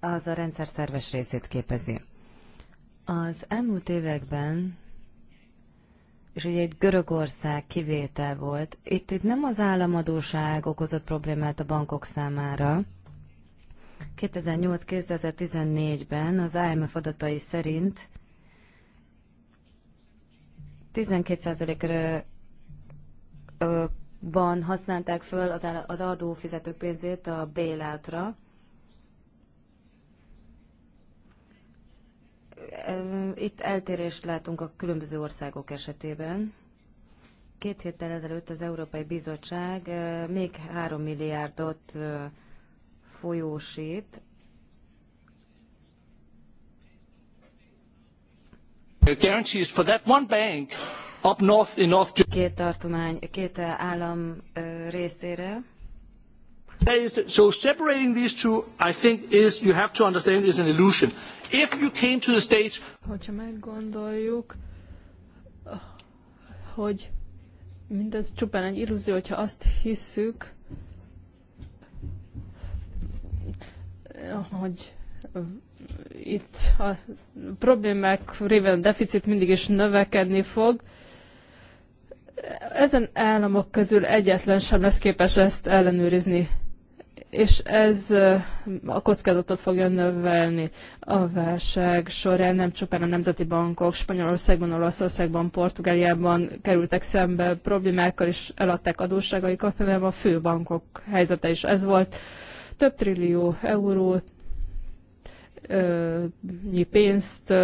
Az a rendszer szerves részét képezi. Az elmúlt években, és ugye egy Görögország kivétel volt, itt, itt nem az államadóság okozott problémát a bankok számára. 2008-2014-ben az IMF adatai szerint 12%-ban használták föl az, az adófizetők pénzét a bailoutra. Itt eltérést látunk a különböző országok esetében. Két héttel ezelőtt az Európai Bizottság még 3 milliárdot folyósít Guarantees for that one bank up north in North Két tartomány, két állam részére. So separating these two, I think, is you have to understand is an illusion. If you came to the stage, hogyha meggondoljuk, hogy mindez csupán egy illúzió, hogyha azt hisszük, hogy itt a problémák révén a deficit mindig is növekedni fog. Ezen államok közül egyetlen sem lesz képes ezt ellenőrizni, és ez a kockázatot fogja növelni. A válság során nem csupán a nemzeti bankok Spanyolországban, Olaszországban, Portugáliában kerültek szembe problémákkal, és eladták adósságaikat, hanem a főbankok helyzete is ez volt. Több trillió eurót pénzt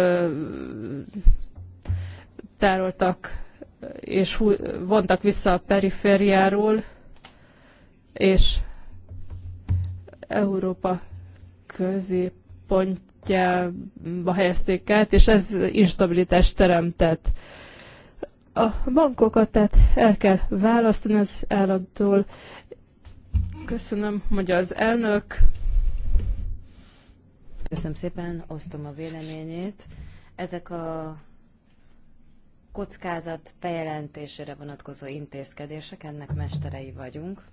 tároltak és vontak vissza a perifériáról, és Európa középpontjába helyezték át, és ez instabilitást teremtett. A bankokat tehát el kell választani az államtól. Köszönöm, hogy az elnök Köszönöm szépen, osztom a véleményét. Ezek a kockázat bejelentésére vonatkozó intézkedések, ennek mesterei vagyunk.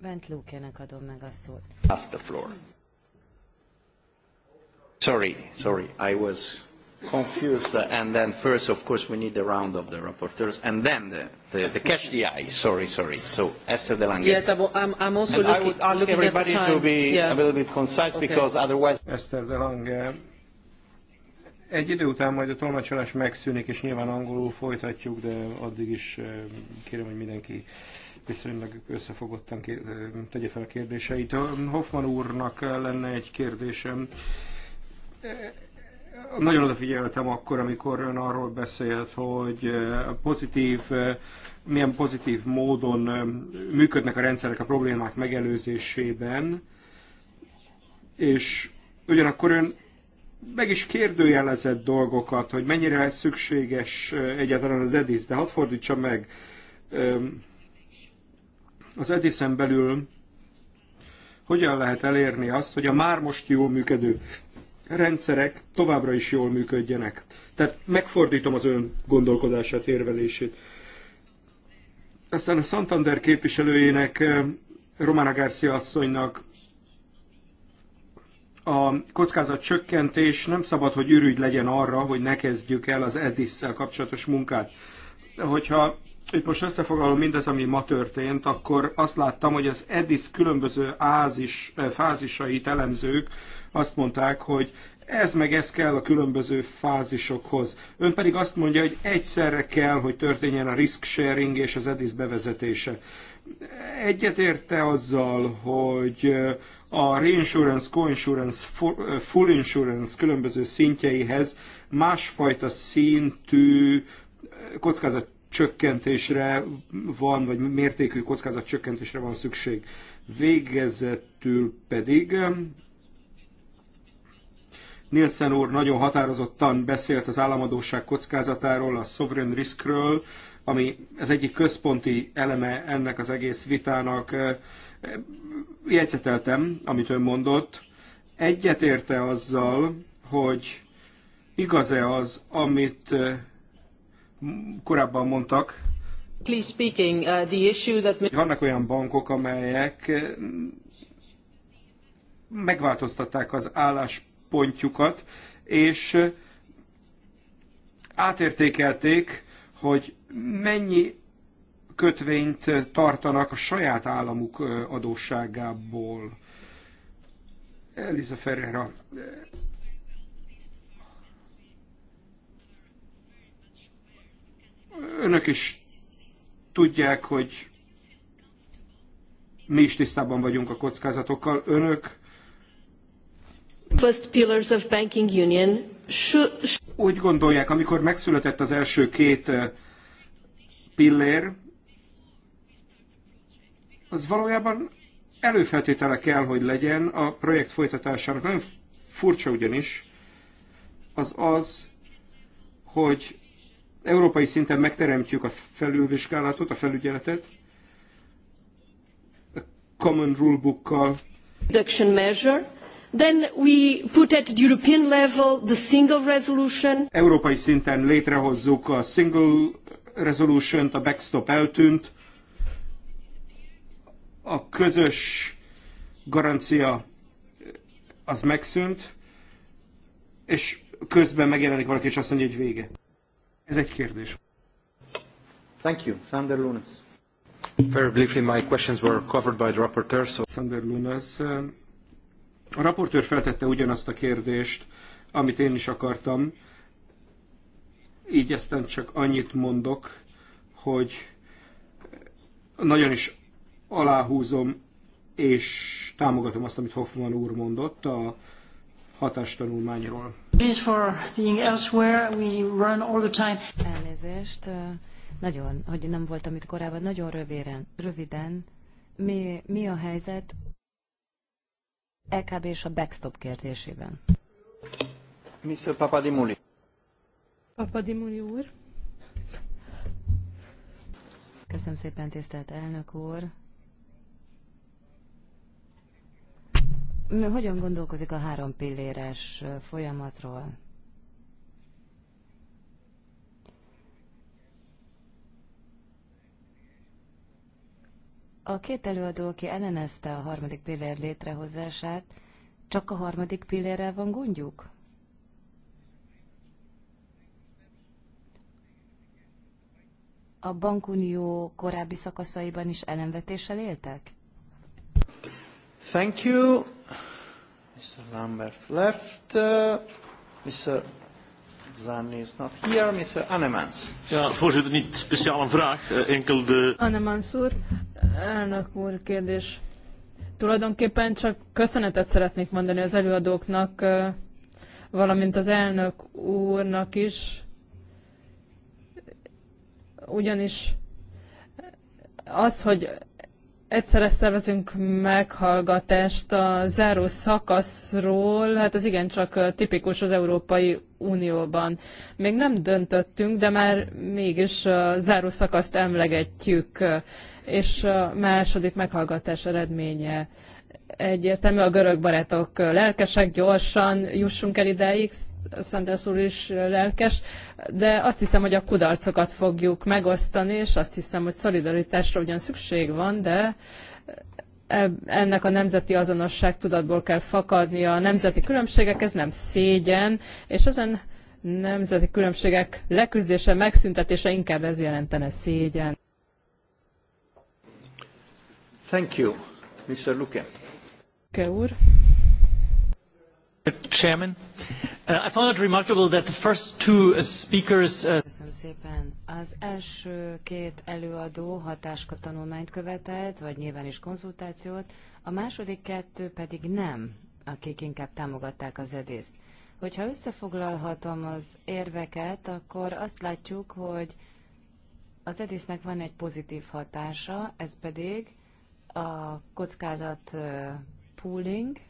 Bent luke adom meg a szót. floor. Sorry, sorry, I was confused, and then first, of course, we need the round of the rapporteurs, and then the, the, the catch the eye. Sorry, sorry. So Esther de Lange. Yes, I'm, I'm also and looking, I would ask everybody to be yeah. a little bit concise, okay. because otherwise... Esther de Lange. Egy idő után majd a tolmácsolás megszűnik, és nyilván angolul folytatjuk, de addig is eh, kérem, hogy mindenki viszonylag összefogottan eh, tegye fel a kérdéseit. Hoffman úrnak lenne egy kérdésem nagyon odafigyeltem akkor, amikor ön arról beszélt, hogy eh, pozitív, eh, milyen pozitív módon eh, működnek a rendszerek a problémák megelőzésében, és ugyanakkor ön meg is kérdőjelezett dolgokat, hogy mennyire szükséges egyáltalán az EDIS, de hadd fordítsa meg. Ehm, az edis belül hogyan lehet elérni azt, hogy a már most jól működő rendszerek továbbra is jól működjenek. Tehát megfordítom az ön gondolkodását, érvelését. Aztán a Santander képviselőjének, eh, Romana Garcia asszonynak a kockázat csökkentés nem szabad, hogy ürügy legyen arra, hogy ne kezdjük el az EDIS-szel kapcsolatos munkát. Hogyha itt most összefoglalom mindez, ami ma történt, akkor azt láttam, hogy az EDIS különböző ázis, eh, fázisait elemzők azt mondták, hogy ez meg ez kell a különböző fázisokhoz. Ön pedig azt mondja, hogy egyszerre kell, hogy történjen a risk sharing és az EDIS bevezetése. Egyetérte azzal, hogy a reinsurance, coinsurance, full insurance különböző szintjeihez másfajta szintű kockázat csökkentésre van, vagy mértékű kockázat csökkentésre van szükség. Végezetül pedig Nielsen úr nagyon határozottan beszélt az államadóság kockázatáról, a sovereign riskről, ami az egyik központi eleme ennek az egész vitának. Jegyzeteltem, amit ön mondott. Egyetérte azzal, hogy igaz-e az, amit korábban mondtak, Speaking, uh, the issue that... Vannak olyan bankok, amelyek megváltoztatták az állás pontjukat, és átértékelték, hogy mennyi kötvényt tartanak a saját államuk adósságából. Eliza Ferreira. Önök is tudják, hogy mi is tisztában vagyunk a kockázatokkal. Önök First pillars of banking union should... Úgy gondolják, amikor megszületett az első két pillér, az valójában előfeltétele kell, hogy legyen a projekt folytatásának. Nagyon furcsa ugyanis az az, hogy európai szinten megteremtjük a felülvizsgálatot, a felügyeletet, a Common Rule Book-kal. Then we put at the European level the single resolution. Európai szinten létrehozzuk a single resolution a backstop eltűnt, a közös garancia az megszűnt, és közben megjelenik valaki, és azt mondja, hogy vége. Ez egy kérdés. Thank you. Sander Lunas. Very briefly, my questions were covered by the rapporteur, so... Sander Lunas, a raportőr feltette ugyanazt a kérdést, amit én is akartam, így aztán csak annyit mondok, hogy nagyon is aláhúzom és támogatom azt, amit Hoffman úr mondott a hatástanulmányról. Elnézést, nagyon, hogy nem voltam itt korábban, nagyon röviden. röviden. Mi, mi a helyzet EKB és a backstop kérdésében. Mr. Papadimuli. Papadimuli úr. Köszönöm szépen, tisztelt elnök úr. Hogyan gondolkozik a három pilléres folyamatról? A két előadó, aki ellenezte a harmadik pillér létrehozását, csak a harmadik pillérrel van gondjuk? A bankunió korábbi szakaszaiban is ellenvetéssel éltek? Thank you. Mr. Lambert left. Uh, Mr. Zan is not here. Mr. Annemans. Ja, voorzitter, niet speciaal een vraag, eh, enkel de... Annemans úr, elnök úr, kérdés. Tulajdonképpen csak köszönetet szeretnék mondani az előadóknak, eh, valamint az elnök úrnak is, ugyanis az, hogy Egyszerre szervezünk meghallgatást a záró szakaszról, hát ez igencsak tipikus az Európai Unióban. Még nem döntöttünk, de már mégis a záró szakaszt emlegetjük, és a második meghallgatás eredménye egyértelmű, a görög barátok lelkesek, gyorsan jussunk el ideig, Szentes úr is lelkes, de azt hiszem, hogy a kudarcokat fogjuk megosztani, és azt hiszem, hogy szolidaritásra ugyan szükség van, de ennek a nemzeti azonosság tudatból kell fakadnia. A nemzeti különbségek, ez nem szégyen, és ezen nemzeti különbségek leküzdése, megszüntetése inkább ez jelentene szégyen. Thank you, Mr. Luke. Ke úr. Chairman, uh, I found it remarkable that the first two uh, speakers... Uh, Köszönöm szépen. Az első két előadó hatáska tanulmányt követelt, vagy nyilván is konzultációt, a második kettő pedig nem, akik inkább támogatták az edészt. Hogyha összefoglalhatom az érveket, akkor azt látjuk, hogy az edésznek van egy pozitív hatása, ez pedig a kockázat pooling,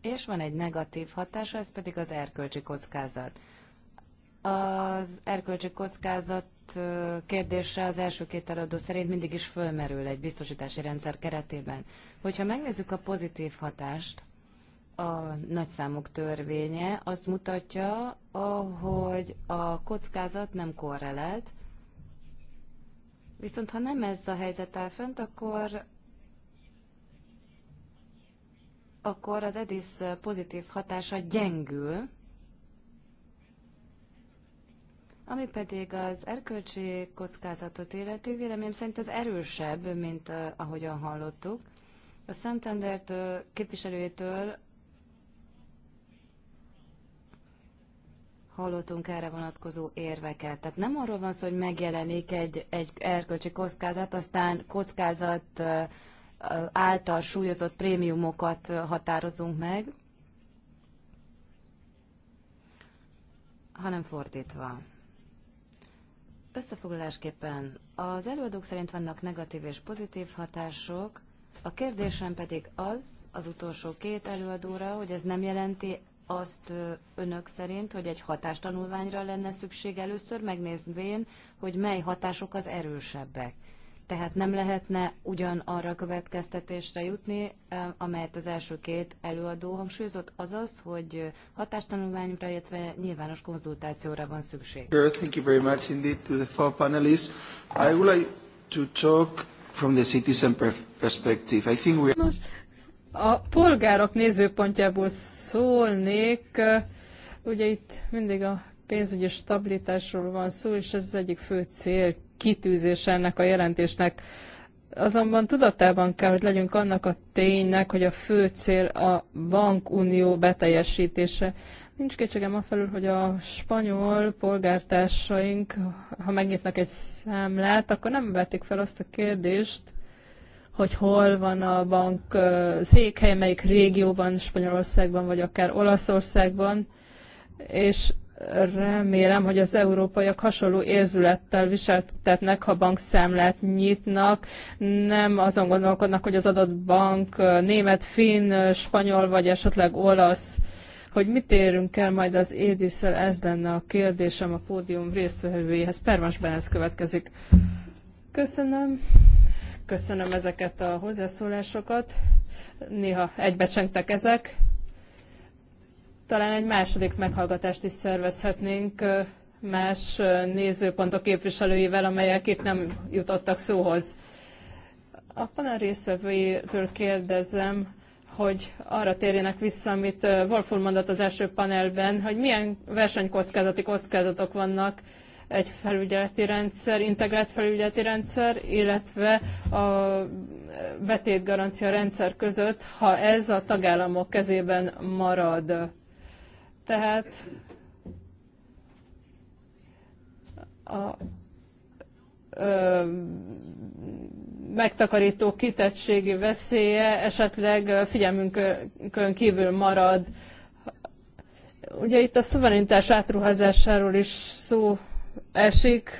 és van egy negatív hatása, ez pedig az erkölcsi kockázat. Az erkölcsi kockázat kérdése az első két eladó szerint mindig is fölmerül egy biztosítási rendszer keretében. Hogyha megnézzük a pozitív hatást, a nagyszámok törvénye azt mutatja, hogy a kockázat nem korrelált, viszont ha nem ez a helyzet áll fent, akkor akkor az EDIS pozitív hatása gyengül, ami pedig az erkölcsi kockázatot illeti, véleményem szerint az erősebb, mint ahogyan hallottuk. A Santander képviselőjétől hallottunk erre vonatkozó érveket. Tehát nem arról van szó, hogy megjelenik egy, egy erkölcsi kockázat, aztán kockázat által súlyozott prémiumokat határozunk meg, hanem fordítva. Összefoglalásképpen az előadók szerint vannak negatív és pozitív hatások, a kérdésem pedig az, az utolsó két előadóra, hogy ez nem jelenti azt önök szerint, hogy egy hatástanulványra lenne szükség először, megnézvén, hogy mely hatások az erősebbek tehát nem lehetne arra a következtetésre jutni, amelyet az első két előadó hangsúlyozott, azaz, hogy hatástanulmányra, illetve nyilvános konzultációra van szükség. Sure, thank you very much indeed to the four panelists. I would like to talk from the citizen perspective. I think we are... Nos, a polgárok nézőpontjából szólnék, ugye itt mindig a pénzügyi stabilitásról van szó, és ez az egyik fő cél kitűzése ennek a jelentésnek. Azonban tudatában kell, hogy legyünk annak a ténynek, hogy a fő cél a bankunió beteljesítése. Nincs kétségem afelül, hogy a spanyol polgártársaink, ha megnyitnak egy számlát, akkor nem vetik fel azt a kérdést, hogy hol van a bank székhelye, melyik régióban, Spanyolországban, vagy akár Olaszországban, és remélem, hogy az európaiak hasonló érzülettel viseltetnek, ha bankszámlát nyitnak, nem azon gondolkodnak, hogy az adott bank német, finn, spanyol vagy esetleg olasz, hogy mit érünk el majd az édis ez lenne a kérdésem a pódium résztvevőjéhez. Permas Berenc következik. Köszönöm. Köszönöm ezeket a hozzászólásokat. Néha egybecsengtek ezek. Talán egy második meghallgatást is szervezhetnénk más nézőpontok képviselőivel, amelyek itt nem jutottak szóhoz. A panel részvevőjétől kérdezem, hogy arra térjenek vissza, amit Wolfur mondott az első panelben, hogy milyen versenykockázati kockázatok vannak egy felügyeleti rendszer, integrált felügyeleti rendszer, illetve a betétgarancia rendszer között, ha ez a tagállamok kezében marad. Tehát a ö, megtakarító kitettségi veszélye esetleg figyelmünkön kívül marad. Ugye itt a szuverenitás átruházásáról is szó esik.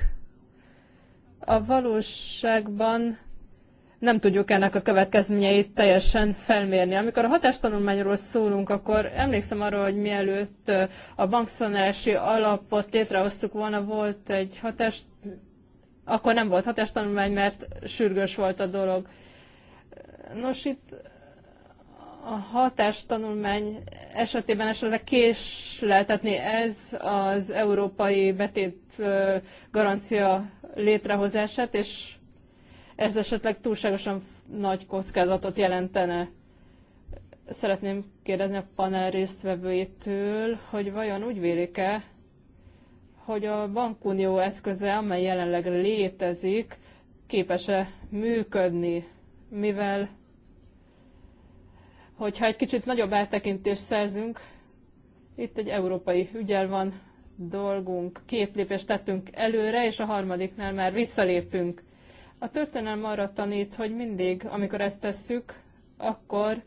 A valóságban nem tudjuk ennek a következményeit teljesen felmérni. Amikor a hatástanulmányról szólunk, akkor emlékszem arra, hogy mielőtt a bankszanási alapot létrehoztuk volna, volt egy hatás, akkor nem volt hatástanulmány, mert sürgős volt a dolog. Nos, itt a hatástanulmány esetében esetleg késleltetni ez az európai betét garancia létrehozását, és ez esetleg túlságosan nagy kockázatot jelentene. Szeretném kérdezni a panel résztvevőjétől, hogy vajon úgy vélik-e, hogy a bankunió eszköze, amely jelenleg létezik, képes-e működni, mivel hogyha egy kicsit nagyobb áttekintést szerzünk, itt egy európai ügyel van dolgunk, két lépést tettünk előre, és a harmadiknál már visszalépünk. A történelem arra tanít, hogy mindig, amikor ezt tesszük, akkor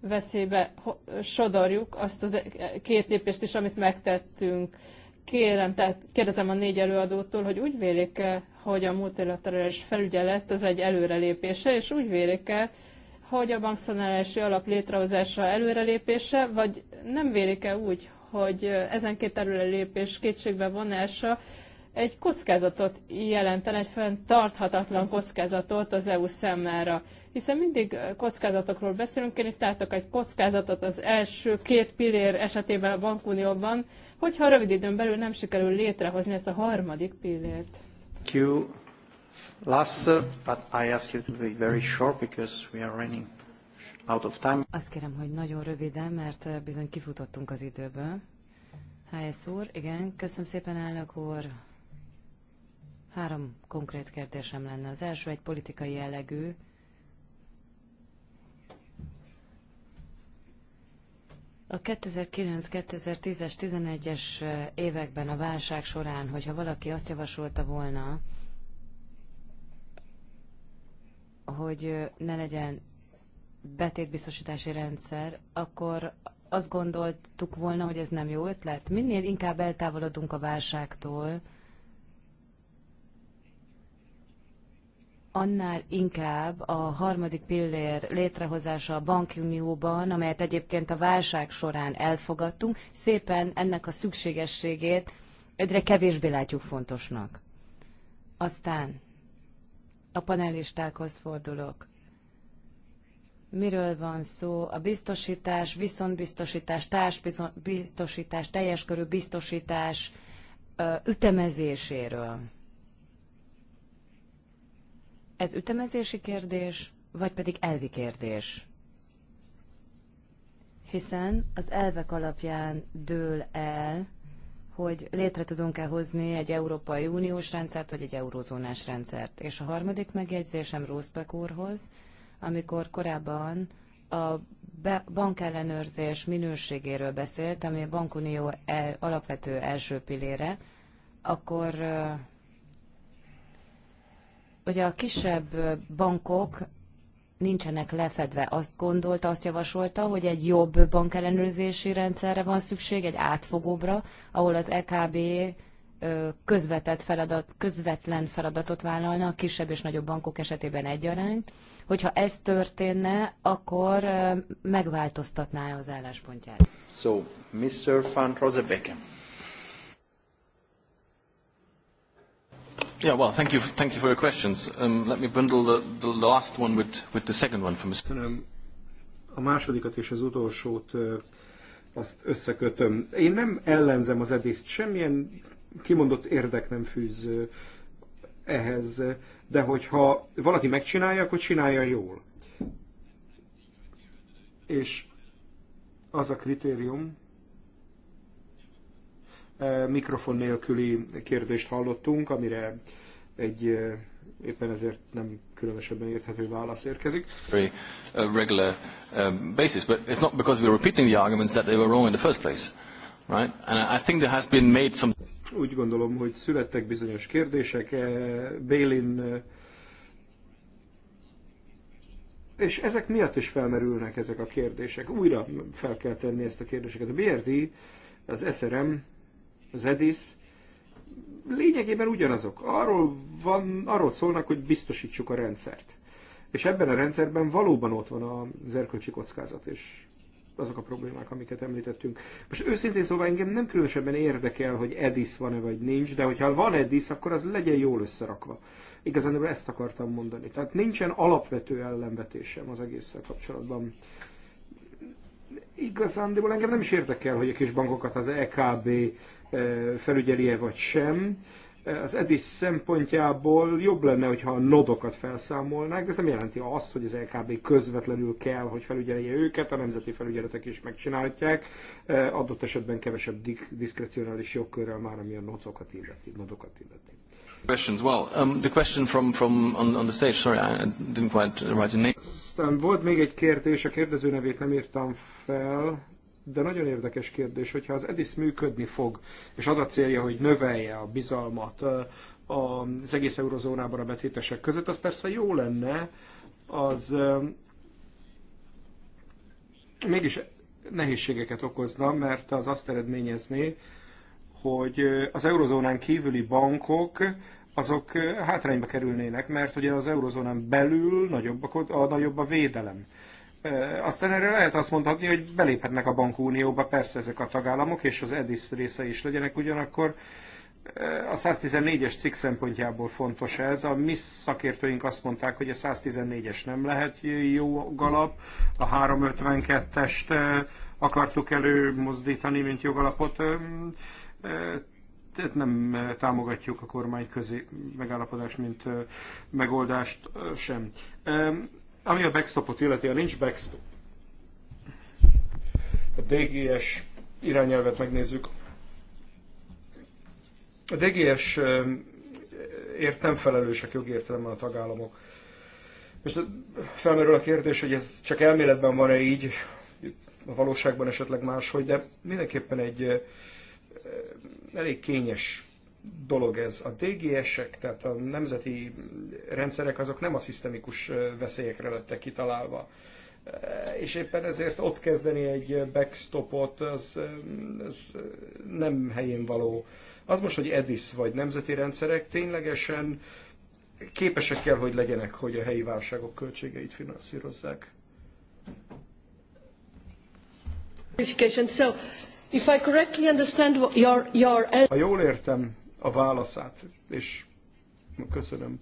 veszélybe sodorjuk azt az e-, két lépést is, amit megtettünk. Kérem, tehát kérdezem a négy előadótól, hogy úgy vélik-e, hogy a multilaterális felügyelet az egy előrelépése, és úgy vélik-e, hogy a bankszanálási alap létrehozása előrelépése, vagy nem vélik-e úgy, hogy ezen két előrelépés kétségbe vonása egy kockázatot jelenten, egy fönn tarthatatlan kockázatot az EU számára. Hiszen mindig kockázatokról beszélünk, én itt látok egy kockázatot az első két pillér esetében a bankunióban, hogyha a rövid időn belül nem sikerül létrehozni ezt a harmadik pillért. Thank you. Last, but I ask you to be very short because we are running out of time. Azt kérem, hogy nagyon röviden, mert bizony kifutottunk az időből. Hájesz úr, igen, köszönöm szépen, elnök úr. Három konkrét kérdésem lenne. Az első egy politikai jellegű. A 2009-2010-es, 11-es években a válság során, hogyha valaki azt javasolta volna, hogy ne legyen betétbiztosítási rendszer, akkor azt gondoltuk volna, hogy ez nem jó ötlet. Minél inkább eltávolodunk a válságtól, annál inkább a harmadik pillér létrehozása a bankunióban, amelyet egyébként a válság során elfogadtunk, szépen ennek a szükségességét egyre kevésbé látjuk fontosnak. Aztán a panelistákhoz fordulok. Miről van szó? A biztosítás, viszontbiztosítás, társbiztosítás, teljes körű biztosítás ütemezéséről. Ez ütemezési kérdés, vagy pedig elvi kérdés? Hiszen az elvek alapján dől el, hogy létre tudunk-e hozni egy Európai Uniós rendszert, vagy egy eurozónás rendszert. És a harmadik megjegyzésem Rózpek úrhoz, amikor korábban a bankellenőrzés minőségéről beszélt, ami a bankunió el, alapvető első pillére, akkor hogy a kisebb bankok nincsenek lefedve. Azt gondolta, azt javasolta, hogy egy jobb bankellenőrzési rendszerre van szükség, egy átfogóbra, ahol az EKB közvetett feladat, közvetlen feladatot vállalna a kisebb és nagyobb bankok esetében egyaránt. Hogyha ez történne, akkor megváltoztatná az álláspontját. So, Mr. van Rosebecken. Yeah, well, thank you, thank you for your questions. Um, let me bundle the, the last one with, with the second one from Mr. A másodikat és az utolsót uh, azt összekötöm. Én nem ellenzem az edészt, semmilyen kimondott érdek nem fűz uh, ehhez, de hogyha valaki megcsinálja, akkor csinálja jól. És az a kritérium, E, mikrofon nélküli kérdést hallottunk, amire egy e, éppen ezért nem különösebben érthető válasz érkezik. Very uh, regular um, basis, but it's not because we're repeating the arguments that they were wrong in the first place, right? And I think there has been made some... Úgy gondolom, hogy születtek bizonyos kérdések. E, Bélin és ezek miatt is felmerülnek ezek a kérdések. Újra fel kell tenni ezt a kérdéseket. A BRD, az SRM az EDIS, lényegében ugyanazok. Arról, van, arról szólnak, hogy biztosítsuk a rendszert. És ebben a rendszerben valóban ott van az erkölcsi kockázat, és azok a problémák, amiket említettünk. Most őszintén szóval engem nem különösebben érdekel, hogy Edis van-e vagy nincs, de hogyha van Edis, akkor az legyen jól összerakva. Igazán ezt akartam mondani. Tehát nincsen alapvető ellenvetésem az egésszel kapcsolatban igazándiból engem nem is érdekel, hogy a kis bankokat az EKB eh, felügyelje vagy sem az EDIS szempontjából jobb lenne, hogyha a nodokat felszámolnák, de ez nem jelenti azt, hogy az LKB közvetlenül kell, hogy felügyelje őket, a nemzeti felügyeletek is megcsinálhatják, adott esetben kevesebb diszkrecionális jogkörrel már, ami a nodokat illeti. Nodokat illeti. Questions. Well, um, the question from, from on, on the stage, sorry, I didn't quite write your name. Aztán volt még egy kérdés, a kérdező nevét nem írtam fel de nagyon érdekes kérdés, hogyha az EDIS működni fog, és az a célja, hogy növelje a bizalmat az egész eurozónában a betétesek között, az persze jó lenne, az mégis nehézségeket okozna, mert az azt eredményezné, hogy az eurozónán kívüli bankok azok hátrányba kerülnének, mert ugye az eurozónán belül nagyobb a, a, nagyobb a védelem. Aztán erre lehet azt mondhatni, hogy beléphetnek a bankunióba persze ezek a tagállamok, és az EDIS része is legyenek ugyanakkor. A 114-es cikk szempontjából fontos ez. A mi szakértőink azt mondták, hogy a 114-es nem lehet jó galap. A 352-est akartuk előmozdítani, mint jogalapot. Tehát nem támogatjuk a kormány közé megállapodást, mint megoldást sem. Ami a backstopot illeti, a nincs backstop. A DGS irányelvet megnézzük. A DGS eh, ért nem felelősek jogi értelemben a tagállamok. Most felmerül a kérdés, hogy ez csak elméletben van-e így, a valóságban esetleg máshogy, de mindenképpen egy eh, elég kényes dolog ez. A DGS-ek, tehát a nemzeti rendszerek, azok nem a szisztemikus veszélyekre lettek kitalálva. És éppen ezért ott kezdeni egy backstopot, az, az nem helyén való. Az most, hogy EDIS vagy nemzeti rendszerek ténylegesen képesek kell, hogy legyenek, hogy a helyi válságok költségeit finanszírozzák. Ha jól értem, a válaszát, és köszönöm.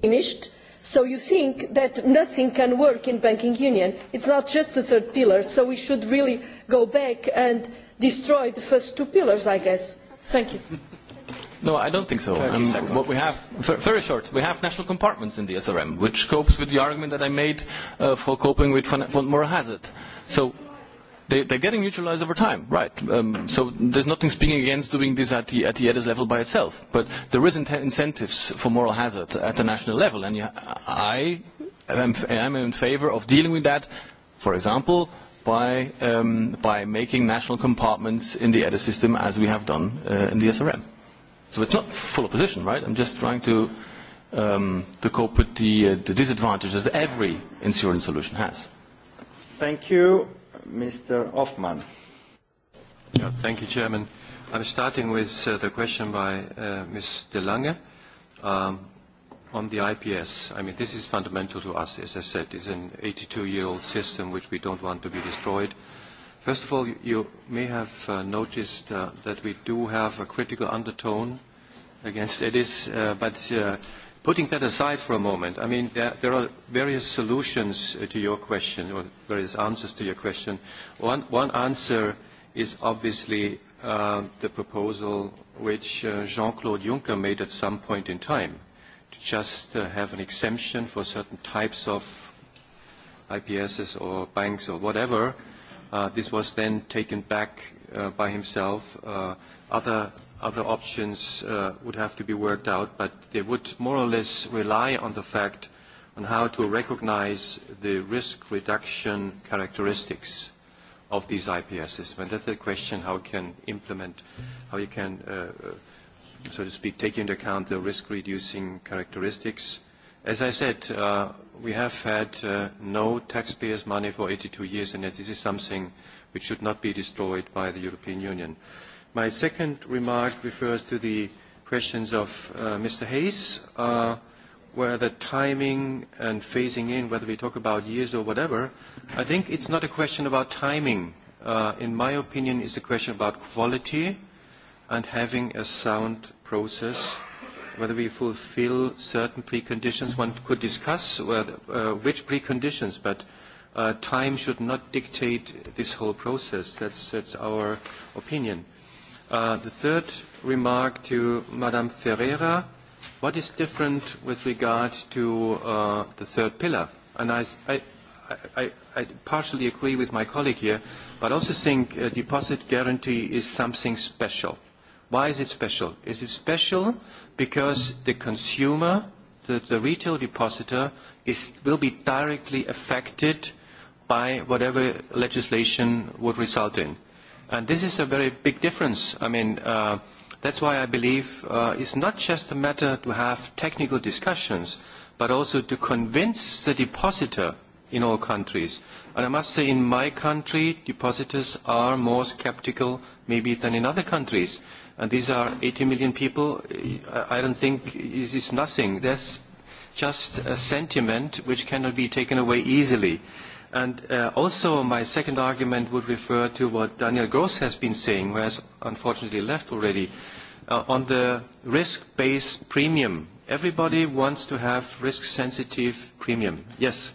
Finished. So you think that nothing can work in banking union. It's not just the third pillar, so we should really go back and destroy the first two pillars, I guess. Thank you. No, I don't think so. Um, what we have, very short, we have national compartments in the SRM, which copes with the argument that I made uh, for coping with, more hazard. So they, they're getting neutralized over time, right? Um, so there's nothing speaking against doing this at the, at the EDIS level by itself. But there is in incentives for moral hazard at the national level. And you, I am f I'm in favor of dealing with that, for example, by, um, by making national compartments in the EDIS system as we have done uh, in the SRM. So it's not full opposition, right? I'm just trying to, um, to cope with the, uh, the disadvantages that every insurance solution has. Thank you. Mr. Hoffman. Yeah, thank you, Chairman. I'm starting with uh, the question by uh, Ms. De Lange um, on the IPS. I mean, this is fundamental to us, as I said. It's an 82-year-old system which we don't want to be destroyed. First of all, you may have uh, noticed uh, that we do have a critical undertone against EDIS, uh, but uh, Putting that aside for a moment, I mean, there, there are various solutions uh, to your question or various answers to your question. One, one answer is obviously uh, the proposal which uh, Jean-Claude Juncker made at some point in time to just uh, have an exemption for certain types of IPSs or banks or whatever. Uh, this was then taken back uh, by himself. Uh, other Other options uh, would have to be worked out, but they would more or less rely on the fact on how to recognize the risk reduction characteristics of these IPS systems. And that's the question how can implement, how you can, uh, uh, so to speak, take into account the risk-reducing characteristics. As I said, uh, we have had uh, no taxpayers' money for 82 years, and this is something which should not be destroyed by the European Union. My second remark refers to the questions of uh, Mr. Hayes, uh, where the timing and phasing in, whether we talk about years or whatever, I think it's not a question about timing. Uh, in my opinion, it's a question about quality and having a sound process, whether we fulfill certain preconditions. One could discuss whether, uh, which preconditions, but uh, time should not dictate this whole process. That's, that's our opinion. Uh, the third remark to Madame Ferreira, what is different with regard to uh, the third pillar? And I, I, I, I partially agree with my colleague here, but also think a deposit guarantee is something special. Why is it special? Is it special because the consumer, the, the retail depositor, is, will be directly affected by whatever legislation would result in? And this is a very big difference. I mean, uh, that's why I believe uh, it's not just a matter to have technical discussions, but also to convince the depositor in all countries. And I must say in my country, depositors are more skeptical maybe than in other countries. And these are 80 million people. I don't think it is nothing. There's just a sentiment which cannot be taken away easily. And uh, also my second argument would refer to what Daniel Gross has been saying, who has unfortunately left already, uh, on the risk-based premium. Everybody wants to have risk-sensitive premium. Yes?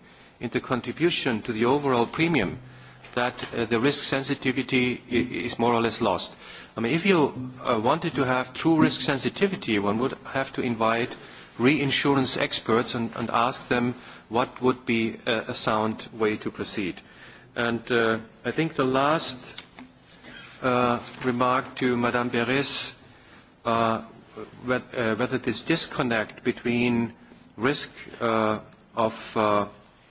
in the contribution to the overall premium that uh, the risk sensitivity is more or less lost. I mean, if you uh, wanted to have true risk sensitivity, one would have to invite reinsurance experts and, and ask them what would be a, a sound way to proceed. And uh, I think the last uh, remark to Madame Beres, uh, uh whether this disconnect between risk uh, of uh,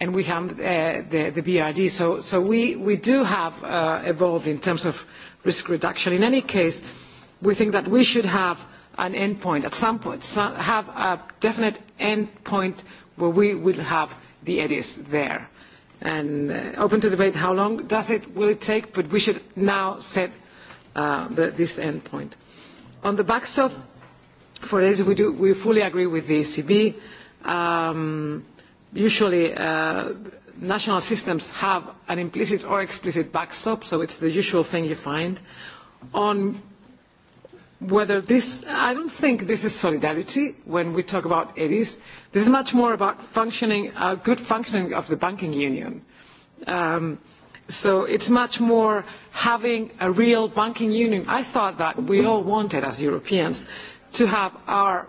and we have uh, the, the BRD. So, so we, we do have uh, evolved in terms of risk reduction. In any case, we think that we should have an endpoint at some point, some, have a definite endpoint where we will have the EDIs there. And uh, open to debate how long does it, will it take, but we should now set uh, the, this endpoint. On the backstop, for EDIs, we, do, we fully agree with the ECB. Um, usually uh, national systems have an implicit or explicit backstop, so it's the usual thing you find. On whether this, I don't think this is solidarity when we talk about EDIs. This is much more about functioning, uh, good functioning of the banking union. Um, so it's much more having a real banking union. I thought that we all wanted as Europeans to have our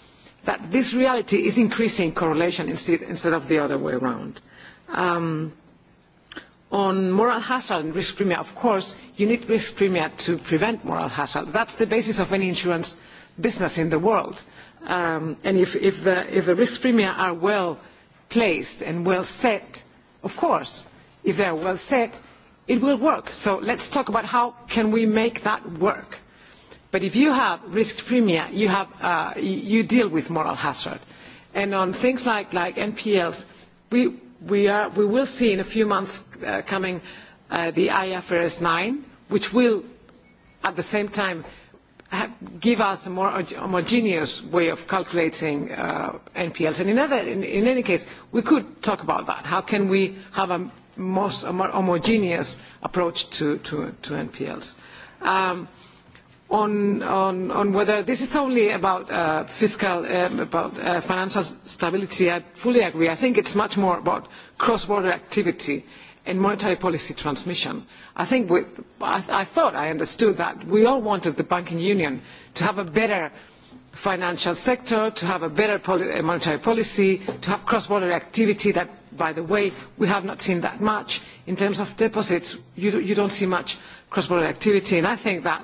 that this reality is increasing correlation instead, instead of the other way around. Um, on moral hazard and risk premium, of course, you need risk premium to prevent moral hazard. That's the basis of any insurance business in the world. Um, and if, if, the, if the risk premium are well placed and well set, of course, if they are well set, it will work. So let's talk about how can we make that work But if you have risk premia, you, have, uh, you deal with moral hazard. And on things like, like NPLs, we, we, are, we will see in a few months uh, coming uh, the IFRS 9, which will at the same time give us a more homogeneous way of calculating uh, NPLs. And in, other, in, in any case, we could talk about that. How can we have a, most, a more homogeneous approach to, to, to NPLs? Um, on, on, on whether this is only about uh, fiscal, um, about uh, financial stability, I fully agree. I think it's much more about cross-border activity and monetary policy transmission. I think I, I thought I understood that we all wanted the banking union to have a better financial sector, to have a better poli uh, monetary policy, to have cross-border activity that, by the way, we have not seen that much. In terms of deposits, you, you don't see much cross-border activity, and I think that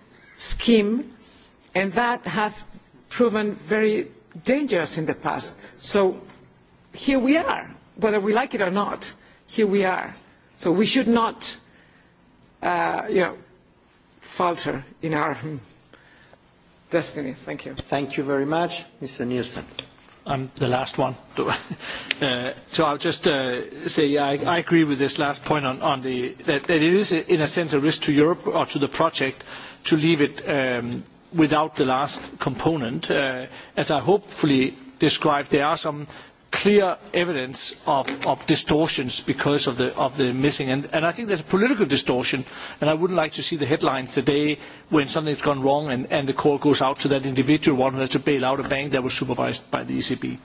scheme and that has proven very dangerous in the past. So here we are, whether we like it or not, here we are. So we should not uh, you know, falter in our hmm, destiny. Thank you. Thank you very much, Mr. Nielsen. I'm the last one. uh, so I'll just uh, say I, I agree with this last point on, on the, that, that it is in a sense a risk to Europe or to the project uh, to leave it um, without the last component. Uh, as I hopefully described, there are some clear evidence of, of distortions because of the, of the missing. And, and I think there's a political distortion, and I wouldn't like to see the headlines today when something's gone wrong and, and the call goes out to that individual one who has to bail out a bank that was supervised by the ECB.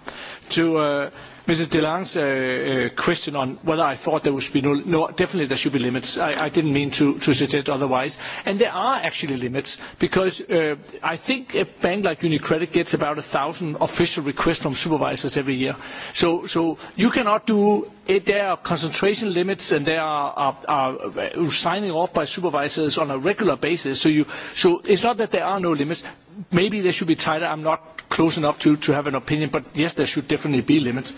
To... Uh, Mrs. DeLange's uh, uh, question on whether I thought there should be no, no definitely there should be limits. I, I didn't mean to, to suggest otherwise. And there are actually limits because uh, I think a bank like UniCredit gets about a thousand official requests from supervisors every year. So, so you cannot do it, eh, there are concentration limits and they are, are, are uh, signing off by supervisors on a regular basis. So, you, so it's not that there are no limits. Maybe they should be tighter. I'm not close enough to, to have an opinion, but yes, there should definitely be limits.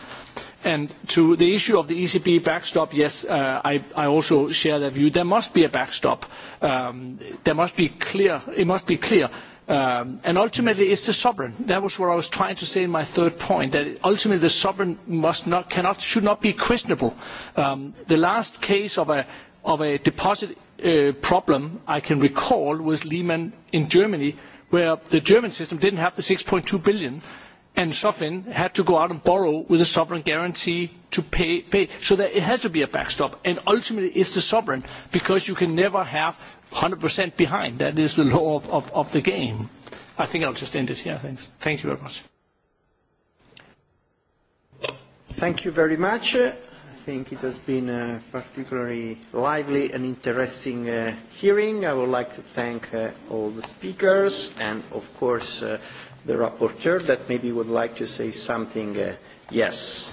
And to the issue of the ECB backstop, yes, uh, I, I also share that view. There must be a backstop. Um, there must be clear. It must be clear. Um, and ultimately, it's the sovereign. That was what I was trying to say in my third point. That ultimately, the sovereign must not, cannot, should not be questionable. Um, the last case of a of a deposit uh, problem I can recall was Lehman in Germany, where the German system didn't have the 6.2 billion and Sofin had to go out and borrow with a sovereign guarantee to pay. pay. So there, it has to be a backstop, and ultimately it's the sovereign because you can never have 100% behind. That is the law of, of, of the game. I think I'll just end it here. Thanks. Thank you very much. Thank you very much think it has been a particularly lively and interesting uh, hearing. I would like to thank uh, all the speakers and, of course, uh, the rapporteur that maybe would like to say something. Uh, yes